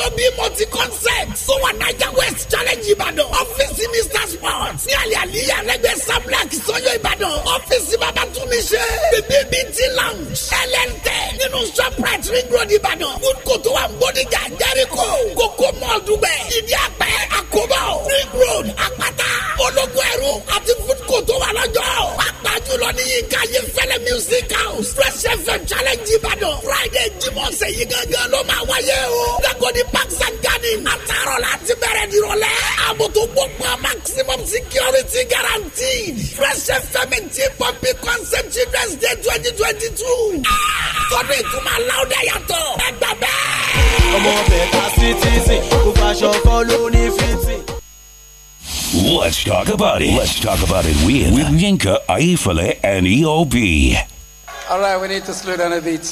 sobi multi concept tó wà west challenge ìbàdàn ọ́fíìsì mr sports ní àlẹ́ àlíyà lẹ́gbẹ́ samlak sọ́yọ́ ìbàdàn ọ́fíìsì babatunmi ṣe bèbè bíi ti lounge lnt nínú shoprite ring road ìbàdàn food court wà ń bọ́díjà jẹ́ríkò kókó mall dùgbẹ́ ìdí àpẹ́ àkóbọ̀ ring road àpáta ológun ẹ̀rú àti food court tó wà lọ́jọ́ pàápàá jùlọ ní yínká yín fẹ́lẹ́ music house fresh fm challenge ìbàdàn friday jimoh ṣèyí gangan ló máa wáyé o. lágọ́dí p Àtàrọ̀ láti bẹ̀rẹ̀ maximum security Fresh day twenty twenty two. Ah! ìtumọ̀ aláwọ̀dá yàtọ̀. Ẹ gbà bẹ́ẹ̀. citizen, kò fàṣọ kọ́ lóní fìtì. Let's talk about it. Let's talk about it with, with Yinka, Aifale, and EOB. All right, we need to slow down a bit.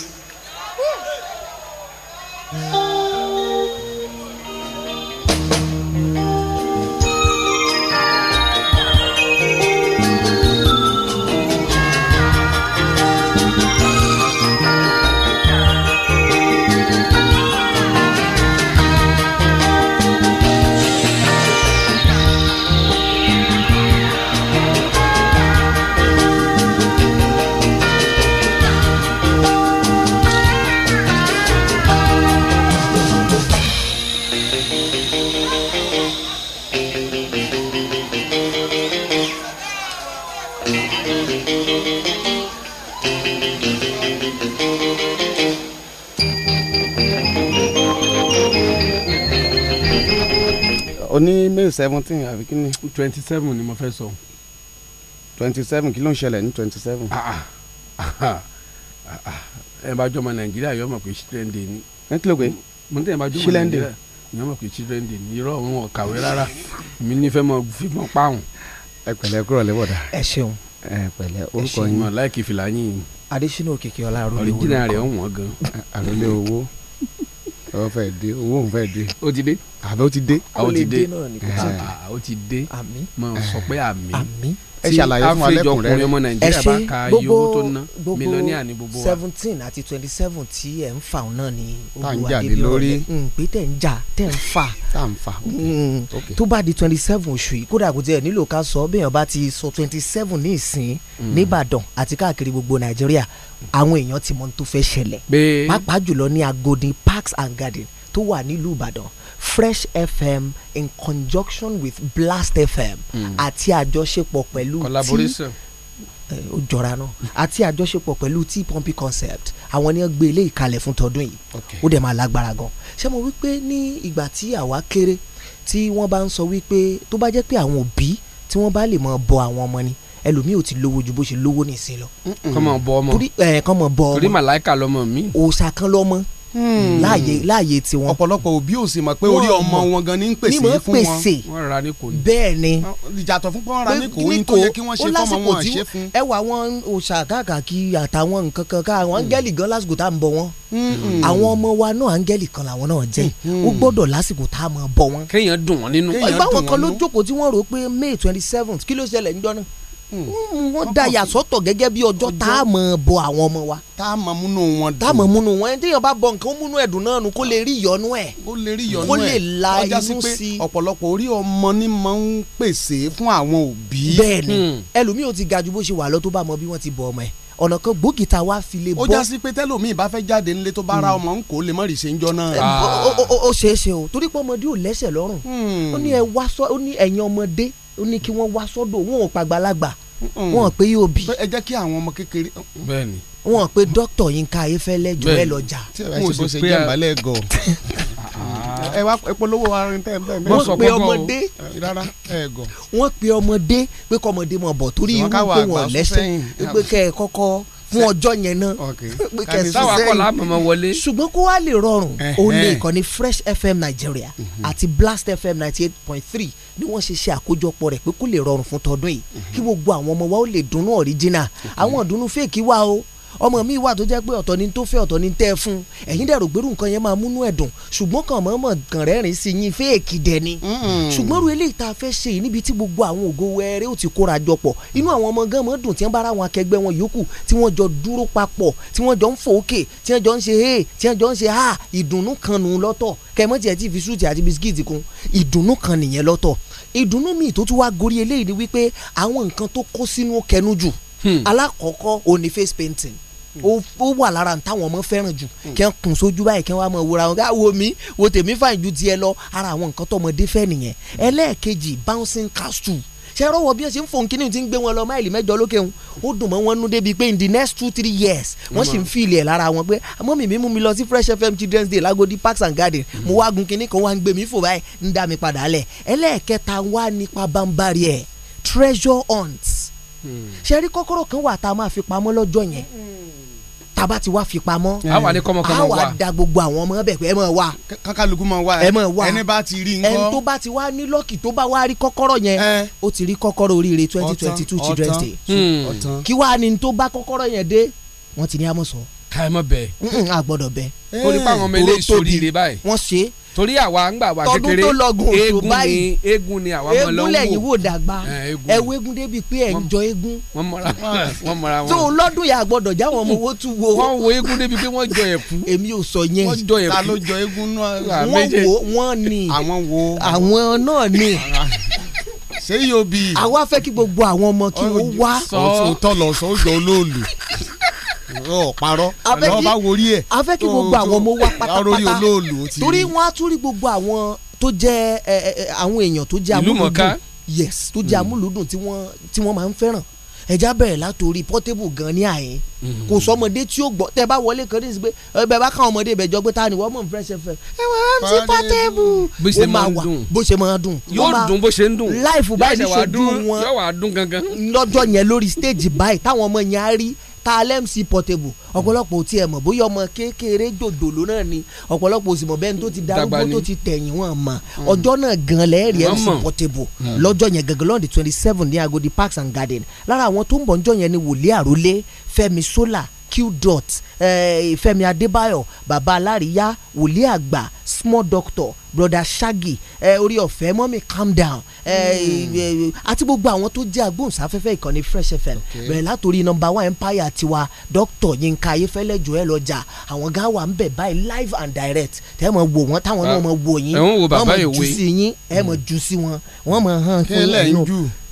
o may seventeen àbí kí ni. twenty seven ni mo fẹ́ sọ. twenty seven kí ló ń ṣẹlẹ̀ ní twenty seven. Ah, ah, ah, ẹ bá jọmọ nàìjíríà yóò mọ̀ pé children day ni. ẹ kí ló pé. mo ní tẹ̀yìn bá jọmọ nàìjíríà yóò mọ̀ pé children day ni irọ́ òun ò kàwé rárá mi nífẹ̀ẹ́ mọ fífọ́n páhùn. ẹ pẹ̀lẹ́ kúrò lẹ́wọ̀dà. ẹ ṣeun. ẹ pẹ̀lẹ́ orúkọ yín. ẹ ṣeun mọ̀ fìlà yín. adésínà òkèké ọlá àròlé owó ọ fẹ́ dé owó ń fẹ́ de? ó ti de? àbẹ ó ti ni ó ti dé ó ti dé. ami. Ah, mo sọ pé àmì. àmì. ẹ ṣàlàyé fún wa lẹ́kùnrẹ́rẹ́ tí àfẹjọkùnrin ọmọ gbogbo seventeen àti twenty seven tí ẹ̀ ń fa náà ni olùwà délé lórí pé tẹ̀ ń jà tẹ̀ ń fà. tá à ń mm. ok. tó bá di twenty seven oṣù yìí kódà kò tiẹ̀ nílò ká sọ bẹ́ẹ̀ bá ti sọ twenty seven ní ìsín mm. ní ìbàdàn àti káàkiri gbogbo nàìjíríà àwọn èèyàn ti mọ ohun tó fẹ́ ṣẹlẹ̀ pàápàá jùlọ ní Agodi Parks and Garden tó wà nílùú Ìbàdàn Fresh FM in conjunction with Blast FM hmm. àti mm. àjọṣepọ̀ pẹ̀lú tí ó jọra náà àti àjọṣepọ̀ pẹ̀lú tí pumpy concept àwọn ni wọ́n gbé ilé ìkalẹ̀ fún tọdún yìí ó dẹ̀ máa lágbára gan ṣé mo wípé ní ìgbà tí àwa kéré tí wọ́n bá ń sọ wípé tó bá jẹ́ pé àwọn òbí tí wọ́n bá lè máa bọ àwọn ọmọ ni ẹlòmíì ò ti lówó ju bó ṣe lówó nìsín lọ. kọ́mọ bọ ọmọ torí ẹ kọ́mọ bọ ọmọ torí màláìka lọmọ mi. òòṣà kan lọmọ hmm. láàyè láàyè tiwọn. ọ̀pọ̀lọpọ̀ òbí ò sì mọ̀ pé orí ọmọ wọn gan ni ń pèsè fún wọn wọn ra ní kò ní. bẹ́ẹ̀ ni ìjàtọ̀ fún pọ́n ra ní kò ní tó yẹ kí wọ́n ṣe fún ọmọ wọn ṣe fún. ẹ wà wọn òòṣà káàkiri àtàwọn nǹkan kan káwọn áńgẹ́lì hmm. gan lásìkò tá à ń bọ wọn. Hmm. àwọn ọmọ wa náà áńgẹ́lì kan làwọn náà jẹ́ ó gbọ́dọ̀ lásìkò tá a máa bọ wọn. kéèyàn dùn wọn nínú. ìgbà wọn kan ló jókòó tí wọ́n rò pé May twenty seventh kí ló ṣẹlẹ̀ níjọ́ náà Hmm. Hmm, wọ́n da yàsọ́tọ̀ gẹ́gẹ́ bí ọjọ́ tá a mọ̀ bọ àwọn ọmọ wa. tá a mọ̀ múnú wọn dùn. tá a mọ̀ múnú wọn ẹni téèyàn bá bọ nǹkan ó múnú ẹ̀dùn náà nu kó lè rí ìyọnu ẹ̀. kó lè rí ìyọnu ẹ̀ kó lè la inú sí. ọ̀pọ̀lọpọ̀ orí ọmọ ni mo ń pèsè fún àwọn òbí. bẹ́ẹ̀ni hmm. ẹlòmíì ò ti ga ju bó ṣe wà lọ tó bá mọ bí wọ́n ti bọ ọmọ ẹ̀ ọ̀nà kan gbòógì tá a wá fi lè bọ́. ó já pé tẹ́lómi ìbá fẹ́ jáde ńlé tó bá ra ọmọ ń kó lè mọ̀ rí sẹ́ńjọ́ náà. ó ṣeé ṣe o torí pé ọmọdé ò lẹ́sẹ̀ lọ́rùn ó ní ẹ̀yin ọmọdé ó ní kí wọ́n wá sọ́dọ̀ wọn ò pàgbàlagbà wọn pe yóò bí. ẹ jẹ́ kí àwọn ọmọ kékeré. bẹ́ẹ̀ni. wọn pe dókítà Yínká Ayéfẹ́lẹ́ jù ẹ lọ́jà. mo sì pe àmàlẹ́ gọ. ẹ wá polówó wa rìn tẹ́ẹ̀ bẹ́ẹ̀. wọ́n pe ọmọdé. rárá ẹ gọ. wọ́n pe ọmọdé pé kọ́mọdé mọ̀ bọ̀ torí irú pé wọ́n lẹ́sẹ̀ pé kẹ́ ẹ kọ́kọ́ fún ọjọ́ yẹn náà pé kẹsàn-án ṣùgbọ́n kó wá lè rọrùn òun ni Fresh FM Nigeria mhm. àti Blast FM ninety eight point three ni wọ́n ṣe ṣe àkójọpọ̀ rẹ̀ pé kó lè rọrùn fún tọdún yìí mhm. kí gbogbo àwọn ọmọ wa ó lè dunnú original àwọn ìdùnnú fèkì wa o ọmọ mi wà tó jẹ́ pé ọ̀tọ̀ ni tó fẹ́ ọ̀tọ̀ ni tẹ́ fún ẹ̀yin dẹ̀rọ gbẹ́rù nǹkan yẹn máa múnú ẹ̀dùn ṣùgbọ́n kàn mọ́ mọ́ kàn rẹ́rìn sí yín fẹ́ẹ̀kì dẹ̀ ni ṣùgbọ́n ru eléyìí tá a fẹ́ ṣe níbi tí gbogbo àwọn ògo wẹ́rẹ́ ò ti kóra jọ pọ̀ inú àwọn ọmọ gan mọ́ dùn tí wọ́n bá ra àwọn akẹgbẹ́ wọn yòókù tí wọ́n jọ dúró papọ̀ tí wọ́n jọ ń fò òkè tí wọ́n jọ ń ṣe hey tí wọ́n jọ ń ṣe ha ìdùnnú kan nù lọ́tọ̀ kẹmọ́tì ẹ̀ ti fi súùtì àti bisikíìtì kún ìdùnnú kan nìyẹn lọ́tọ̀ ìdùnnú míì tó tún wá gorí eléyìí ni wípé àwọn nǹkan tó kó sínú kẹnu jù hmm. alákọ̀ọ́kọ́ òní face painting ó wà lára ní táwọn ọmọ fẹ́ràn jù kí wọ́n kùn sójú báyìí kí wọ́n á mọ̀ wòra wọn ká wo mi wo tèmi fàìn ju tiẹ̀ lọ ara àwọn nǹkan tọmọdé fẹ́ nìyẹn ẹlẹ́ẹ̀kejì bouncing castle ṣe rọwọ bí ẹ ṣe ń fò nkíní tí ń gbé wọn lọ máìlì mẹ́jọ lókè ń ó dùn mọ́ wọn nú débi pé in the next two three years wọ́n sì ń fi ilẹ̀ lára wọn pé mọ́mì mi mú mi lọ sí Fresh FM Children's Day Lagodi Parks and Garden mo wá gun kíní kan wá ń gbé mi fò báyìí ń dá mi padà lẹ̀ ẹlẹ́ẹ̀kẹta wá nípa bambari ẹ̀ treasure hunt hmm. ṣe rí kọ́kọ́rọ́ kan wà tá a máa fi pamọ́ lọ́jọ́ yẹn hmm taba ti wá fi pamọ́. àwa ni kọ́mọ kọ́mọ wa àwa da gbogbo àwọn ọmọ bẹ̀ pé ẹ mọ̀ wa. kakalugu mọ̀ wa ẹ mọ̀ wa ẹni bá ti rí nkọ́. ẹni tó bá ti wá ní lọ́ọ̀kì tó bá wá rí kọ́kọ́rọ́ yẹn ó ti rí kọ́kọ́rọ́ oríire twenty twenty two children's day. Hmm. kí wàá ni tó bá kọ́kọ́rọ́ yẹn dé wọ́n ti ní àmọ̀sọ̀ ká ẹ mọ bẹ. a gbọ́dọ̀ bẹ. ó ní báwọn ọmọ eléyìí sórí báyìí. wọ́n ṣe. torí àwa ńgbà wa kékeré tọdún tó lọgùn ni àwa mọ lọ́wọ́ eégún lẹ́yìn wò dàgbà eh, ẹwọ eégún débi pé ẹ ń jọ eégún. wọ́n mọra wọ́n mọra wọn. tó lọ́dún yà gbọ́dọ̀ já wọn mowó tún wo. wọ́n wo eégún débi pé wọ́n jọ ẹ̀kú. èmi ò sọ yẹn. wọ́n jọ ẹ̀kú. wọ́n wo wọ́n ni. àwọn wo. àwọn náà ni ọ parọ́ ọ bá worí ẹ̀. a fẹ́ kí gbogbo àwọn ọmọ wa pátápátá torí wọ́n á tún rí gbogbo àwọn tó jẹ́ àwọn èèyàn tó jẹ́ amúlùdùn yes tó jẹ́ hmm. amúlùdùn tí wọ́n tí wọ́n máa ń fẹ́ràn ẹja bẹ̀rẹ̀ látòrí portable gan ní àyín hmm. kò sọmọdé tí ó gbọ́ tẹ bá wọlé kan ní ìsìnkú ẹ bá káwọn ọmọdé ibẹ̀ jọ pé wọ́n mọ̀ ní fresh fm ẹ wọ́n á ti portable ó máa wà bó ṣe máa dùn yóò dùn bó ṣe ń dùn láìfù báyìí ṣojú wọn lọ́jọ́ yẹn lórí stage báyìí táwọn ọmọ yẹn á rí ta LMC portable ọ̀pọ̀lọpọ̀ ò tiẹ̀ mọ̀ bóyá ọmọ kékeré jòjòló náà ni ọ̀pọ̀lọpọ̀ ò sì mọ̀ bẹ́ẹ̀ tó ti darúgbó tó ti tẹ̀yìn wọn mọ̀ hmm. ọjọ́ náà gan lẹ́ẹ̀rí LMC portable hmm. lọ́jọ́ yẹn gangan lọ́ọ̀dì twenty seven ní Agodi Parks and Garden lára àwọn tó ń bọ̀ ń jọ yẹn ni wòlíì àrólé Fẹ́mi q Qdot Eh, Fẹ́mi Adébáyọ̀ Baba alárìíyá wòlíì àgbà small doctor broda shaggy ẹ eh, orí ọ̀fẹ́ mọ́mí calm down eh, hmm. àti gbogbo àwọn tó jẹ́ agbóhùnsáfẹ́fẹ́ ìkànnì fresh fm bẹ̀rẹ̀ látòrí nọmba one empire tiwa Doctor, yinka ayéfẹ́lẹ́ joel ọjà àwọn gá wà ń bẹ̀ báyìí live and direct tẹ́ mọ̀ wò wọ́n táwọn náà ah. mọ̀ wò yín wọ́n mọ̀ jù sí yín ẹ mọ̀ hmm. jù sí wọn wọ́n mọ̀ hàn fún yín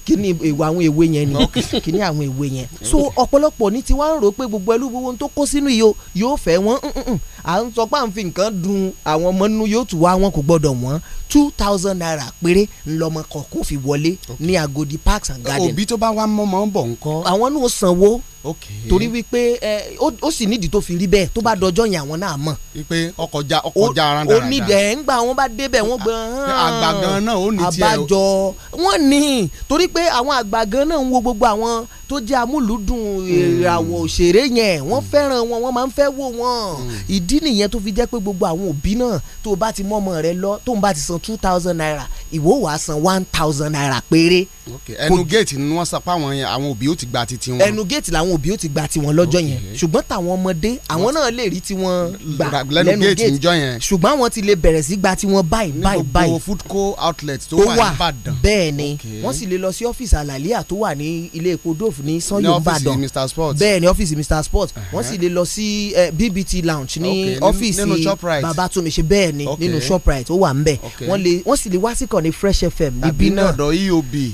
kíní ìwà àwọn èwe yẹn ni kíní àwọn èwe yẹn so ọ̀pọ̀lọpọ̀ ní tiwa ń rò pé gbogbo ẹlú gbogbo ohun tó kó sínú yìí yóò fẹ́ wọ́n mm, mm, mm à ń sọ pé à ń fi nǹkan dun àwọn ọmọ nínú yóò tù wá wọn kò gbọdọ̀ wọ́n two thousand naira péré ńlọmọ kọ̀ọ̀kan fi wọlé ní Agodi Parks and Gardens. òbí tó bá wá mọ́mọ́ ń bọ̀ ńkọ́. àwọn náà sanwó torí wípé ó sì nídìí tó fi rí bẹ́ẹ̀ tó bá dọjọ́ yẹn àwọn náà mọ̀. wípé ọkọjá ọkọjá aran dáadáa. onídẹ̀ ẹ̀ ń gbà wọ́n bá débẹ̀ wọ́n gbọ́n. àgbà gan náà ó ní tiẹ̀ o. àbájọ wọ́n ní torí pé àwọn àgbà gan náà ń wo gbogbo àwọn tó jẹ́ amúlùúdùn ìràwọ̀ hmm. òṣèré yẹn wọ́n fẹ́ràn wọn wọ́n máa ń fẹ́ wò wọ́n hmm. ìdí nìyẹn tó fi jẹ́ pé gbogbo àwọn òbí náà tó o bá ti mọ́ ọmọ rẹ lọ tó o bá ti san two thousand naira ìwọ wàá san one thousand naira péré. ẹnu géètì ni wọ́n sapá àwọn àwọn òbí ó ti gba titi wọn. ẹnu géètì làwọn òbí ó ti gba tiwọn lọ́jọ́ yẹn ṣùgbọ́n tàwọn ọmọdé àwọn náà lè rí tiwọn gbà lẹ́nu géètì njọ́ yẹn. ṣùgbọ́n àwọn ti lè bẹ̀rẹ̀ sí gba tiwọn báyìí báyìí báyìí. ní gbogbo food co outlet tó wà ní Ìbàdàn. bẹ́ẹ̀ ni wọ́n sì lè lọ sí ọ́fíìsì àlàlíyà tó wà ní ilé epo dove ní sanyo Ìbàdàn bẹ́ẹ̀ ni ọ́fíìsì Mr Sport wọ́n sì lè lọ sí BBT lounge ní ọ́fíìsì Babatunde ṣe bẹ́ẹ̀ ni nínú Shoprite ó wà ń bẹ̀ wọ́n sì lè wá sí kọ̀ ìkànnì fresh fm níbí náà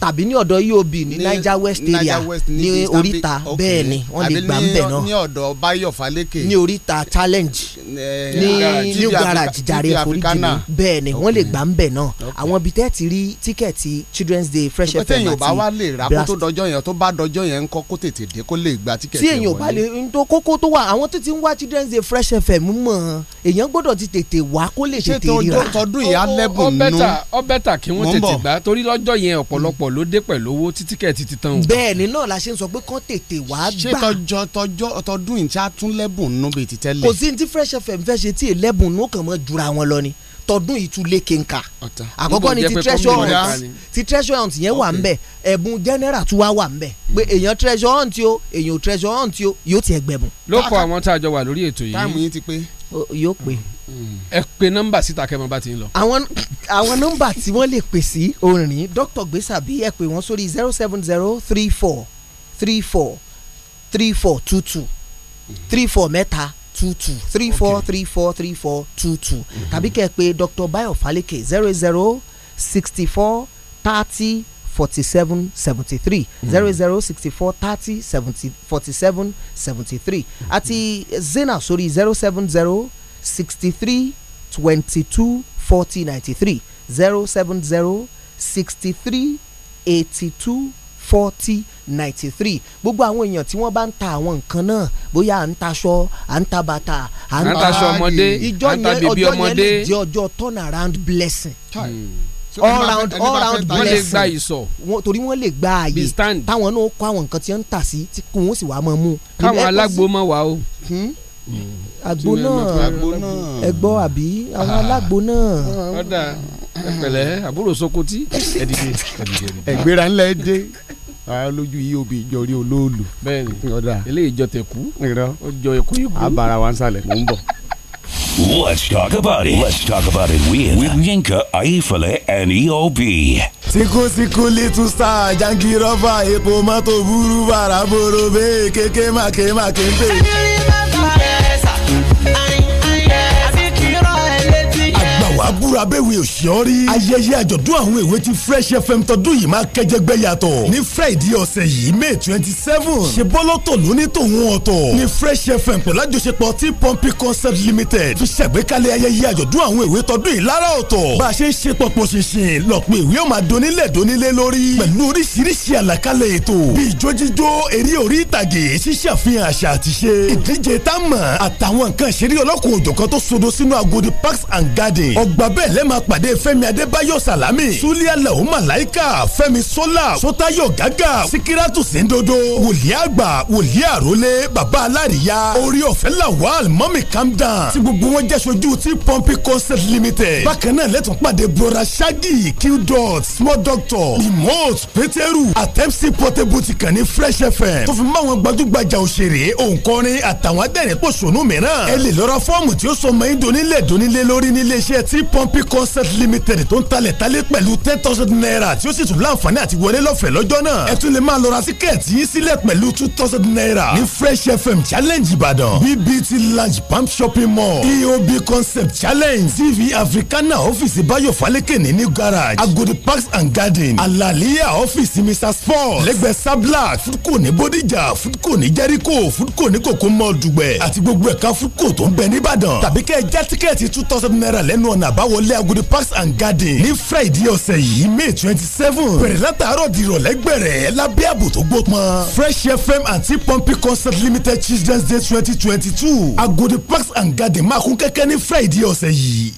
tàbí ní ọ̀dọ̀ eob ní niger west area ní oríta bẹ́ẹ̀ ni wọ́n lè gbà ń bẹ̀ náà ní ọ̀dọ̀ bayo faleke ní oríta challenge ní eh, new garage jàre foríjì bẹ́ẹ̀ ni wọ́n lè gbà ń bẹ̀ náà àwọn ibi tẹ́ ti rí tíkẹ́ẹ̀tì children's day fresh fm àti blast. ìpẹ́tẹ̀yìn ò bá wá lè rà kó tó dọjọ́ yẹn tó bá dọjọ́ yẹn ń kọ́ kó tètè dé kó lè gba tíkẹ́ẹ̀tì wọlé. tí èèyàn ò bá lè ń tó kókó tó wà àwọn tó ti ń wá children's day fresh fm mọ̀ èèyàn gbọ́dọ̀ ti tètè wá kó lè tètè ríra. ṣé tọdún ìyá lẹ́bùn nù. ó bẹ́tà kí wọ́n tètè gbà torí lọ́jọ́ yẹn ọ̀pọ̀lọpọ̀ ló dé pẹ̀lú owó tí tíkẹ́ẹ̀tì ti tán o. bẹ́ẹ̀ni náà la ṣe ń sọ pé kán tètè wá gbà. ṣé tọjọ tọjọ tọdún ìtí atúnlẹ́bùn nù bíi ti tẹ́lẹ̀. kò sí ní ti Fresh FM fẹ́ ṣe tí èlẹ́bùn nù kàn mọ́ jura wọn lọ ni tọdún yìí tún lékè nǹka àkọ́kọ́ ni ti treasure hunt ti treasure hunt yẹn wà ńbẹ̀ ẹ̀bùn general tún wá wà ńbẹ̀ pé èèyàn treasure hunt o èèyàn treasure hunt o yóò ti ẹgbẹ̀bùn. ló kọ àwọn tá a jọ wà lórí ètò yìí táàmù yìí ti pé. yóò pé. ẹ pe nọ́mbà síta kẹ́ mọ bá ti ń lọ. àwọn àwọn nọ́mbà tí wọ́n lè pè sí orin dr gbèsàbí ẹ pè wọ́n sórí zero seven zero three four three four three four two two three four mẹ́ta two two three four three four three four two two mm-hmm. tàbí kẹ́ ẹ pè Dr. Bayo Falike zero zero sixty four thirty forty seven seventy three mm-hmm. zero zero sixty four thirty seventy forty seven seventy three mm-hmm. àti Zena sórí zero seven zero sixty three twenty two forty ninety three zero seven zero sixty three eighty two forty ninety three gbogbo àwọn èèyàn tí wọ́n bá ń ta àwọn nǹkan náà bóyá à ń taṣọ à ń ta bàtà à ń taṣọ ọmọdé à ń ta yẹn lè jẹ́ ọjọ́ turn around blessing. Hmm. all round all round blessing wọ́n lè gba ìsọ̀ torí wọ́n lè gba ààyè táwọn náà kó àwọn nǹkan tí wọ́n ń tà sí tí kò wọ́n sì wá máa mú. káwọn alágbo máa wà o. Hmm? Hmm. àgbo náà ẹgbọ́ àbí àwọn ah. alágbo náà. ọ̀dà ẹ̀pẹ̀lẹ́ àbúrò sokoti ẹ̀dìgẹ̀ ẹ̀gbéra ńlá dé lójú eob jọ rí olóòlù. bẹ́ẹ̀ni eléyìí jọ tẹkú ó jọ ẹkú ikú. abara wa ń sàlẹ̀ mò ń bọ̀. Let's talk about it. Let's talk about it with, with Yinka, Aifale, and EOB. Síkúsíkú little star, janky rọ́bà, epo mọ́tò burú bàrà bòrò bẹ́ẹ̀ kékèmàkémàké bẹ́ẹ̀. abúra bẹ́ẹ̀wé òṣìọ́rí. ayẹyẹ àjọ̀dún àwọn èwe ti fresh fm tọdún yìí máa kẹjẹgbẹ́ yàtọ̀. ní friday ọ̀sẹ̀ yìí may twenty seven. ṣe bọ́lọ́tọ̀ lóní tòun ọ̀tọ̀. ní fresh fm pẹ̀lú àjọṣepọ̀ tí pọ́ǹpì concert limited fi ṣàgbékalẹ̀ ayẹyẹ àjọ̀dún àwọn èwe tọdún yìí lára ọ̀tọ̀. bá a ṣe ń ṣe pọ̀pọ̀ ṣinṣin lọ́pọ̀ ìwé ó máa donílẹ̀ donílẹ̀ lórí. pẹ̀lú oríṣiríṣi àlàkalẹ̀ ètò bíi ijó jíjó eré orí ìtàgé ṣíṣàfihàn àṣà àtiṣe ìdíje tá a mọ̀ àtàwọn nǹkan ìṣeré ọlọ́kùnrin òjọ̀kan tó sodo sínú agodi parks and gardens ọgb nípa bẹ́ẹ̀ lẹ́ẹ̀ máa pàdé fẹ́mi adébáyọ̀ salami sulia lẹ́hùn màláìka fẹ́mi sọ́là sọ́tayọ̀ gàgà síkírátù síndodo wòlíì àgbà wòlíì àrólé bàbá alárìíyá orí ọ̀fẹ́ lawal mọ́mì camdan tí gbogbo wọn jẹ́ sojú ti pọ́ǹpì concert limited bákan náà lẹ́tọ̀ pàdé bora shaggy qdot small doctor remote peteru àtẹ́msì portable ti kàn ní fresh fm tó fi máa wọn gbajúgbajà òṣèré òǹkọrin àtàwọn adẹ́rìn pòṣónú mìíràn ẹ lè lọ́ra fọ́ọ̀mù tí ó sọ mọ́ ẹ́ donílẹ̀ donílẹ̀ lórí níléeṣẹ́ tip pumping concert limited tó ń talẹ̀ talẹ̀ pẹ̀lú ten thousand naira tí ó sì tún láǹfààní àti wọlé lọ́fẹ̀ẹ́ lọ́jọ́ náà ẹ tún lè máa lọ ra tíkẹ́ẹ̀tì yín sílẹ̀ pẹ̀lú two thousand naira ní fresh fm challenge ìbàdàn bbt lounge pump shopping mall eob concept challenge tv africana ọ́fíìsì báyọ̀ falẹ́kẹ̀ni ní garage agodi parks and garden alaliya ọ́fíìsì mr sports lẹ́gbẹ̀ẹ́ sabla foodco ní bodijà foodco ní jericho foodco ní kòkó mall dùgbẹ̀ àti gbogbo ẹ̀ka foodco tó ń bẹ níbàdàn tàbí kẹ́ ẹ já tíkẹ́ẹ̀tì two thousand naira lẹ́nu ọ̀nà àbá àbáwọlé agodi parks and garden ní friday ọ̀sẹ̀ yìí may twenty seven bẹ̀rẹ̀ látàárọ̀ di ìrọ̀lẹ́ gbẹ̀rẹ̀ lábẹ́ ààbò tó gbópọn fresh fm àti pompi concert limited children's day twenty twenty two agodi parks and garden máa kún kẹ́kẹ́ ní friday ọ̀sẹ̀ yìí.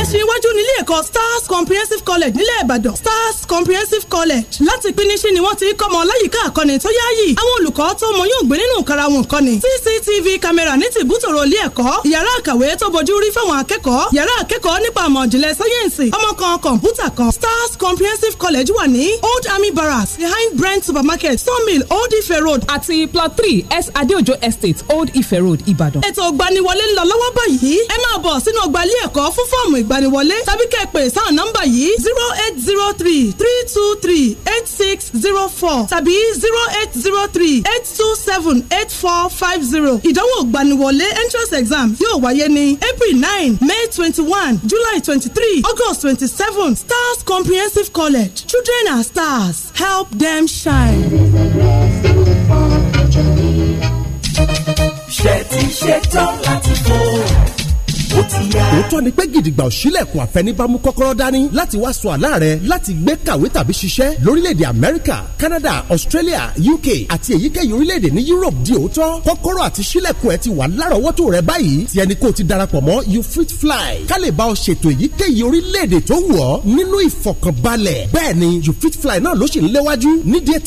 ẹ̀sìn iwájú nílé ẹ̀kọ́ stars comprehensive college nílẹ̀ ìbàdàn stars comprehensive college láti pínísí ni wọ́n ti kọ́ ọmọ láyìíká àkọ́ni tó yáàyè àwọn olùkọ́ tó mọ yóò gbé nínú ìkara wọn kọ́ni cctv camera ní ti bútòrò ilé ẹ̀kọ́ yàrá àkàwé tó bojú rí fáwọn akẹ́kọ̀ọ́ yàrá akẹ́kọ̀ọ́ nípa àmọ̀ ìjìnlẹ̀ sáyẹ́ǹsì ọmọ kan kọ̀ǹpútà kan stars comprehensive college wà ní old army barracks behind brent supermarket sawmill old ife road àti plot three s adeojo estate old ife road ìbàdàn. ètò ìgbaniwọlé ń lọ lọ́wọ́ báyìí ẹ máa bọ̀ sínú ọgbà ilé ẹ̀kọ́ fún fọ́ọ̀mù ìgbaniwọlé tàbí kẹ́ ẹ pè sáà nọ́mbà yìí zero eight zero three three two three eight six zero four tàbí zero eight zero three eight two seven eight four five zero ìdánwò gbaniwọlé entrance exam yóò wáyé ní April nine May twenty one July twenty three August twenty seven Stars Comprehensive College children are stars help them shine. ṣe ti ṣe tán láti fò ó ti yá. òótọ́ ni pé gidigba òṣìlẹ̀kùn àfẹnibámú kọ́kọ́rọ́ dání láti wá sọ àlá rẹ láti gbé kàwé tàbí ṣiṣẹ́ lórílẹ̀‐èdè amẹ́ríkà canada australia uk àti èyíkéyìí orílẹ̀‐èdè ní europe di òótọ́ kọ́kọ́rọ́ àti ṣílẹ̀kùn ẹ ti wà lárọ̀ọ́wọ́tò rẹ báyìí tí ẹni kò ti darapọ̀ mọ́ you fit fly ká lè bá ọ ṣètò èyíkéyìí orílẹ̀‐èdè tó wù ọ́ nínú fly náà ló sì ń léwájú nídìí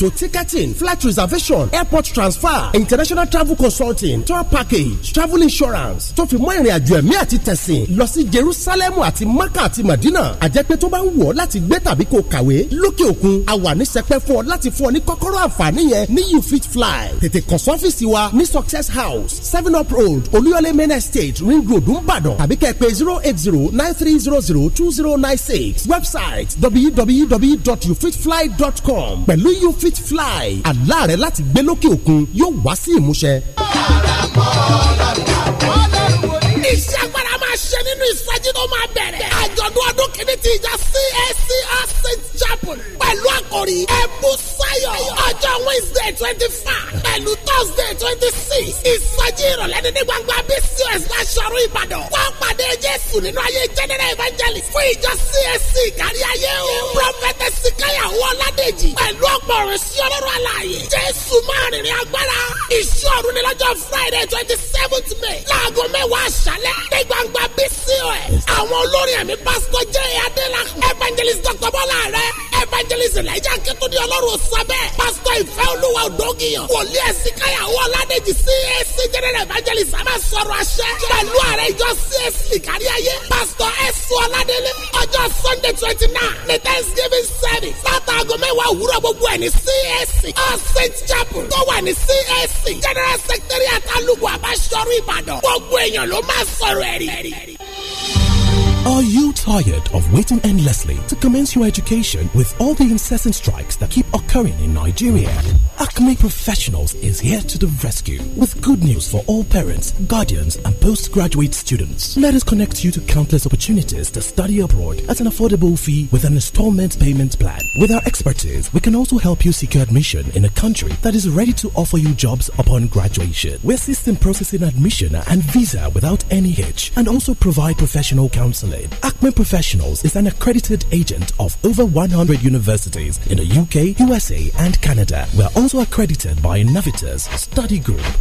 flight reservation airport transfer international travel consulting tour package travel insurance tó fi mọ́ ìrìn ẹ̀sìn lọ sí Jerusalem àti Maka àti Madina àjẹpẹ́ tó bá ń wọ̀ láti gbé tàbí kó kàwé lókè òkun a wà ní sẹpẹ́ fún ọ láti fún ọ ní kọ́kọ́rọ́ àǹfààní yẹn ní you fit fly tètè kàn sọ́fíìsì wa ní Success House seven up road Olúyọ̀lé main estate ring road ńbàdàn tàbí kẹ́ ẹ pè zero eight zero nine three zero zero two zero nine six website www.youfitfly.com pẹ̀lú you fit fly àlá rẹ láti gbé lókè òkun yóò wá sí ìmúṣẹ máa ṣe nínú ìsájí tó máa bẹ̀rẹ̀. àjọ̀dún ọdún kìíní ti ìjà CACR St. Bible pẹ̀lú àkòrí ẹ̀bù sáyọ̀ ọjọ́ Wednesday twenty five pẹ̀lú Thursday twenty six ìsọjí ìrọ̀lẹ́ ní ní gbangba BCOS láṣọrú Ìbàdàn wọ́n pàdé Jésù nínú ayé general evangelist fún ìjọ CAC kárí ayé o prophetess Kaya Wọ́ládèjì pẹ̀lú ọ̀pọ̀ sí ọlọ́run àlàyé Jésù máa rìnrìn agbára ìṣòro ní lọ́jọ́ Friday twenty seventh May láago mẹ́wàá àṣálẹ́ ní gbangba BCOS àwọn olórin ẹ̀mí pásítọ̀ J.A. Adélakùn evangelist Dr. Bọ́lá rẹ̀ evangelist elijah akitunde ọlọ́run sábẹ́ pásítọ̀ ìfẹ́ olúwa òdògìyàn wòlíì ẹ̀sìn káyàwó ọ̀làdẹ́jì cac general evangelist a máa sọ̀rọ̀ àṣẹ pẹ̀lú ààrẹ ìjọ cac kárí ayé pásítọ̀ ẹ̀sùn ọ̀làdẹ́lẹ̀ ọjọ́ sunday twenty nine ní thanksgiving service látàgọ́ mẹ́wàá òwúrọ̀ gbogbo ẹ̀ cac all saint chapel tó wà ní cac general secretary àtàlùkù àbáṣọrù ìbàdàn gbogbo èèyàn ló máa sọ̀rọ̀ ẹ̀rí. Are you tired of waiting endlessly to commence your education with all the incessant strikes that keep occurring in Nigeria? Acme Professionals is here to the rescue with good news for all parents, guardians, and postgraduate students. Let us connect you to countless opportunities to study abroad at an affordable fee with an installment payment plan. With our expertise, we can also help you secure admission in a country that is ready to offer you jobs upon graduation. We assist in processing admission and visa without any hitch and also provide professional counseling learning. Professionals is an accredited agent of over 100 universities in the UK, USA, and Canada. We're also accredited by Innovators, Study Group,